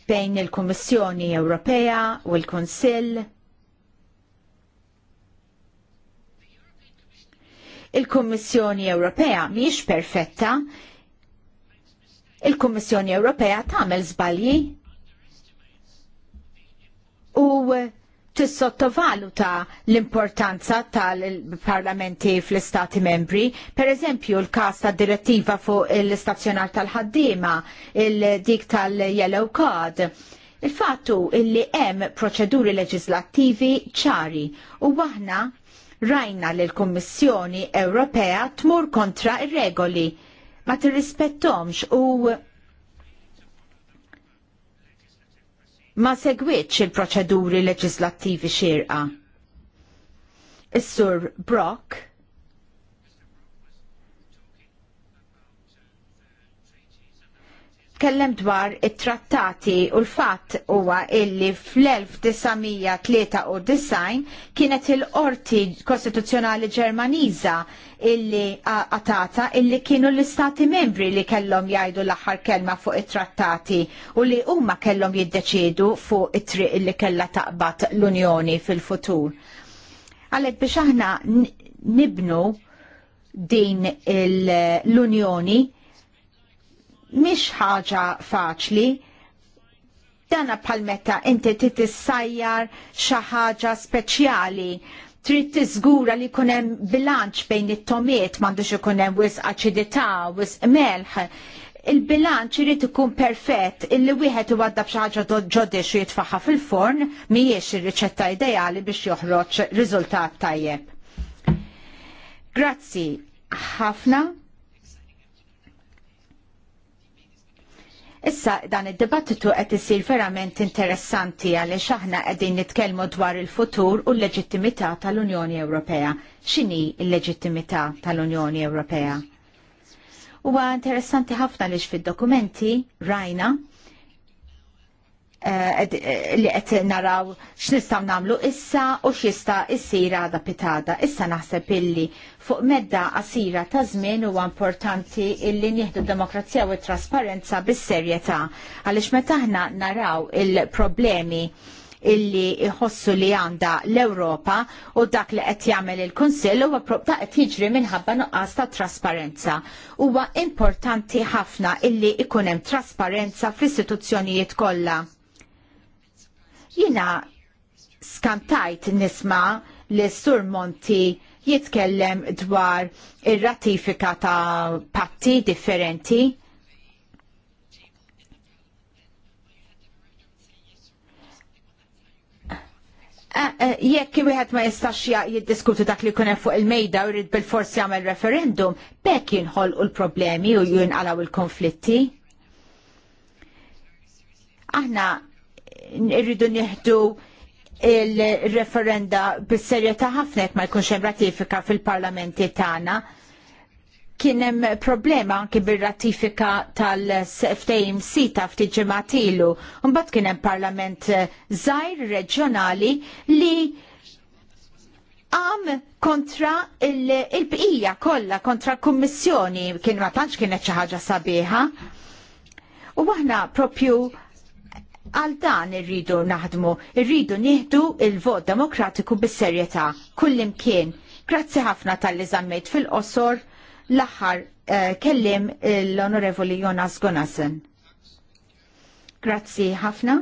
bejn il-Kummissjoni Ewropea u l-Kunsill. Il-Kummissjoni Ewropea mhijiex perfetta, il-Kummissjoni Ewropea tagħmel żbalji u tissottovaluta l-importanza tal-parlamenti fl-istati membri, per eżempju l-kas ta' direttiva fuq l-istazzjonar tal-ħaddima, il-dik tal-Yellow Card. Il-fattu illi hemm proċeduri leġislattivi ċari u waħna rajna l kummissjoni Ewropea tmur kontra ir-regoli ma tirrispettomx u ma segwitx il-proċeduri leġislattivi xirqa. Is-sur Brock tkellem dwar it-trattati u l-fatt huwa illi fl-1993 kienet il-qorti kostituzzjonali ġermaniża illi għatata illi kienu l-istati membri li kellhom jgħidu l-aħħar kelma fuq it-trattati u li huma kellhom jiddeċiedu fuq it-triq illi kellha taqbad l-Unjoni fil-futur. Għalhekk biex aħna nibnu din l-Unjoni mhix ħaġa faċli dana palmetta inti titissajjar xi ħaġa speċjali trid tiżgura li jkun hemm bilanċ bejn it-tomiet m'għandux ikun hemm wisq aċidità, wisq melħ. Il-bilanċ irid ikun perfett illi wieħed iwadda xi ħaġa ġodix u jitfaħħa fil-forn mhijiex ir-riċetta ideali biex joħroġ riżultat tajjeb. Grazzi ħafna Issa dan id-dibattitu qed isir verament interessanti għaliex aħna qegħdin nitkellmu dwar il-futur u l-leġittimità tal-Unjoni Ewropea. X'inhi l-leġittimità tal-Unjoni Ewropea? Huwa interessanti ħafna lix fid-dokumenti rajna Eh, eh, li qed naraw x'nistgħu nagħmlu issa u x'jista' issir għada pitada. Issa naħseb illi fuq medda qasira ta' żmien huwa importanti illi nieħdu demokrazija u t trasparenza bis-serjetà għaliex meta aħna naraw il-problemi illi jħossu li għanda l-Europa u dak li qed jagħmel il-Kunsill huwa ta' qed jiġri minħabba nuqqas ta' trasparenza. Huwa importanti ħafna illi ikun hemm trasparenza fl-istituzzjonijiet kollha. Jiena skantajt nisma li Sur Monti jitkellem dwar ir-ratifika ta' patti differenti. Eh, eh, jekk wieħed ma jistax jiddiskutu dak li jkun hemm fuq il-mejda u jrid bil-forsi jagħmel referendum, bekk jinħolqu l-problemi u jinqalaw il-konflitti. Aħna irridu nieħdu il-referenda bis-serjetà ħafna jekk ma jkunx hemm ratifika fil-parlamenti tagħna. Kien hemm problema anki bir-ratifika tal-ftehim sita ftit ġimgħat ilu. Mbagħad kien hemm parlament żgħir reġjonali li għam kontra il-bqija kollha kontra kummissjoni kien ma tantx kienet xi ħaġa sabiħa. U aħna propju Għal dan irridu naħdmu, irridu nieħdu il-vot demokratiku bis-serjetà kullimkien. Grazzi ħafna tal-li żammejt fil-qosor l-aħħar eh, kellim l-Onorevoli Jonas Gonasen. Grazzi ħafna.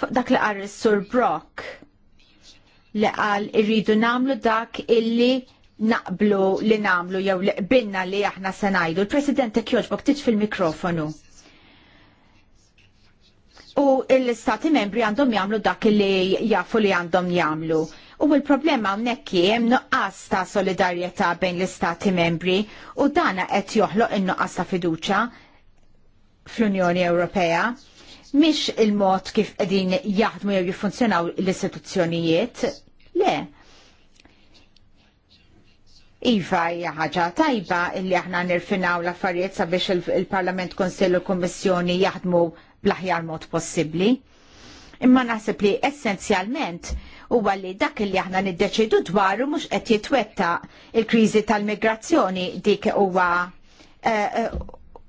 fuq dak li qal sur Brock li qal irridu namlu dak illi naqblu li namlu jew li qbinna li aħna se ngħidu. Il-President jogħġbok tiġ fil-mikrofonu. U l-istati membri għandhom jagħmlu dak li jafu li għandhom jagħmlu. U il-problema hawnhekk hemm nuqqas ta' solidarjetà bejn l-istati membri u dana qed joħloq in-nuqqas ta' fiduċja fl-Unjoni Ewropea mhix il-mod kif qegħdin jaħdmu jew jiffunzjonaw l-istituzzjonijiet. Le. Iva hija ħaġa tajba illi aħna nirfinaw l-affarijiet sabiex il-Parlament Konsill u Kummissjoni jaħdmu bl-aħjar mod possibbli. Imma naħseb li essenzjalment huwa li dak li aħna niddeċidu dwaru mhux qed jitwetta il-kriżi tal-migrazzjoni dik huwa eh, eh,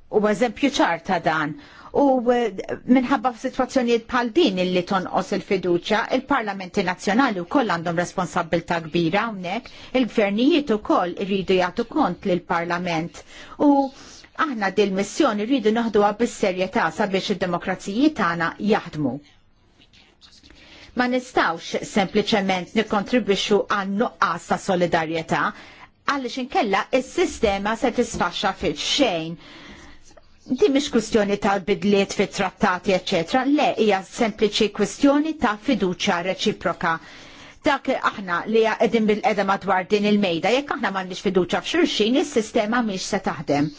u eżempju ċar ta' dan u eh, minħabba f-situazzjoniet bħal din illi tonqos il-fiduċja, il-parlamenti nazzjonali wkoll għandhom responsabilità kbira hawnhekk, il-gvernijiet ukoll iridu jagħtu kont lill parlament u aħna dil missjoni rridu naħduha bis-serjetà sabiex id-demokrazijiet tagħna jaħdmu. Ma nistawx sempliċement nikkontribwixxu għan nuqqas ta' solidarjetà għaliex inkella is-sistema se tisfaxxa fil xejn di mish kwistjoni tal-bidliet fit trattati eċetera, le hija sempliċi kwestjoni ta' fiduċja reċiproka dak aħna li għedin bil-edha madwar din il-mejda, jekk aħna m'għandniex fiduċa f'xulxin, is-sistema mhix se taħdem.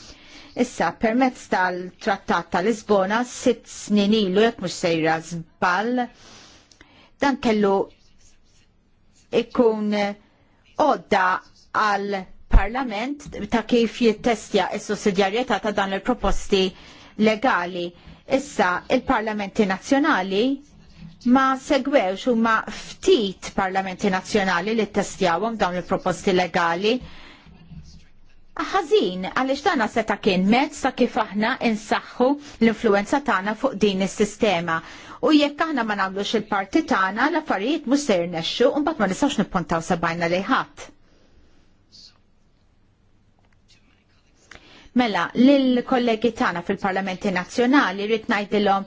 Issa, permezz tal-trattat tal-Lisbona, sitt snin ilu, jekk mhux sejra żball, dan kellu ikun odda għal il-Parlament ta' kif jittestja s sussidjarjetà ta' dan il-proposti legali. Issa il-Parlamenti Nazzjonali ma segwewx u ma ftit Parlamenti Nazzjonali li ttestjawhom dawn il-proposti legali. Ħażin, għaliex dana seta' kien mezz ta' kif aħna insaħħu l-influenza tagħna fuq din is-sistema. U jekk aħna ma nagħmlux il-parti tagħna l-affarijiet mhux se jirnexxu u mbagħad ma nistgħux nippuntaw sabajna lejn ħadd. Mela, lill-kollegi tagħna fil-Parlamenti Nazzjonali rrid ngħidilhom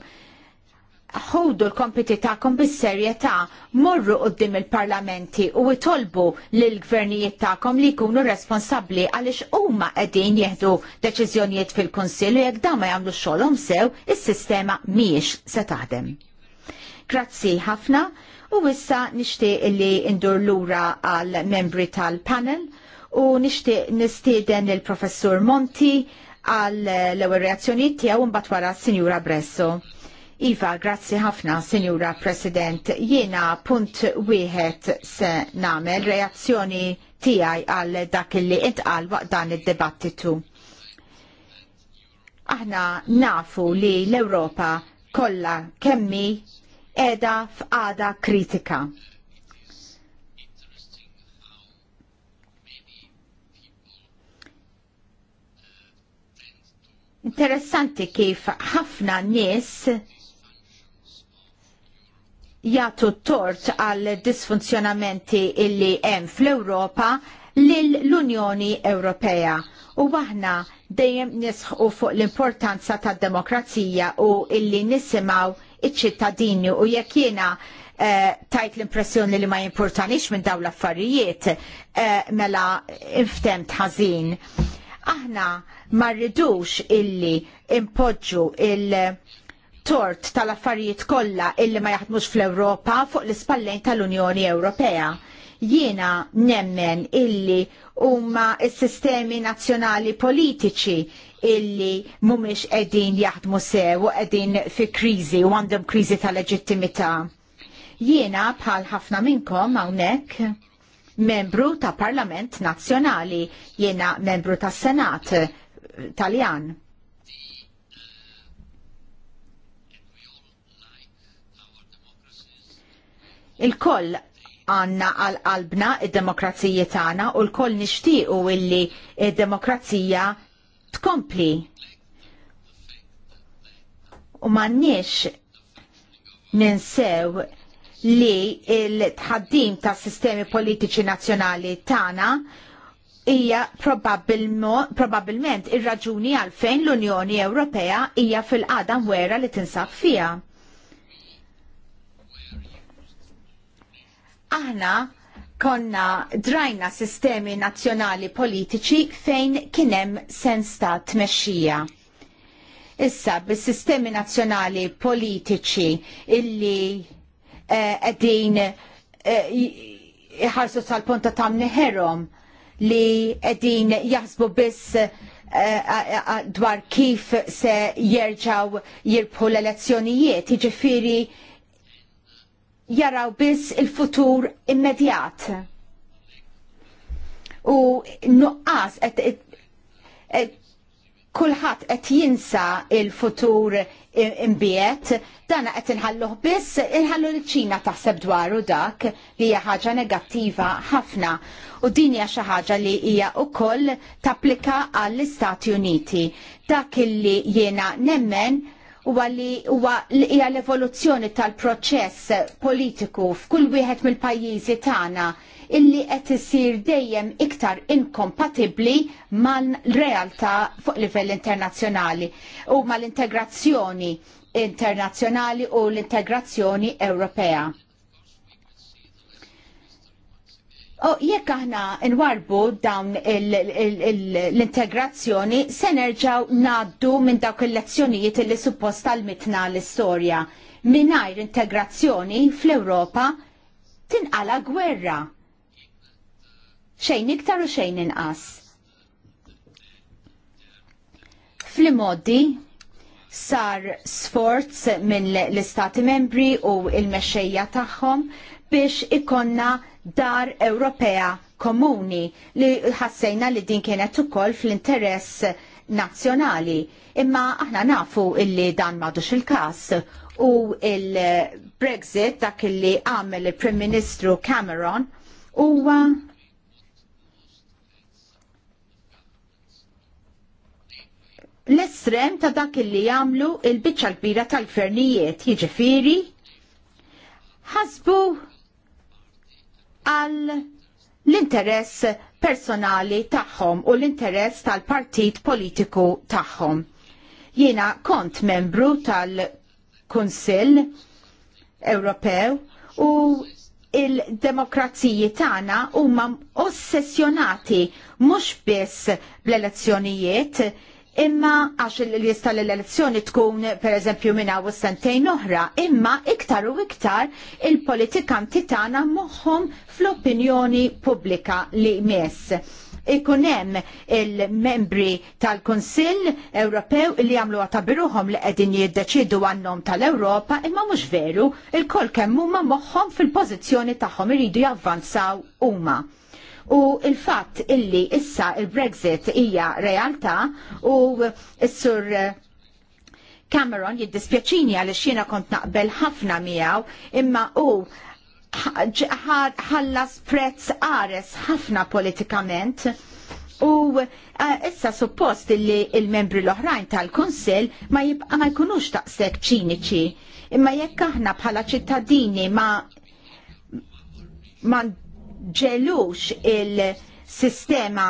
ħudu l-kompiti ta'kom bis-serjetà, morru qoddim il-parlamenti u itolbu lill-gvernijiet ta'kom li jkunu responsabbli għaliex huma qegħdin jieħdu deċiżjonijiet fil-Kunsill u jekk dan ma jagħmlu xogħolhom sew, is-sistema mhijiex se taħdem. Grazzi ħafna u issa nixtieq li ndur lura għal membri tal-panel u nixtieq nistieden il-professur Monti għal l-ewwel reazzjonijiet tiegħu mbagħad wara s-Sinjura Bresso. Iva, grazzi ħafna, Sinjura President. Jiena punt wieħed se nagħmel reazzjoni tiegħi għal dak li intqal waqt dan id-dibattitu. Aħna nafu li l-Ewropa kollha kemmi qiegħda f'qada kritika Interessanti kif ħafna nies jagħtu tort għal disfunzjonamenti illi hemm fl-Ewropa lill-Unjoni Ewropea u aħna dejjem nisħu fuq l-importanza tad-demokrazija u illi nisimgħu iċ-ċittadini u jekk jiena eh, tajt l-impressjoni li ma jimpurtanix minn dawn l-affarijiet eh, mela inftemt ħażin Aħna ma rridux illi impoġġu il- tort tal-affarijiet kollha illi ma jaħdmux fl-Ewropa fuq l-ispallejn tal-Unjoni Ewropea. Jiena nemmen illi huma s-sistemi nazzjonali politiċi illi mhumiex qegħdin jaħdmu sew u qegħdin fi kriżi u għandhom kriżi ta' leġittimità. Jiena bħal ħafna minnkom hawnhekk membru ta' Parlament Nazzjonali, jiena membru tas Senat eh, Taljan. Il-koll għanna għal-qalbna id-demokrazija tagħna u l-koll nixtiequ illi id-demokrazija tkompli. U m'għandniex ninsew li il-tħaddim ta' sistemi politiċi nazzjonali tagħna hija probabbilment ir-raġuni għalfejn l-Unjoni Ewropea hija fil-qadam wera li tinsab fiha. Aħna konna drajna sistemi nazzjonali politiċi fejn kien hemm sens ta' tmexxija. Issa bis-sistemi nazzjonali politiċi illi qegħdin eh, jħarsu eh, tal-punta tam neħerom li qegħdin jaħsbu biss eh, dwar kif se jerġaw jirbħu l-elezzjonijiet, jiġifieri jaraw biss il-futur immedjat. U nuqqas kulħadd qed jinsa il-futur imbiet, dana qed inħalluh biss, inħallu l-ċina taħseb dwaru dak li hija ħaġa negattiva ħafna. U din hija xi ħaġa li hija wkoll tapplika għall-Istati Uniti. Dak illi jiena nemmen huwa li huwa hija l-evoluzzjoni tal-proċess politiku f'kull wieħed mill-pajjiżi tagħna illi qed isir dejjem iktar inkompatibbli mal-realtà fuq livell internazzjonali u mal-integrazzjoni internazzjonali u l-integrazzjoni Ewropea. Oh, jekk aħna nwarbu dawn l-integrazzjoni, se nerġaw naddu minn dawk il-lezzjonijiet li suppost mitna l-istorja. Minajr integrazzjoni fl-Ewropa tinqala gwerra. Xejn iktar u xejn inqas. Fl-modi, sar sforz minn l-Istati membri u il-mexxejja tagħhom biex ikonna dar Ewropea komuni li ħassejna li din kienet ukoll fl-interess nazzjonali. Imma aħna nafu illi dan madux il-każ u il-Brexit dak illi għamel il-Prim Ministru Cameron huwa l-estrem ta' dak li jagħmlu il-biċċa kbira tal-gvernijiet jiġifieri ħasbu għal l-interess personali tagħhom u l-interess tal-partit politiku tagħhom. Jiena kont membru tal-Kunsill Ewropew u il-demokraziji tagħna huma ossessjonati mhux biss bl-elezzjonijiet imma għax l-lista l-elezzjoni tkun per eżempju minna u sentejn oħra, imma iktar u iktar il-politikanti tagħna moħħom fl-opinjoni pubblika li mess. Ikun hemm il-membri tal-Kunsill Ewropew li għamlu għatabiruħom li qegħdin jiddeċidu għannom tal-Ewropa imma mhux veru, il-kol kemm huma moħħom fil-pożizzjoni tagħhom iridu javvanzaw huma U il-fatt illi issa il-Brexit hija realtà u s-sur eh, Cameron jiddispjaċini għal xina kont naqbel ħafna miegħu imma u ħallas prezz qares ħafna politikament u eh, issa suppost li il-membri l-oħrajn tal-Kunsill ma jibqa' ma jkunux taqsek ċiniċi imma jekk aħna bħala ċittadini ma ġelux il-sistema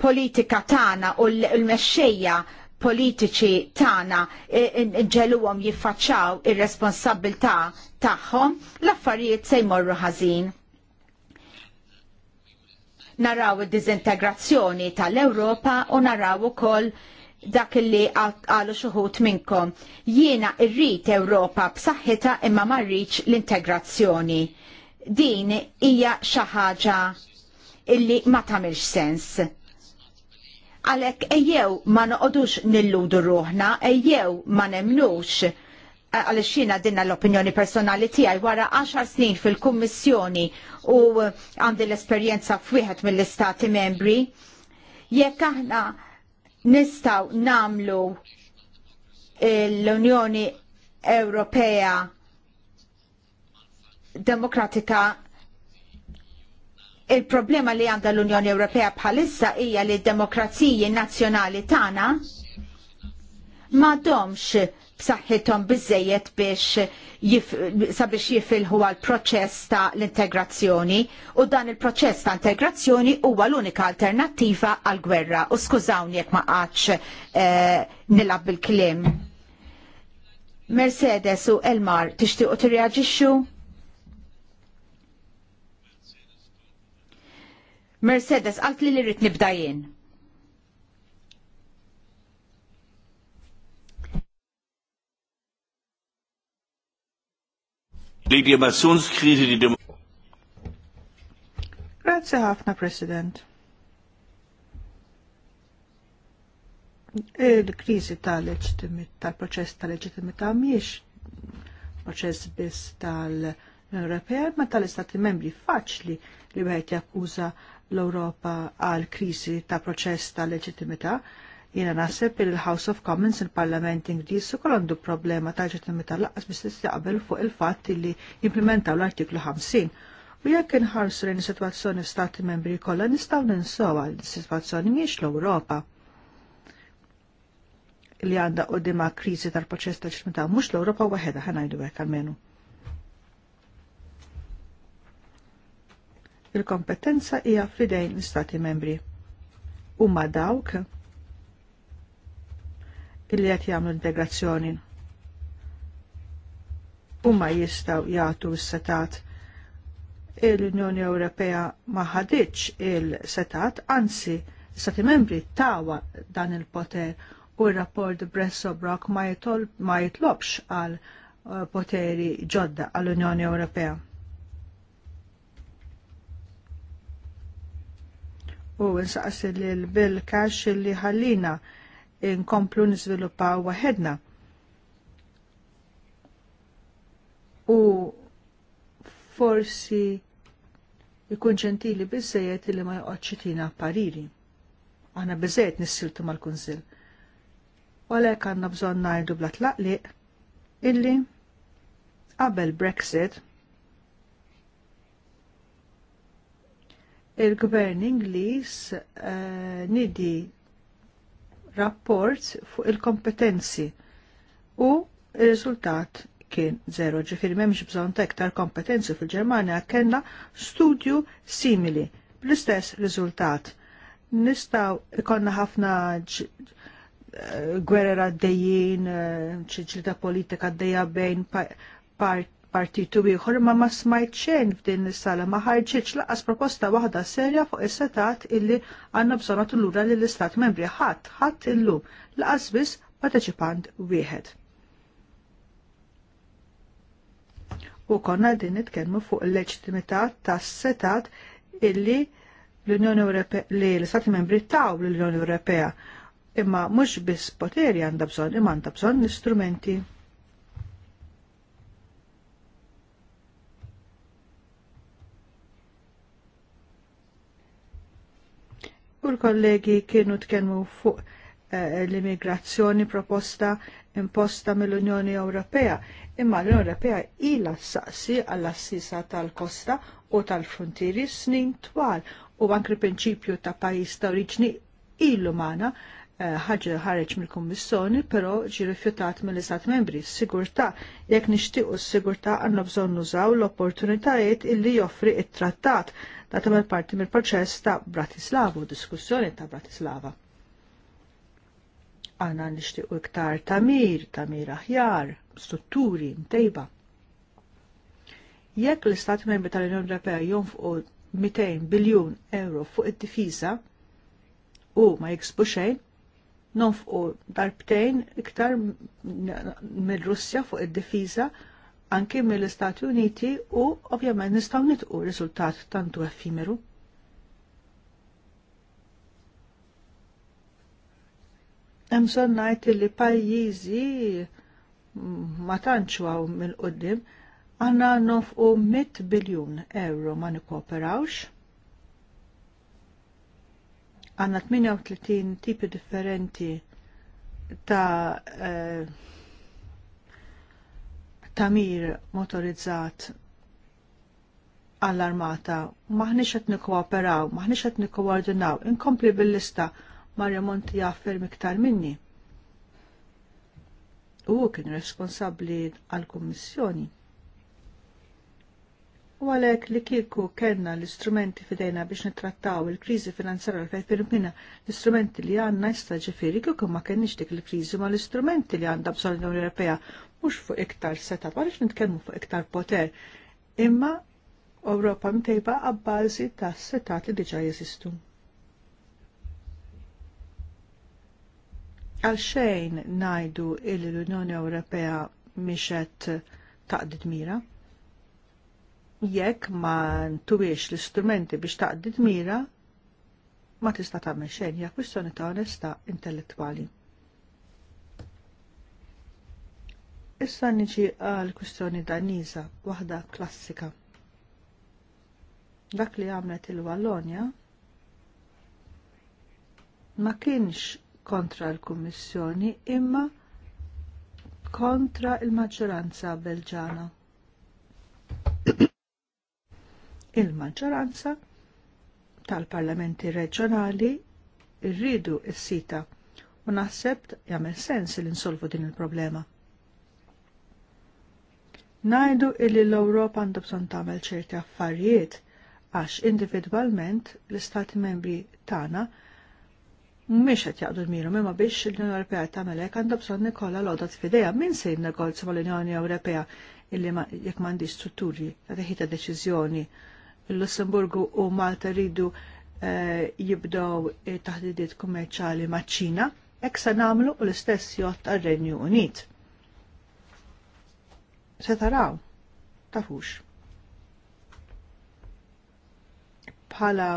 politika tagħna u l-mexxejja politiċi tagħna e, e, ġeluhom jiffaċċaw ir-responsabilità tagħhom, l-affarijiet se jmorru ħażin. Naraw id-diżintegrazzjoni tal-Ewropa u naraw ukoll dak li għalu xuħut minnkom. Jiena irrit Ewropa b'saħħitha imma ma rridx l-integrazzjoni din hija xi ħaġa illi ma tagħmilx sens. Għalhekk ejjew ma noqogħdux nilludu ruħna, ejjew ma nemnux eh, għalix xina dinna l-opinjoni personali tijaj wara 10 snin fil-kommissjoni u għandi l-esperienza f'wieħed mill-istati membri, jekk aħna nistaw namlu l-Unjoni Ewropea demokratika il-problema li għandha l-Unjoni Ewropea bħalissa hija li d-demokraziji nazzjonali tagħna ma domx b'saħħithom biżejjed biex jif, sabiex jifilħu għal proċess ta' l-integrazzjoni u dan il-proċess ta' integrazzjoni huwa l-unika alternattiva għal gwerra u skużawni jekk ma qatx eh, nilab bil-kliem. Mercedes u Elmar tixtiequ tirreaġixxu? Mercedes għalt li li rrit nibda jien. Grazie ħafna, President. Il-krizi tal-proċess tal-leġitimità miex proċess biss tal-Europea, ma tal-Istati membri faċli li bħajt jakkuża l-Europa għal krisi ta' proċess ta' leġitimità, jiena naħseb il-House of Commons il-Parlament Ingliż u għandu problema ta' leġitimità laqqas biss qabel fuq il-fatt li jimplementaw l-artiklu 50. U jekk inħarsu lejn is-sitwazzjoni f'stati membri kollha nistgħu ninsow għal is-sitwazzjoni mhijiex l-Ewropa li għandha qudiema kriżi tal-proċess tal-ġitmita mhux l-Ewropa waħedha ngħidu hekk għalmenu. il-kompetenza hija fidejn l-Stati membri. Huma dawk illi qed jagħmlu integrazzjoni. Huma jistgħu jagħtu s-setat l-Unjoni Ewropea ma ħadiċ il-setat, anzi, stati membri tawa dan il-poter u r-rapport Bresso Brock ma jitlobx għal eh, poteri ġodda għall-Unjoni Ewropea. u nsaqsi lil Bil Cash li ħallina nkomplu niżviluppaw waħedna. U forsi jkun ġentili bizzejet li ma joqgħodx pariri. Aħna bizzejet nissiltu mal-Kunsill. U għalhekk għandna bżonn ngħidu bla tlaqliq illi qabel Brexit il-gvern Ingliż uh, nidi rapport fuq il-kompetenzi u il-riżultat kien zero. Ġifiri memx bżon ta' kompetenzi fil-Ġermanja kellna studju simili bl-istess riżultat. Nistaw ikonna ħafna eh, gwerra għaddejjin, eh, ċiġlita politika għaddejja bejn part partitu ieħor ma ma smajt xejn f'din is-sala ma ħarġitx laqas proposta waħda serja fuq is-setat illi għandna bżonn nagħtu lura lill-istat membri ħadd ħadd illum laqas biss parteċipant wieħed. U konna din nitkellmu fuq il-leġitimità tas-setat illi l-Unjoni Ewropea li l-Istati Membri taw l-Unjoni Ewropea imma mhux biss poteri għandha bżonn imma għandha bżonn l-istrumenti u l-kollegi kienu tkellmu fuq eh, l-immigrazzjoni proposta imposta mill-Unjoni Ewropea. Imma l-Unjoni Ewropea ilha saqsi għall-assisa tal-kosta u tal-frontieri snin twal u anke prinċipju ta' pajjiż ta' oriġni ilu magħna Eh, ħaġa ħareġ mill-Kummissjoni, però ġi rifjutat mill-Istat Membri. Sigurta, jekk nixtiequ s-sigurtà għandna bżonn nużaw l-opportunitajiet illi joffri it-trattat ta' tagħmel parti mill-proċess ta' Bratislava u diskussjoni ta' Bratislava. Għanna nixtiequ iktar tamir, tamir aħjar, strutturi, mtejba. Jekk l-Istat Membri tal-Unjoni Ewropea jonfqu 200 biljun euro fuq id-difiża u ma jiksbu xejn, nonfqu darbtejn iktar mill-Russja fuq id-difiża anki mill-Istati Uniti u ovvjament nistgħu nitqu riżultat tantu effimeru. Hemm bżonn ngħid li pajjiżi ma tantx mill-qudiem għandna nofqu 100 biljun euro ma nikkoperawx għanna 38 tipi differenti ta' eh, tamir motorizzat għall-armata, maħniex qed nikkooperaw, maħniex qed nikkoordinaw, inkompli bil-lista Mario Monti jaffer miktar minni. U kien responsabbli għall-Kummissjoni. U għalhekk li kieku kellna l-istrumenti fidejna biex nittrattaw il-kriżi finanzjarja li fejn minna l-istrumenti li għandna jista' ġifieri kieku ma kenniex dik il-kriżi ma l-istrumenti li għandha bżon l-Unjoni Ewropea mhux fuq iktar setat, għaliex nitkellmu fuq iktar poter, imma Ewropa mtejba għabbażi ta' setat li diġa jeżistu. Għalxejn najdu il l-Unjoni Ewropea miexet taqdid mira? jekk ma ntuwiex l-istrumenti biex taqdi mira, ma tista' tagħmel xejn hija kwistjoni ta' onestà intellettwali. Issa niġi għal kwistjoni Daniża waħda klassika. Dak li għamlet il-Wallonja ma kienx kontra l-Kummissjoni imma kontra il-maġġoranza Belġana il-maġġoranza tal-parlamenti reġjonali rridu s-sita u naħseb jagħmel sens li nsolvu din il-problema. Najdu illi l-Ewropa għandu bżonn tagħmel ċerti affarijiet għax individwalment l-istati membri tagħna mhumiex qed jaqdu l-mirhom imma biex l-Unjoni Ewropea tagħmel hekk għandha bżonn ikollha l-għodha f'idejha min se jinnegozja mal-Unjoni Ewropea illi jekk m'għandix strutturi ta' teħita deċiżjoni il-Lussemburgu u Malta rridu e, jibdow taħdidiet kummerċali maċ-Ċina, hekk se nagħmlu u l-istess jott għar-Renju Unit. Se taraw, tafux. Bħala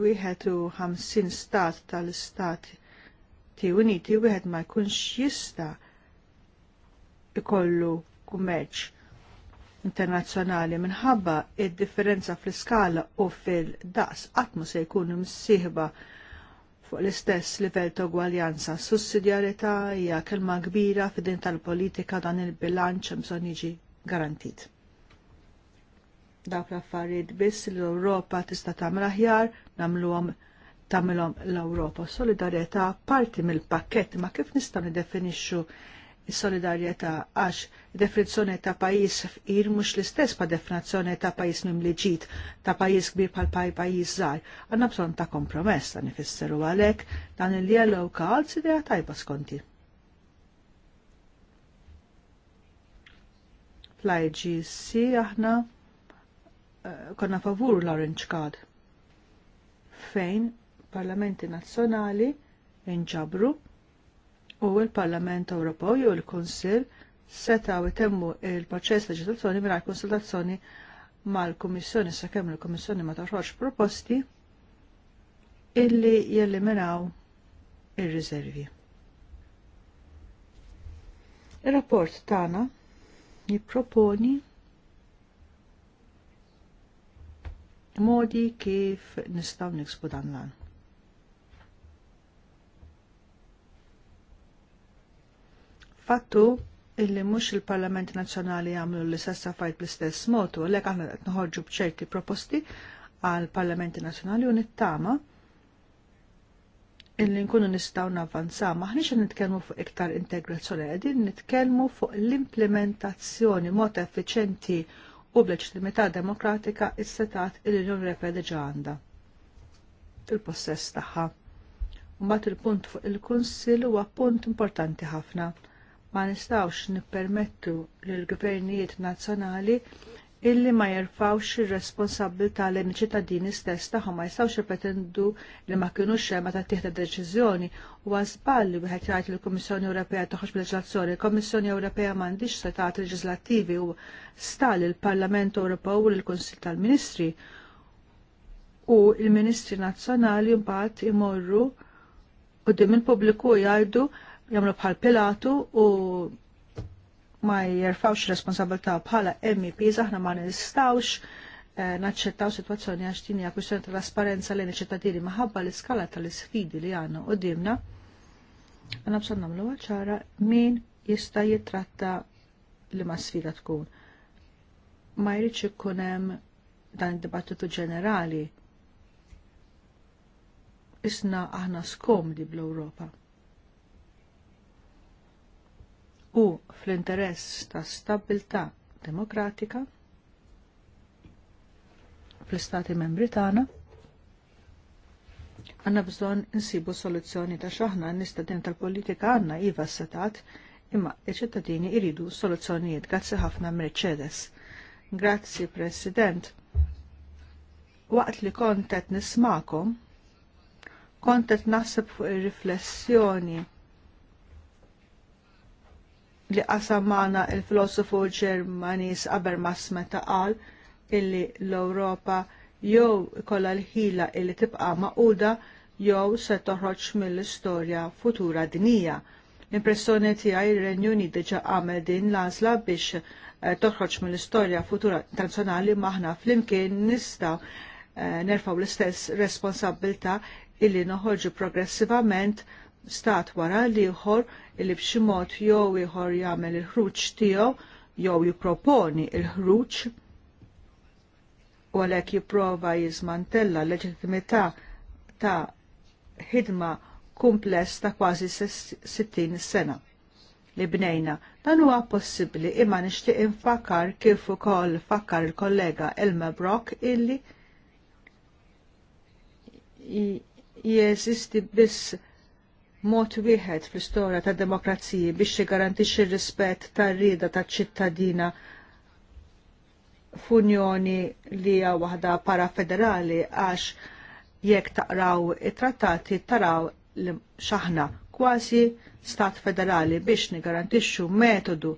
wieħed u ħamsin stat tal-istat ti Uniti wieħed ma jkunx jista' ikollu kummerċ internazzjonali minħabba id-differenza fl-iskala u fil-daqs qatt ma se jkunu msieħba fuq l-istess livell ta' ugwaljanza. sussidjarjetà hija kelma kbira fid-din tal-politika dan il-bilanċ bżonn jiġi garantit. Dawk l-affarijiet biss li l-Ewropa tista' tagħmel aħjar nagħmluhom tagħmilhom l-Ewropa. Solidarjetà parti mill-pakkett ma' kif nistgħu niddefinixxu solidarjetà għax definizzjoni ta' pajjiż fqir mhux l-istess pa' definizzjoni ta' pajjiż mimliġit ta' pajjiż kbir bħal paj pajjiż żgħar. għanna bżonn ta' kompromess ta' nifisseru għalhekk dan il-yellow cards idea tajba skonti. Fl-IGC aħna eh, konna favur l-orange card fejn parlamenti nazzjonali inġabru u l-Parlament Ewropew jew il-Kunsill setaw itemmu il-proċess leġislazzjoni mingħajr konsultazzjoni mal-Kummissjoni sakemm il-Kummissjoni ma toħroġ proposti illi jeliminaw ir-riservi. Il rapport tagħna jipproponi modi kif nistgħu niksbu dan lan. fattu illi mhux il-Parlament Nazzjonali jagħmlu l-istess fajt bl-istess mod u għalhekk aħna qed noħorġu b'ċerti proposti għal Parlamenti Nazzjonali u nittama illi nkunu nistgħu navvanzaw. Maħniex qed nitkellmu fuq iktar integrazzjoni, qegħdin nitkellmu fuq l-implementazzjoni mod effiċenti u bl-leġitimità demokratika is-setat il-Unjoni Ewropea diġà għandha. Il-possess tagħha. Mbagħad il-punt fuq il-Kunsill huwa punt importanti ħafna ma nistawx nippermettu lill gvernijiet nazzjonali illi ma jerfawx ir-responsabilità lejn iċ-ċittadini stess tagħhom ma jistgħux jirpetendu li ma kinux hemm meta tieħda deċiżjoni u żball li wieħed jgħid lill-Kummissjoni Ewropea toħroġ leġlazzjoni Il-Kummissjoni Ewropea m'għandix setat leġislattivi u stal il-Parlament Ewropew u l-Kunsill tal-Ministri u l-Ministri Nazzjonali mbagħad imorru qudiem il-pubbliku jgħidu Jamlu bħal Pilatu u ma jirfawx responsabilta bħala MEPs aħna ma nistawx eh, naċċettaw situazzjoni għax tini hija kwistjoni ta' trasparenza lejn iċ-ċittadini maħabba l-iskala tal-isfidi li għandna dimna. Għandna bżonn nagħmlu ċara min jista' jitratta li ma sfida tkun. Ma jridx ikun hemm dan id-dibattitu ġenerali. Isna aħna skomdi bl-Ewropa u fl-interess ta' stabilità demokratika fl-istati membri tagħna għanna bżon insibu soluzzjoni ta' xaħna n-istadin tal-politika għanna iva setat imma iċ-ċittadini iridu soluzzjonijiet. Grazzi ħafna Mercedes. Grazzi President. Waqt li kontet nismakom, kontet naħseb fuq ir-riflessjoni li qasamana il-filosofu Ġermanis Abermas meta qal illi l-Ewropa jew kollha l-ħila illi tibqa' maquda jew se toħroġ mill-istorja futura dinija. L-impressjoni tiegħi r-Renju Unit diġà għamel din l-għażla biex eh, toħroġ mill-istorja futura nazzjonali maħna flimkien nistgħu eh, nerfaw l-istess responsabilta illi noħorġu progressivament stat wara l-ieħor li b'xi mod jew ieħor jagħmel il-ħruġ tiegħu jew jipproponi il-ħruġ u għalhekk jipprova jiżmantella l-leġittimità ta' ħidma kumpless ta' kważi 60 sena li bnejna. Dan huwa possibbli imma nixtieq infakar kif ukoll fakkar il-kollega Elma Brock illi jeżisti biss mod wieħed fl-istorja tad demokrazija biex jiggarantixxi r-rispett tar-rieda taċ-ċittadina f'unjoni li hija waħda parafederali għax jekk taqraw it-trattati taraw li xaħna kważi stat federali biex nigarantixxu metodu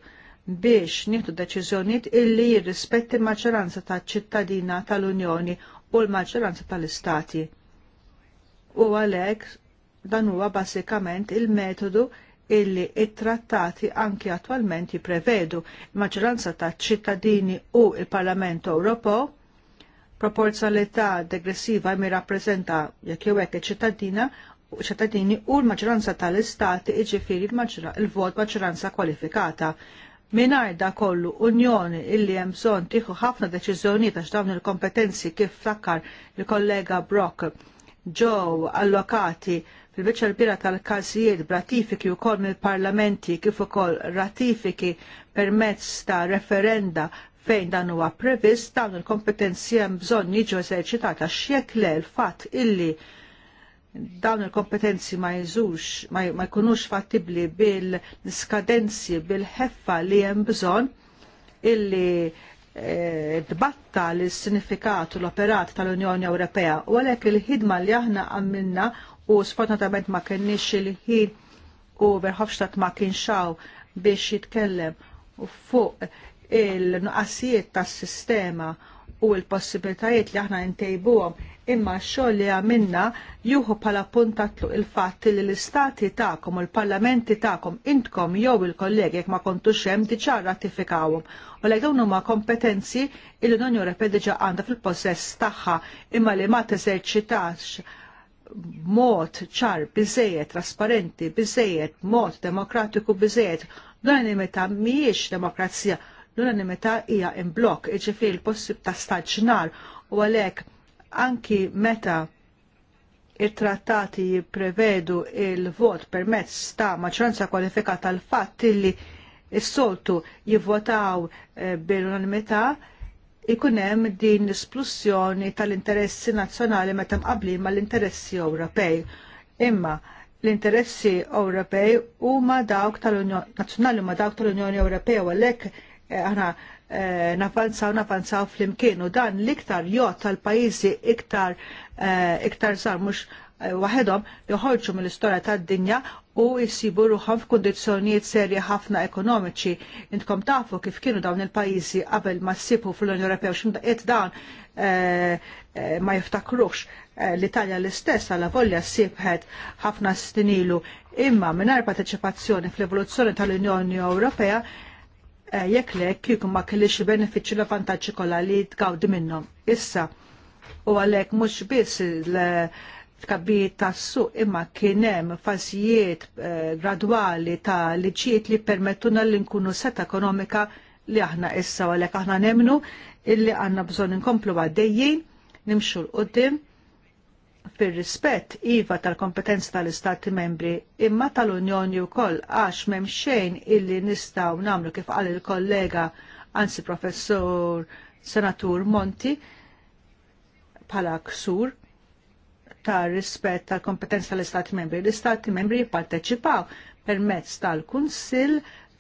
biex nieħdu deċiżjonijiet illi jirrispetti l-maġġoranza taċ-ċittadina tal-Unjoni u l-maġġoranza tal-istati. U għalhekk dan huwa basikament il-metodu illi it-trattati anki attwalment jiprevedu maġranza ta' ċittadini u il-Parlament Ewropew proporzjonalità degressiva mi rappresenta jekk jew hekk iċ-ċittadina ċittadini u l-maġranza tal-istati iġifiri il-vot maġranza kwalifikata. Minar da kollu unjoni illi hemm bżonn tieħu ħafna deċiżjonijiet għax dawn il-kompetenzi kif fakkar il-kollega Brock ġew allokati fil-biċċa l-bira tal-każijiet b'ratifiki wkoll mill-parlamenti kif ukoll ratifiki permezz ta' referenda fejn dan huwa previst dawn il-kompetenzi hemm bżonn jiġu eżerċitata x'jekk le l-fatt illi dawn il-kompetenzi ma jżux, ma jkunux fattibli bil-skadenzi, bil-ħeffa li hemm bżonn illi dbatta eh, l sinifikat u l-operat tal-Unjoni Ewropea u għalhekk il-ħidma li aħna għamilna u sfortunatament ma kenniex il-ħin u Verhofstadt ma kienxaw biex jitkellem fuq il-nuqqasijiet tas-sistema u l-possibilitajiet li aħna ntejbuhom imma x-xogħol li għamilna juhu bħala puntatlu il-fatt li l-istati tagħkom u l-parlamenti tagħkom intkom jew il-kollegi jekk ma kontux hemm diġà rratifikawhom. U lejn dawn huma kompetenzi li l-Unjoni għandha fil-possess tagħha imma li ma teżerċitax mod ċar, biżejjed, trasparenti, biżejjed, mod demokratiku biżejjed. L-unanimità mhijiex demokrazija, l-unanimità hija imblok, iġifieri l-possib ta' staġnar u għalhekk anki meta it-trattati jipprevedu il-vot permezz ta' maċranza kwalifikata tal fatt illi s-soltu jivvotaw eh, bil-unanimità, ikun hemm din l-isplussjoni tal-interessi nazzjonali meta ma mal-interessi Ewropej. Imma l-interessi Ewropej huma dawk tal-Unjoni Nazzjonali ma dawk tal-Unjoni Ewropea u għalhekk eh, aħna eh, nafanzaw nafanzaw fl-imkien u dan l-iktar jot tal-pajjiżi iktar eh, iktar sar mhux waħedhom joħorġu mill-istorja tad-dinja u jisibu ruħom f'kundizzjonijiet serji ħafna ekonomiċi. Intkom tafu kif kienu dawn il-pajjiżi qabel ma s-sipu fl-Unjoni Ewropea x'imdaqiet dan eh, eh, ma jiftakrux eh, l-Italja l-istess għala volja sibħed ħafna s-tinilu imma mingħajr parteċipazzjoni fl-evoluzzjoni tal-Unjoni Ewropea jekk le kieku ma kellix il l vantaġġi kollha li tgawdi minnhom. Issa u għalhekk mhux biss l- f'kabbijiet tas-suq imma kien hemm fażijiet eh, gradwali ta' liġijiet li permettuna li nkunu set ekonomika li aħna issa għalhekk aħna nemnu illi għandna bżonn inkomplu għaddejjin nimxu l-qoddim fir-rispett iva tal-kompetenza tal-Istati membri imma tal-Unjoni wkoll għax m'hemm xejn illi nistgħu nagħmlu kif qal il-kollega anzi professur Senatur Monti bħala ksur ta' rispett tal kompetenza tal-Istati membri. L-Istati membri jipparteċipaw permezz tal-Kunsill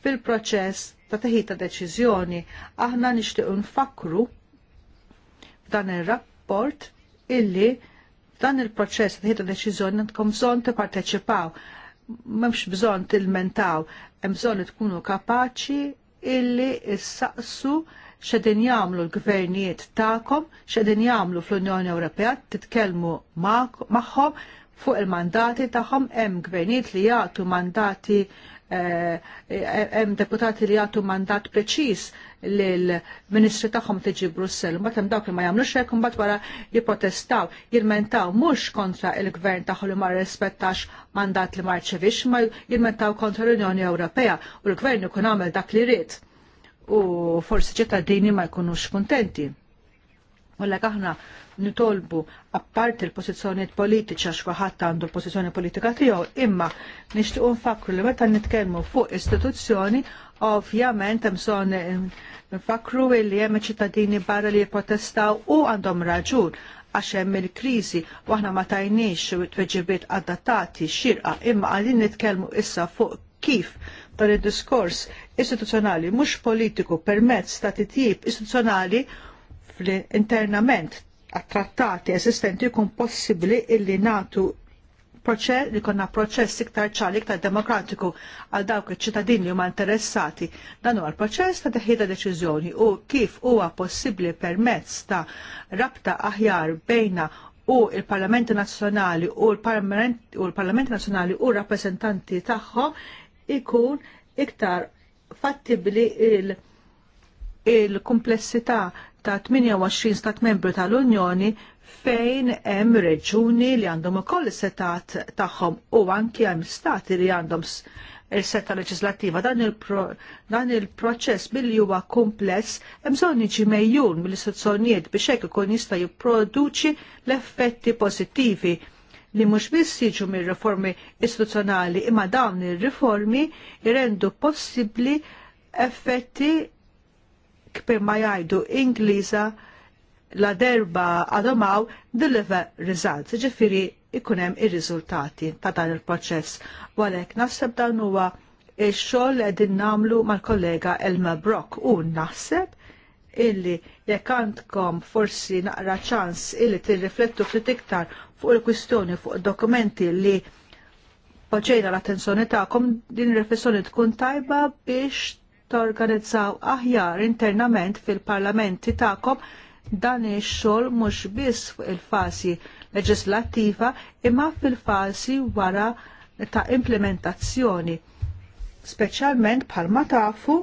fil-proċess ta' teħid ta' deċiżjoni. Aħna nixtiequ nfakru f'dan ir-rapport illi dan il-proċess ta' teħid ta' deċiżjoni għandkom bżonn tipparteċipaw. M'hemmx bżonn tilmentaw, hemm bżonn tkunu kapaċi illi issaqsu il xedin jamlu l-gvernijiet ta'kom, xedin jamlu fl-Unjoni Ewropea, titkelmu maħħom fuq il-mandati tagħhom hemm gvernijiet li jagħtu mandati eh, hemm deputati li jagħtu mandat preċiż l ministri tagħhom tiġi Brussell, mbagħad hemm dawk li ma jagħmlux hekk imbagħad wara jipprotestaw, jirmentaw mhux kontra il-gvern tagħhom li ma rrispettax mandat li ma rċevix, ma jirmentaw kontra l-Unjoni Ewropea u l-gvern ikun għamel dak li rrid u forsi ċittadini ma jkunux kontenti. U l aħna nitolbu apparti l posizjoniet politiċi għax kulħadd għandu l posizjoni politika tiegħu, imma nixtiequ nfakru li meta nitkellmu fuq istituzzjoni, ovvjament hemm bżonn nfakru li hemm ċittadini barra li jipprotestaw u għandhom raġun għax hemm il-kriżi u aħna ma tajniex tweġibiet adattati xirqa imma għalin nitkellmu issa fuq kif dan id-diskors istituzzjonali mhux politiku permezz ta' titjib istituzzjonali fl-internament għat-trattati esistenti jkun possibbli illi natu proċess li konna proċess iktar ċali iktar demokratiku għal dawk iċ-ċittadini li huma interessati dan huwa l-proċess ta' teħida deċiżjoni u kif huwa possibbli permezz ta' rabta aħjar bejna u il parlament Nazzjonali u l-Parlament Nazzjonali u r-rappresentanti tagħhom ikun iktar fattibli il-komplessità il ta' 28 stat membru tal-Unjoni fejn hemm reġuni li għandhom ukoll setat tagħhom u anki hemm stati li għandhom il-setta leġislattiva. Dan il-proċess il billi huwa kumpless hemm bżonn jiġi mejjun mill-istituzzjonijiet biex hekk ikun jista' jipproduċi l-effetti pożittivi li mhux biss jiġu mir-riformi istituzzjonali imma dawn ir-riformi jrendu possibbli effetti kbir ma jgħidu Ingliża la derba għadomaw deliver results, ġifiri ikunem ir-riżultati ta' dan il-proċess. Walek naħseb dan huwa il xogħol qegħdin namlu mal-kollega Elma Brock u naħseb illi jekk għandkom forsi naqra ċans illi tirriflettu ftit iktar fuq il-kwistjoni fuq dokumenti li poċejna l-attenzjoni tagħkom din ir-riflessjoni tkun tajba biex torganizzaw aħjar internament fil-parlamenti tagħkom dan ix-xogħol mhux biss fuq il-fasi leġislattiva imma fil-fasi wara ta' implementazzjoni. Speċjalment bħalma tafu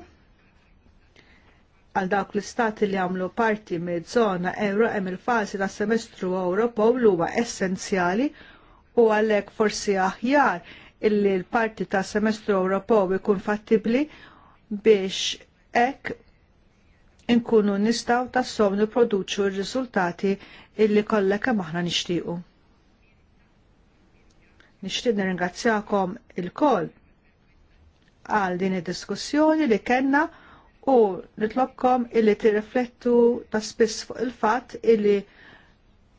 għal dawk l-istati li għamlu parti mid zona euro hemm il-fażi ta' semestru Ewropew li huwa essenzjali u għalhekk forsi aħjar illi l-parti ta' semestru Ewropew ikun fattibbli biex hekk inkunu nistaw tassom niproduċu r-riżultati illi kollha kemm aħna nixtiequ. Nixtieq nirringrazzjakom il-koll għal din id-diskussjoni li kellna u nitlobkom illi tirriflettu ta' spiss fuq il-fatt illi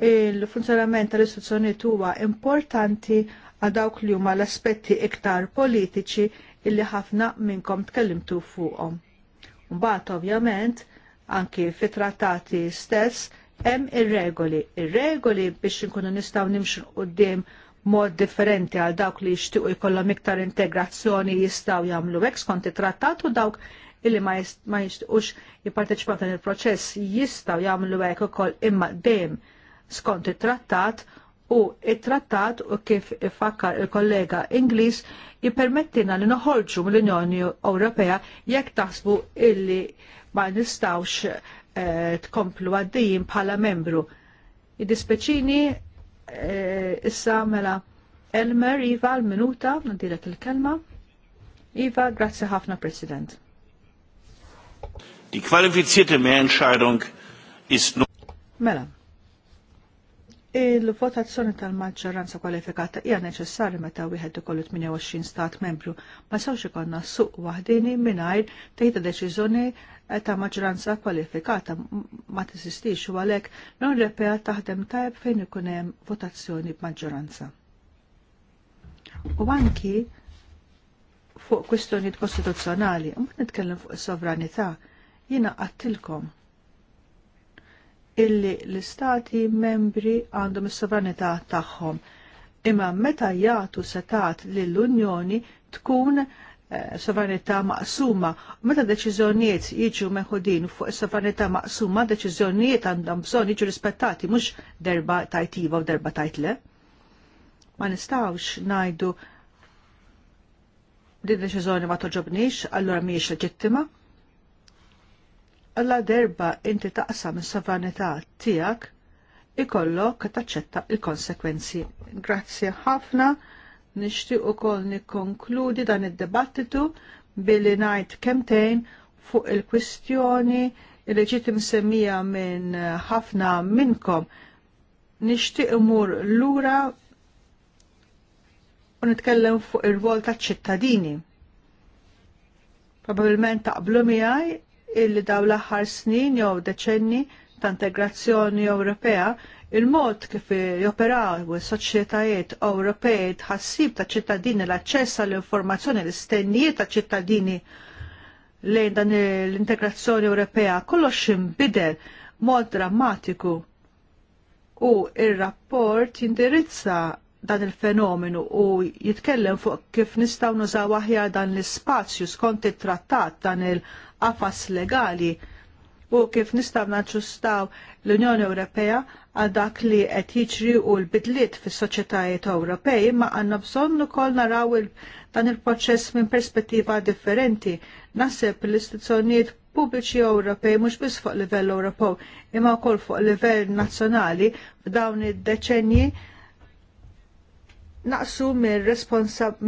il-funzjonament tal-istituzzjonijiet huwa importanti għal dawk li huma l-aspetti iktar politiċi illi ħafna minnkom tkellimtu fuqhom. Mbagħad ovvjament anki fit-trattati stess hemm ir-regoli. Ir-regoli biex inkunu nistgħu nimxu qudiem mod differenti għal dawk li jixtiequ jkollhom iktar integrazzjoni jistgħu jagħmlu hekk skont it-trattat u dawk illi ma jistqux jipparteċipaw dan il-proċess jistaw jagħmlu hekk ukoll imma dejjem skont it-trattat u it-trattat u kif ifakkar il-kollega Ingliż jippermettina li noħorġu mill-Unjoni Ewropea jekk taħsbu illi ma nistawx eh, tkomplu għaddijin bħala membru. Id-dispeċini eh, issa mela Elmer Iva l-minuta, nadilek il-kelma. Iva, grazzi ħafna President. Die qualifizierte Mehrentscheidung ist nur. Mela. Il-votazzjoni tal-maġġoranza kwalifikata hija neċessarja meta wieħed ikollu 28 stat membru ma sawx ikollna suq waħdini mingħajr tejta deċiżjoni eh, ta' maġġoranza kwalifikata ma tiżistix u għalhekk l-Unjoni Ewropea taħdem tajb fejn ikun hemm votazzjoni b'maġġoranza. U anki fuq kwistjonijiet kostituzzjonali, u nitkellem fuq is-sovranità, jiena qattilkom illi l-istati membri għandhom is-sovranità tagħhom. Imma meta jagħtu setat lill-Unjoni tkun eh, sovranità maqsuma. u Meta deċiżjonijiet jiġu meħudin fuq is-sovranità maqsuma, deċiżjonijiet għandhom bżonn jiġu rispettati mhux derba tajtiva u derba tajtle. Ma nistgħux ngħidu din deċiżjoni ma toġobniex, allura mhijiex leġittima. Alla derba inti taqsam is-sovranità tiegħek ikollok taċċetta il-konsekwenzi. Grazzi ħafna, nixtieq ukoll nikkonkludi dan id-dibattitu billi ngħid kemtejn fuq il-kwistjoni li leġittim imsemmija minn ħafna minnkom. Nixtieq imur lura u nitkellem fuq ir-rwol taċ-ċittadini. Probabilment taqblu miegħi illi daw l-aħħar snin jew deċenni ta' integrazzjoni Ewropea il-mod kif joperaw is-soċjetajiet Ewropej tħassib ta' ċittadini l-aċċess għall-informazzjoni l-istennijiet ta' ċittadini lejn dan l-integrazzjoni Ewropea kollox imbidel mod drammatiku u il rapport jindirizza dan il-fenomenu u jitkellem fuq kif nistgħu nużaw aħjar dan l-ispazju skont it-trattat dan il-qafas legali u kif nistgħu naġġustaw l-Unjoni Ewropea għal dak li qed jiġri u l-bidliet fis-soċjetajiet Ewropej, imma għandna bżonn ukoll naraw dan il-proċess minn perspettiva differenti. Naħseb l-istituzzjonijiet pubbliċi Ewropej mhux biss fuq livell Ewropew imma wkoll fuq livell nazzjonali f'dawn id-deċenji naqsu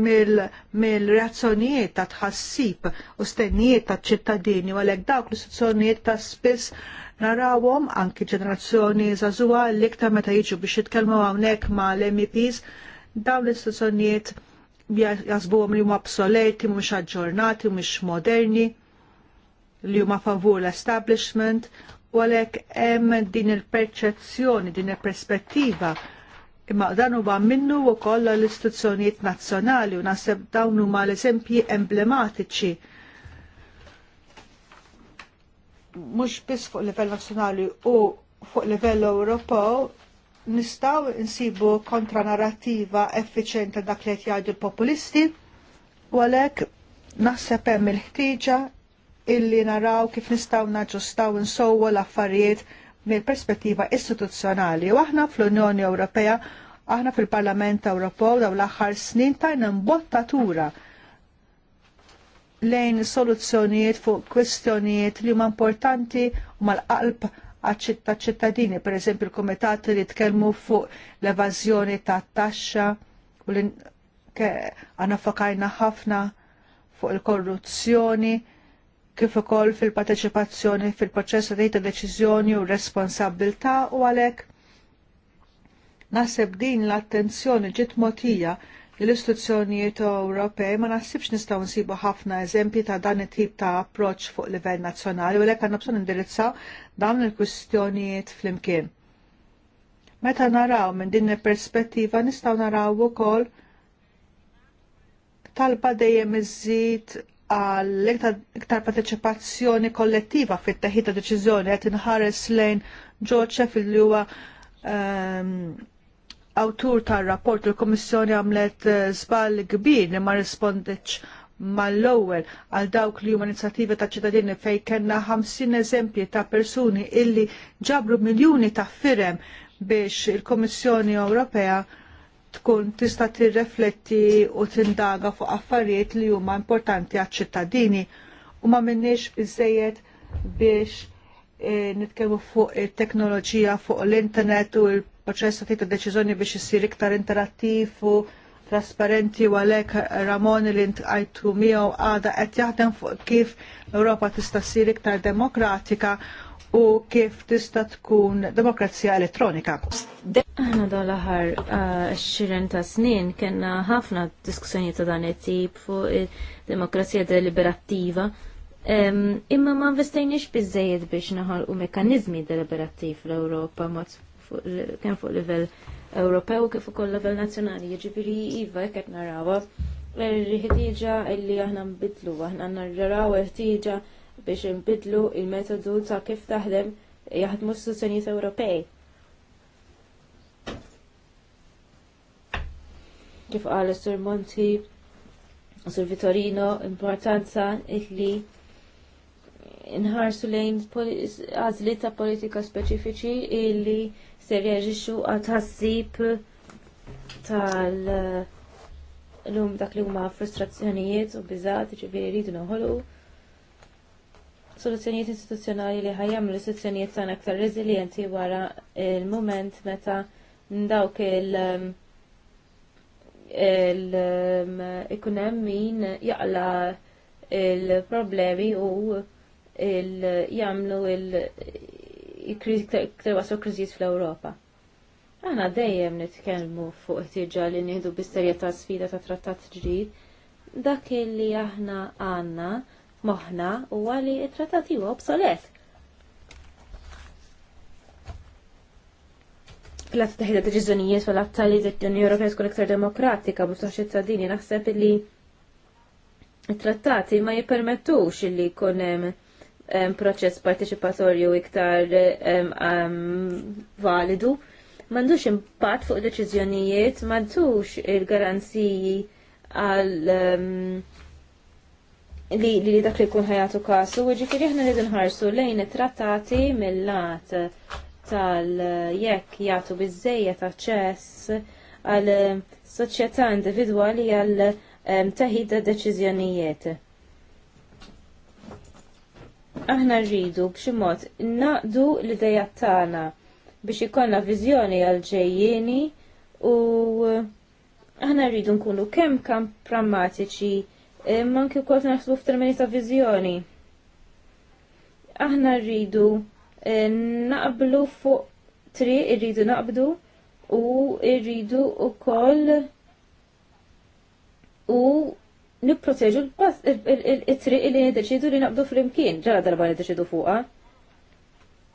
mill-reazzjonijiet ta' tħassib u stennijiet ta' ċittadini u għalhekk dawk l-istituzzjonijiet ta' spiss narawhom anki ġenerazzjoni zazua l-iktar meta jiġu biex jitkellmu hawnhekk ma' l-MEPs dawn l-istituzzjonijiet jasbuhom li huma obsoleti, mhumiex aġġornati, mhumiex moderni, li huma favur l-establishment, u għalhekk hemm din il-perċezzjoni, din il-perspettiva il perċezzjoni din il perspettiva Imma dan huwa minnu wkoll l-istituzzjonijiet nazzjonali u naħseb dawn huma l-eżempji emblematiċi mhux biss fuq livell nazzjonali u fuq livell Ewropew nistgħu insibu kontranarrativa effiċjenti dak li qed jgħidu l-populisti u għalhekk naħseb hemm il-ħtieġa illi naraw kif nistgħu naġġustaw insowwa l-affarijiet mill-perspettiva istituzzjonali. U aħna fl-Unjoni Ewropea, aħna fil-Parlament Ewropew daw l-aħħar snin tajna mbottatura lejn soluzzjonijiet fuq kwistjonijiet li huma importanti u mal-qalb għaċ ċittadini, per eżempju il-komitat li tkellmu fuq l-evażjoni ta' taxxa u li għana fokajna ħafna fuq il-korruzzjoni kif ukoll fil-parteċipazzjoni fil-proċess ta' deċiżjoni u responsabilità u għalhekk naħseb din l-attenzjoni ġiet motija l-istituzzjonijiet Ewropej ma naħsibx nistgħu nsibu ħafna eżempji ta' dan it-tip ta' approċċ fuq livell nazzjonali u lek għandna bżonn indirizzaw dawn il-kwistjonijiet flimkien. Meta naraw minn din il-perspettiva nistgħu naraw ukoll talba dejjem iżid għal iktar partecipazzjoni kollettiva fit teħid ta' deċiżjoni qed inħares lejn George Sheffield li huwa ehm, awtur tar-rapport il-Kummissjoni għamlet eh, żball kbir li ma rispondiċ mal-ewwel għal dawk li huma inizjattivi ta' ċittadini fejn kellna 50 eżempji ta' persuni illi ġabru miljuni ta' firem biex il kummissjoni Ewropea tkun tista' tirrefletti u tindaga fuq affarijiet li huma importanti għaċ-ċittadini u ma minniex biżejjed biex e, nitkellmu fuq it-teknoloġija fuq l-internet u l-proċess ta' deċiżjoni biex isir iktar interattiv u trasparenti u għalhekk Ramon li ntqajtu miegħu għada qed jaħdem fuq kif l-Ewropa tista' ssir iktar demokratika u kif tista' tkun demokrazija elettronika. Aħna dan l-aħħar uh, xiren ta' snin kena ħafna diskussjoni ta' dan it-tip fuq demokrazija deliberattiva. Imma ma investejniex bizzejed biex naħolqu mekkaniżmi deliberattiv fl-Ewropa kemm fuq livell Ewropew kif ukoll level nazzjonali, jiġifieri iva jekk qed narawha l-ħtieġa er, illi aħna nbidlu, aħna narraw ħtieġa biex inbidlu il-metodu ta' kif taħdem jaħdmu s-sostenijiet Ewropej. Kif qal Sir Monti, Sur Vittorino, importanza illi inħarsu lejn għazli ta' politika speċifiċi illi se reaġixxu għat tħassib tal- l-lum dak li huma frustrazzjonijiet u biżat ġifieri jridu noħolqu soluzzjonijiet istituzzjonali li ħajjamlu l-istituzzjonijiet tan aktar rezilienti wara il-mument meta dawk il- um, um, ikun min jaqla il-problemi u jagħmlu il-kriżi iktar waslu kriżijiet fl-Ewropa. Aħna dejjem nitkellmu fuq tiġa li nieħdu bisterja ta' sfida ta' trattat ġdid dak li aħna għandna moħna huwa li it-trattat huwa obsolet. Plat taħida deċiżjonijiet u l attali li d-Unjoni Ewropea tkun iktar demokratika b'u taħx ċittadini naħseb li it-trattati ma jippermettux li jkun hemm proċess partiċipatorju iktar validu mandux impatt fuq deċiżjonijiet, mandux il-garanziji għal um, li li dak li jkun ħajatu kasu, ġifiri aħna rridu nħarsu lejn it-trattati mill-lat tal-jekk jagħtu biżejjed aċċess għal soċjetà individwali għal taħida deċiżjonijiet. Aħna rridu b'xi mod naqdu l-idejja tagħna biex ikollna viżjoni għal ġejjeni u aħna rridu nkunu kemm kam prammatiċi imma e, anke wkoll naħsbu termini ta' viżjoni. Aħna rridu e, naqblu fuq triq rridu naqbdu u rridu wkoll u nipproteġu l-triq li niddeċidu li naqbdu fl-imkien, ġara darba niddeċidu fuqha.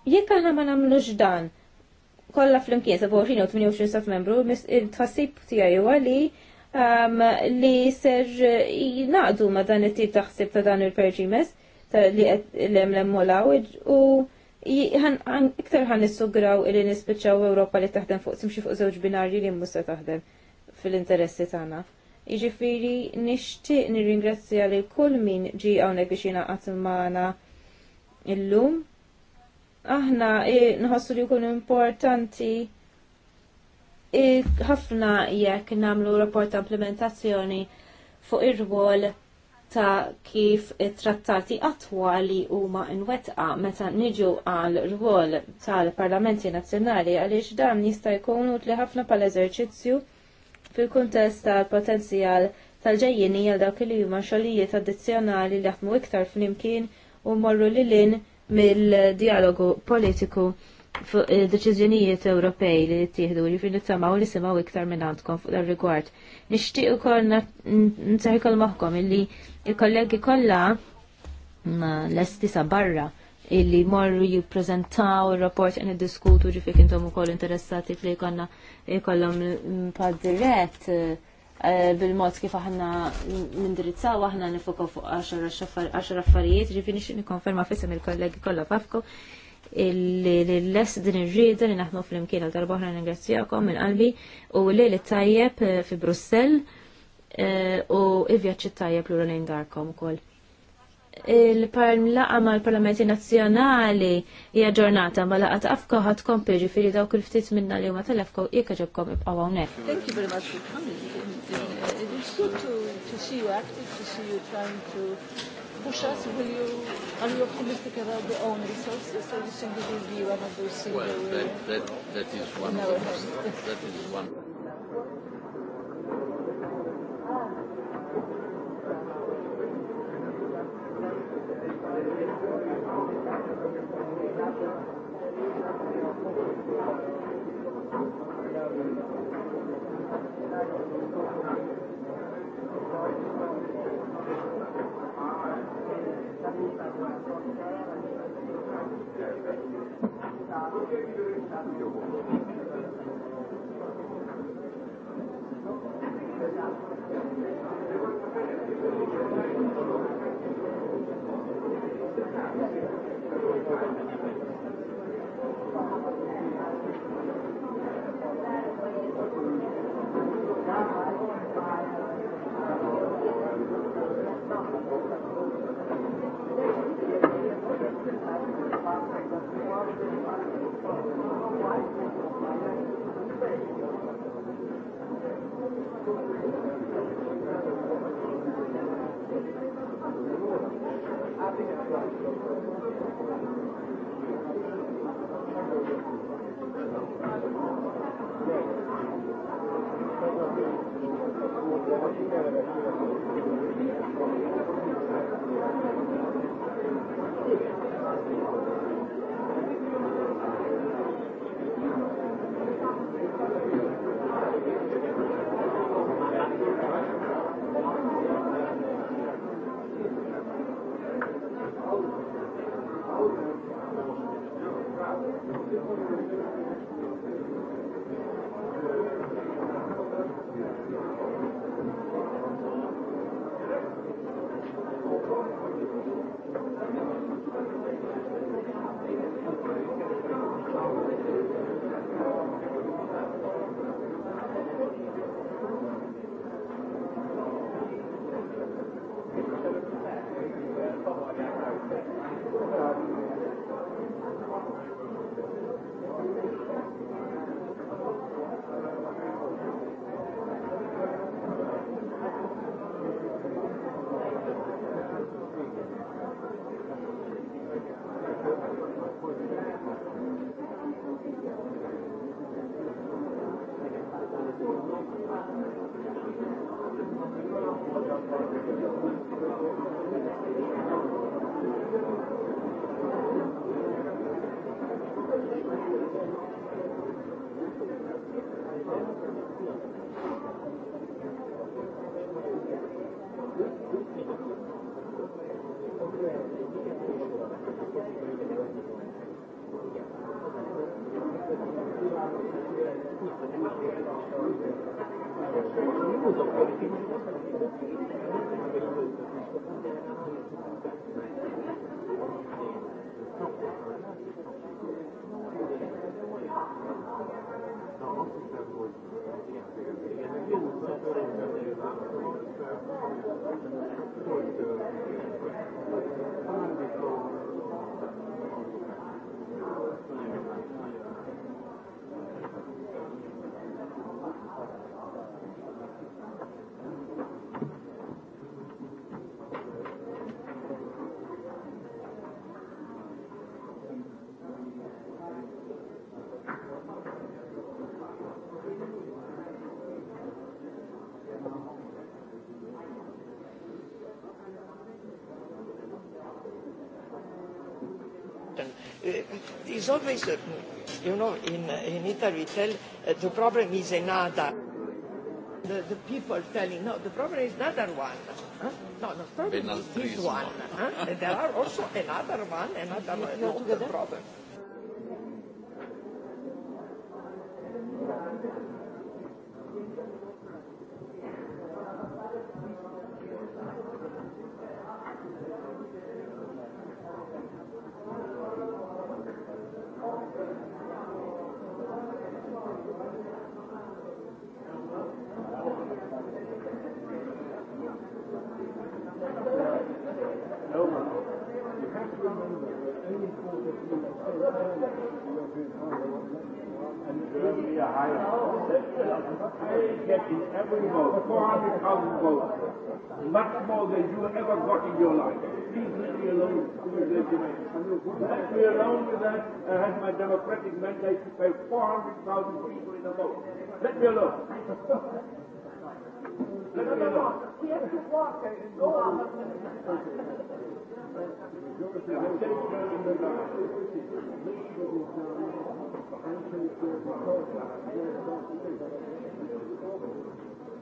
Jekk aħna ma nagħmlux dan kollha fl-imkien 27 u 28 stat membru, il-tħassib tiegħi u li li ser jinaqdu ma dan it-tip taħsib ta' dan il-perġimes li l-emlemmolaw u iktar ħan nissugraw li nispiċċaw Ewropa li taħdem fuq simxi fuq żewġ binarji li musa taħdem fil-interessi tagħna. Jiġifieri nixtieq nirringrazzja li kull min ġi hawnhekk biex jingħaqad magħna illum. Aħna nħossu li jkun importanti ħafna jekk namlu rapport ta' implementazzjoni fuq ir-rwol ta' kif it-trattati attwali huma nwettqa meta niġu għal rwol tal-Parlamenti Nazzjonali għaliex dan jista' jkun utli ħafna pal eżerċizzju fil-kuntest tal-potenzjal tal-ġejjini għal dawk li huma xogħlijiet addizzjonali li jaħdmu iktar flimkien u morru lil mill-dialogu politiku fuq eh, deċiżjonijiet Ewropej li jittieħdu li fin nittamaw li simaw iktar minn għandkom fuq dar rigward. Nixtieq ukoll nseħħ ikoll moħħkom illi il-kollegi kollha mm, lesti sa barra illi morru jippreżentaw ir-rapport qed niddiskutu ġifiek intom ukoll interessati fli jkollna jkollhom bħal dirett eh, bil-mod kif aħna nindirizzaw aħna nifukaw fuq 10 affarijiet ġifieri nixtieq nikkonferma f'isem il-kollegi kollha fafkom l-less din ir-rieda li naħnu fl-imkien għal darba oħra ningrazzjakom minn qalbi u l-lejl tajjeb eh, fi Brussell eh, u ivvjaġġi tajjeb lura lejn darkom ukoll. Il-laqa mal parlamenti Nazzjonali hija ġurnata ma laqa ta' afka ħadd kompli ġifieri dawk il-ftit minna li huma tal-afka jekk ġobkom ibqgħu hawnhekk. Thank you very much for coming. Uh, it is good to, to see you active, to see you trying to push us? Will you, are you optimistic about the own resources or do you think it will be one of those things? Well, that, that, that is one of the, that is one. is always, uh, you know, in, uh, in Italy we tell uh, the problem is another. The, the people telling, no, the problem is another one. Huh? No, the problem is this one. Huh? and there are also another one, another one. Uh, no, the problem. know how Much more than you ever got in your life. Please leave me alone with that demand. Let me alone with that. I had my democratic mandate to pay 400,000 people in a vote. Let me alone. Let me alone. Yes, you walk and go on. Thank you.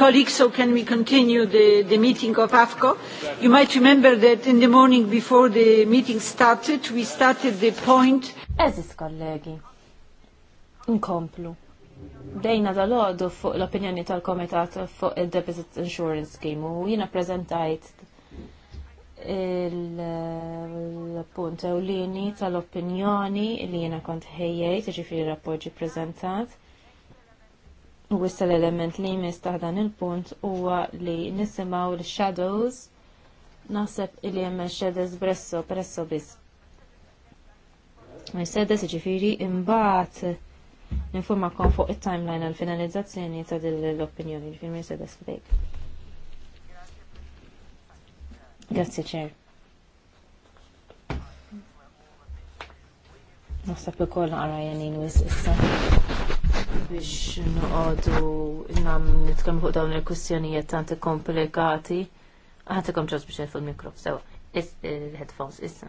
colleagues, so can we continue the, the meeting of AFCO? You might remember that in the morning before the meeting started, we started the point... Eżis kollegi, nkomplu. Dejna dal-ħodu fuq l-opinjoni tal-Komitat fuq il-Deposit Insurance Scheme u jina prezentajt il-punt ewlieni tal-opinjoni li jina kont ħejjejt, ġifiri rapport prezentat U issa l-element li jmiss taħdan il-punt huwa li nisimaw l-shadows naħseb li hemm shadows bresso presso bis. biss. Mercedes ġifiri ninfurma kon fuq il timeline għal finalizzazzjoni ta' din l-opinjoni ġifiri Mercedes bejk. Grazie, ċer. Naħseb li kollha qarajanin wis issa biex noqogħdu nam nitkellmu fuq dawn il kustjonijiet tant komplikati. Ħatikom ġost biex nfu l-mikrof sewa. Il-headphones issa.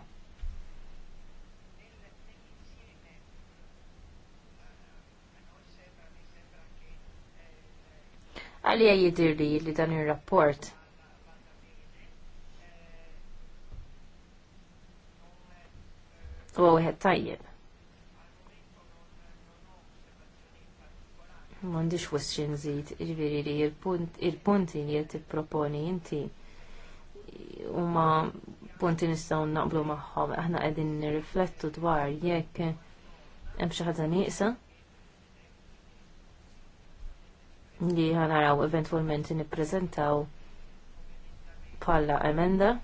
Għalija jidirli li dan il-rapport u għu tajjeb. M'għandix question zid, ġviri li il-punti li jett proponi inti huma punti nistgħu naqblu magħhom, aħna qegħdin nirriflettu dwar jekk hemm xi ħaġa nieqsa li ħanaraw eventwalment nippreżentaw bħala emenda.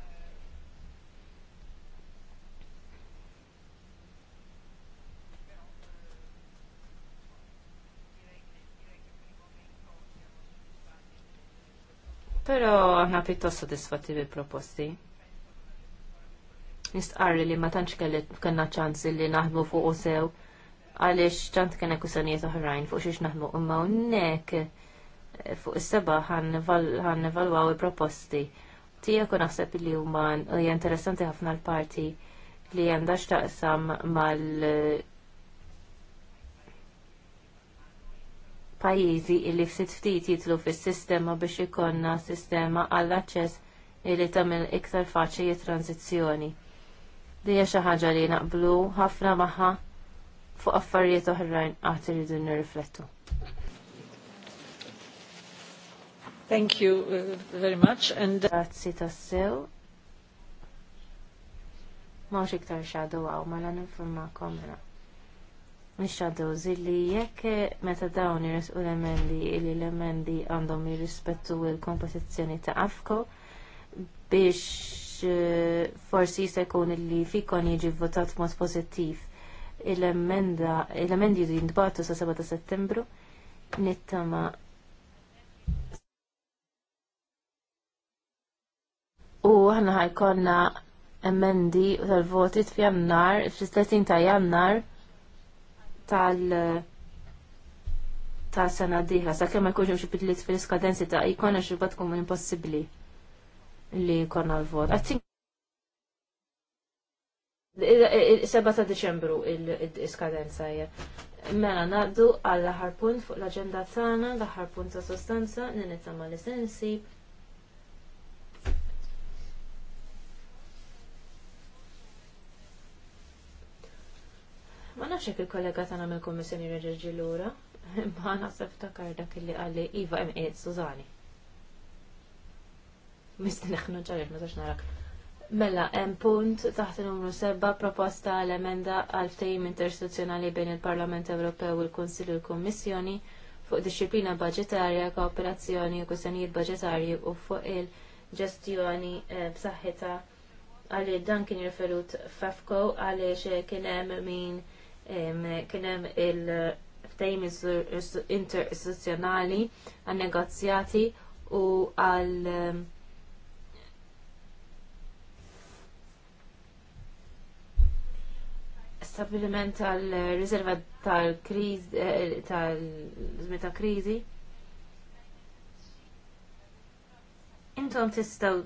Pero aħna pjuttost sodisfatti bil-proposti. Nistqarri li ma tantx kelli kellna ċans li naħdmu fuq u sew għaliex ċant kena kusanijiet oħrajn fuq xiex naħdmu imma hawnhekk eh, fuq s seba ħan nevalwaw il-proposti. Tija kun naħseb li huma u interessanti ħafna l-parti li għandha x'taqsam mal- pajjiżi illi ftit ftit jitlu fis-sistema biex ikonna sistema għall aċċess illi tagħmel iktar faċli tranzizzjoni. Dija xi ħaġa li naqblu ħafna magħha fuq affarijiet oħrajn qatt iridu nirriflettu. Thank you uh, very much. And uh, Grazzi tassew. M'ax iktar xadu għaw, ma mela l-għan informakom għana. Mela nixxadew li jekk meta dawn jirrisqu l-emendi li l-emendi għandhom jirrispettu l-kompożizzjoni ta' afko biex eh, forsi jista' jkun li fikon jiġi votat mod pożittiv l-emendi li jintbatu sa' 7 ta' settembru nittama u aħna ħajkonna emendi tal-voti f'jannar, 30 ta' jannar tal- ta' sena diħa, sa' kemm ikunx hemm xi bidliet fil-iskadenzi ta' jkollna xi bad tkun impossibbli li jkollna l-vot. Seba ta' Deċembru l iskadenza hija. Mela ngħaddu għall aħħar punt fuq l-aġenda tagħna, l aħħar punt ta' sostanza, ninitama l se Ma nafx jekk il-kollega tagħna mill-Kummissjoni reġerġi lura, imma iva Ma ftakar ta' karda kelli għalli iva M.E. Suzani. Mistin Misti neħnu ma narak. Mela, hemm punt taħt numru seba' proposta l emenda għal ftehim interstituzzjonali bejn il-Parlament Ewropew u l-Kunsill u l-Kummissjoni fuq disċiplina budgetarja, kooperazzjoni u kwistjonijiet budgetarji u fuq il-ġestjoni eh, b'saħħitha għalli dan kien jirferut f'AFCO għaliex kien hemm min kien hemm il-ftejm interistituzzjonali għan negozjati u għal stabiliment tal-riserva tal-krizi eh, tal-żmien ta' krizi. Intom tistgħu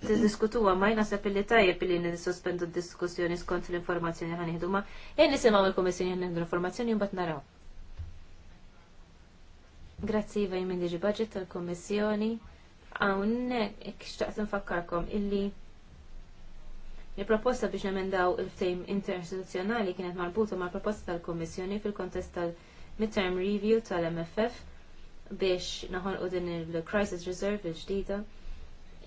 diskutuwa ma jnasab illi tajjeb illi nisospendu d-diskussjoni skont l-informazzjoni għan jihdu ma jen nisimaw il-komissjoni għan jihdu l-informazzjoni jimbat naraw. Grazzi Iva minn diġi budget tal-komissjoni għawnek xtaqt nfakkarkom illi il-proposta biex nemendaw il-ftejm interistituzzjonali kienet marbuta ma' proposta tal-komissjoni fil-kontest tal-midterm review tal-MFF biex naħolqu din il-Crisis Reserve il-ġdida. il crisis reserve il ġdida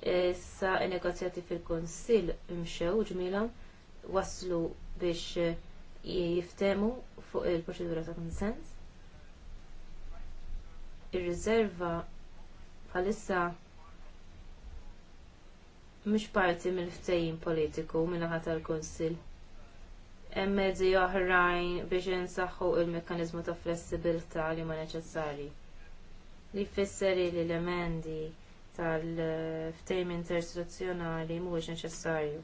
Issa negozjati fil-Konsil imxew ġmila waslu biex eh, jiftemu fuq il-proċedura ta' konsens. Ir-riserva bħalissa mhux parti mill ftehim politiku minnaħa tal-Konsil. Hemm mezzi oħrajn biex insaħħu il-mekkaniżmu ta' flessibilità li huma neċessarji. Li jfisser li l-emendi tal-ftejm interistituzzjonali mhuwiex neċessarju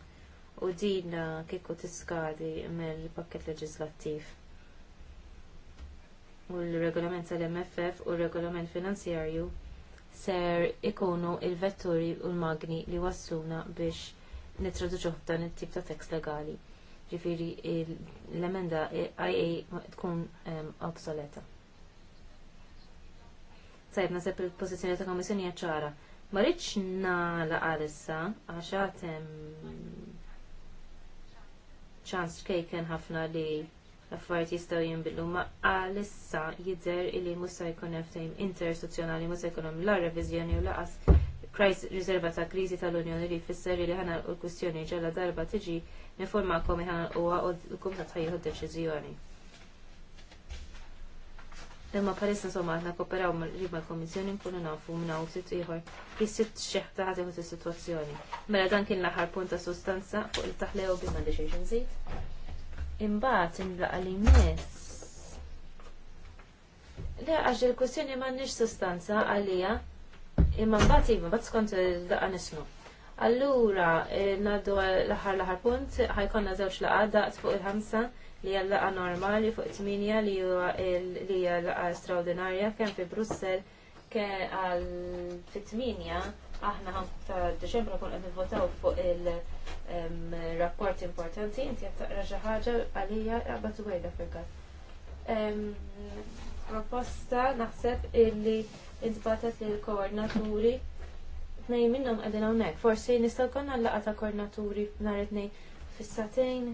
u din kieku tiskadi mill-pakket leġislattiv. U l-regolament tal-MFF u l-regolament finanzjarju ser ikunu l vetturi u l-magni li wassuna biex nitraduġu dan it-tip ta' tekst legali. Ġifiri l-emenda IA tkun obsoleta. Sajb, nasib il-pozizjoni ta' komissjoni ċara Ma rridx nagħlaq għalissa għax għatem ċans kejken ħafna li l-affarijiet jistgħu jinbidlu ma għalissa jidher li mhux se jkun hemm ftehim interistituzzjonali mhux se jkun hemm la reviżjoni u laqas krajs riserva ta' kriżi tal-Unjoni li jfisser li ħana l-kwistjoni ġalla darba tiġi niformakom ħana u l ta' tħajju d-deċiżjoni. Imma palissa insomma għatna kooperaw ribma l-Komissjoni nkunu nafu minna u sitt iħor jisitt xeħ taħat iħu situazzjoni. Mela dan kien laħar punta sostanza fuq il-taħlew bi ma deċiġin zid. Imbagħad imlaqa li mess. Le għax il-kwestjoni nix sostanza għalija imma mbaħt iva mbagħad skont il-daqa nisnu. Allura eh, ngħaddu laħar laħar l-aħħar punt ħajkonna żewġ laqgħa daqt fuq il-ħamsa li hija laqa normali fuq it-tminja li hija laqa straordinarja kemm fi Brussel għal fit tminja aħna ta' Deċembru kun qed nivvotaw fuq il-rapport importanti inti qed taqra xi ħaġa għalija qabad wejda fil-każ. Proposta naħseb illi intbatet lil koordinaturi tnej minnhom qegħdin hawnhekk. Forsi nistgħu konna laqa ta' koordinaturi nhar it-tnejn fis-satejn.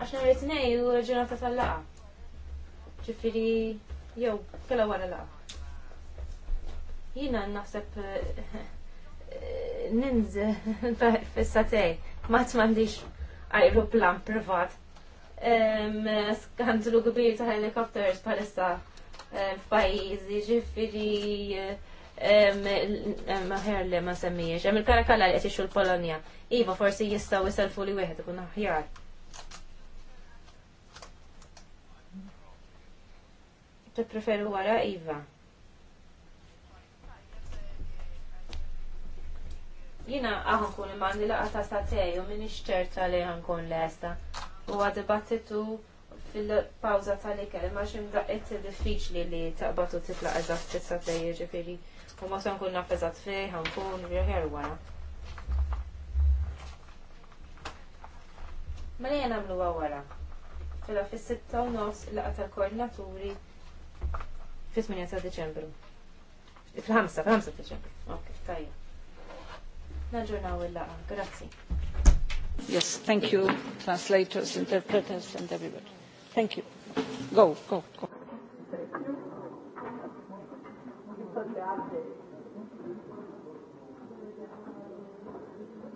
għax nhar it u l-ġurnata tal-laqa. Ġifieri jew kellha wara laqa. Jiena naħseb eh, ninżel fissatej, ma m'għandix ajruplan privat. Skandlu kbir ta' helikopters palissa eh, f'pajjiżi ġifieri maħer li ma semmijiex. Għem il-karakalla li għetixu l-Polonia. Iva, forsi jistaw jisalfu li wieħed ikun aħjar. Tippreferi wara iva. Jina għankun imman li laqa ta' satej u minni xċerta li kun l-esta. U għadibattitu fil-pawza tal-ikel, ma ximdaqqet diffiċli li taqbatu titla eżat t-satej ġifiri. U ma san kun nafezat fej, kun rjeħer wara. Ma mela li għan għamlu għawara. Mela Fil-office u nos laqa tal-koordinaturi Fit-8 ta' Deċembru. Fil-5, fil-5 Deċembru. Ok, tajja. Naġurnaw il-laqa. Grazzi. Yes, thank you, translators, interpreters, and everybody. Thank you. Go, go, go. Thank you.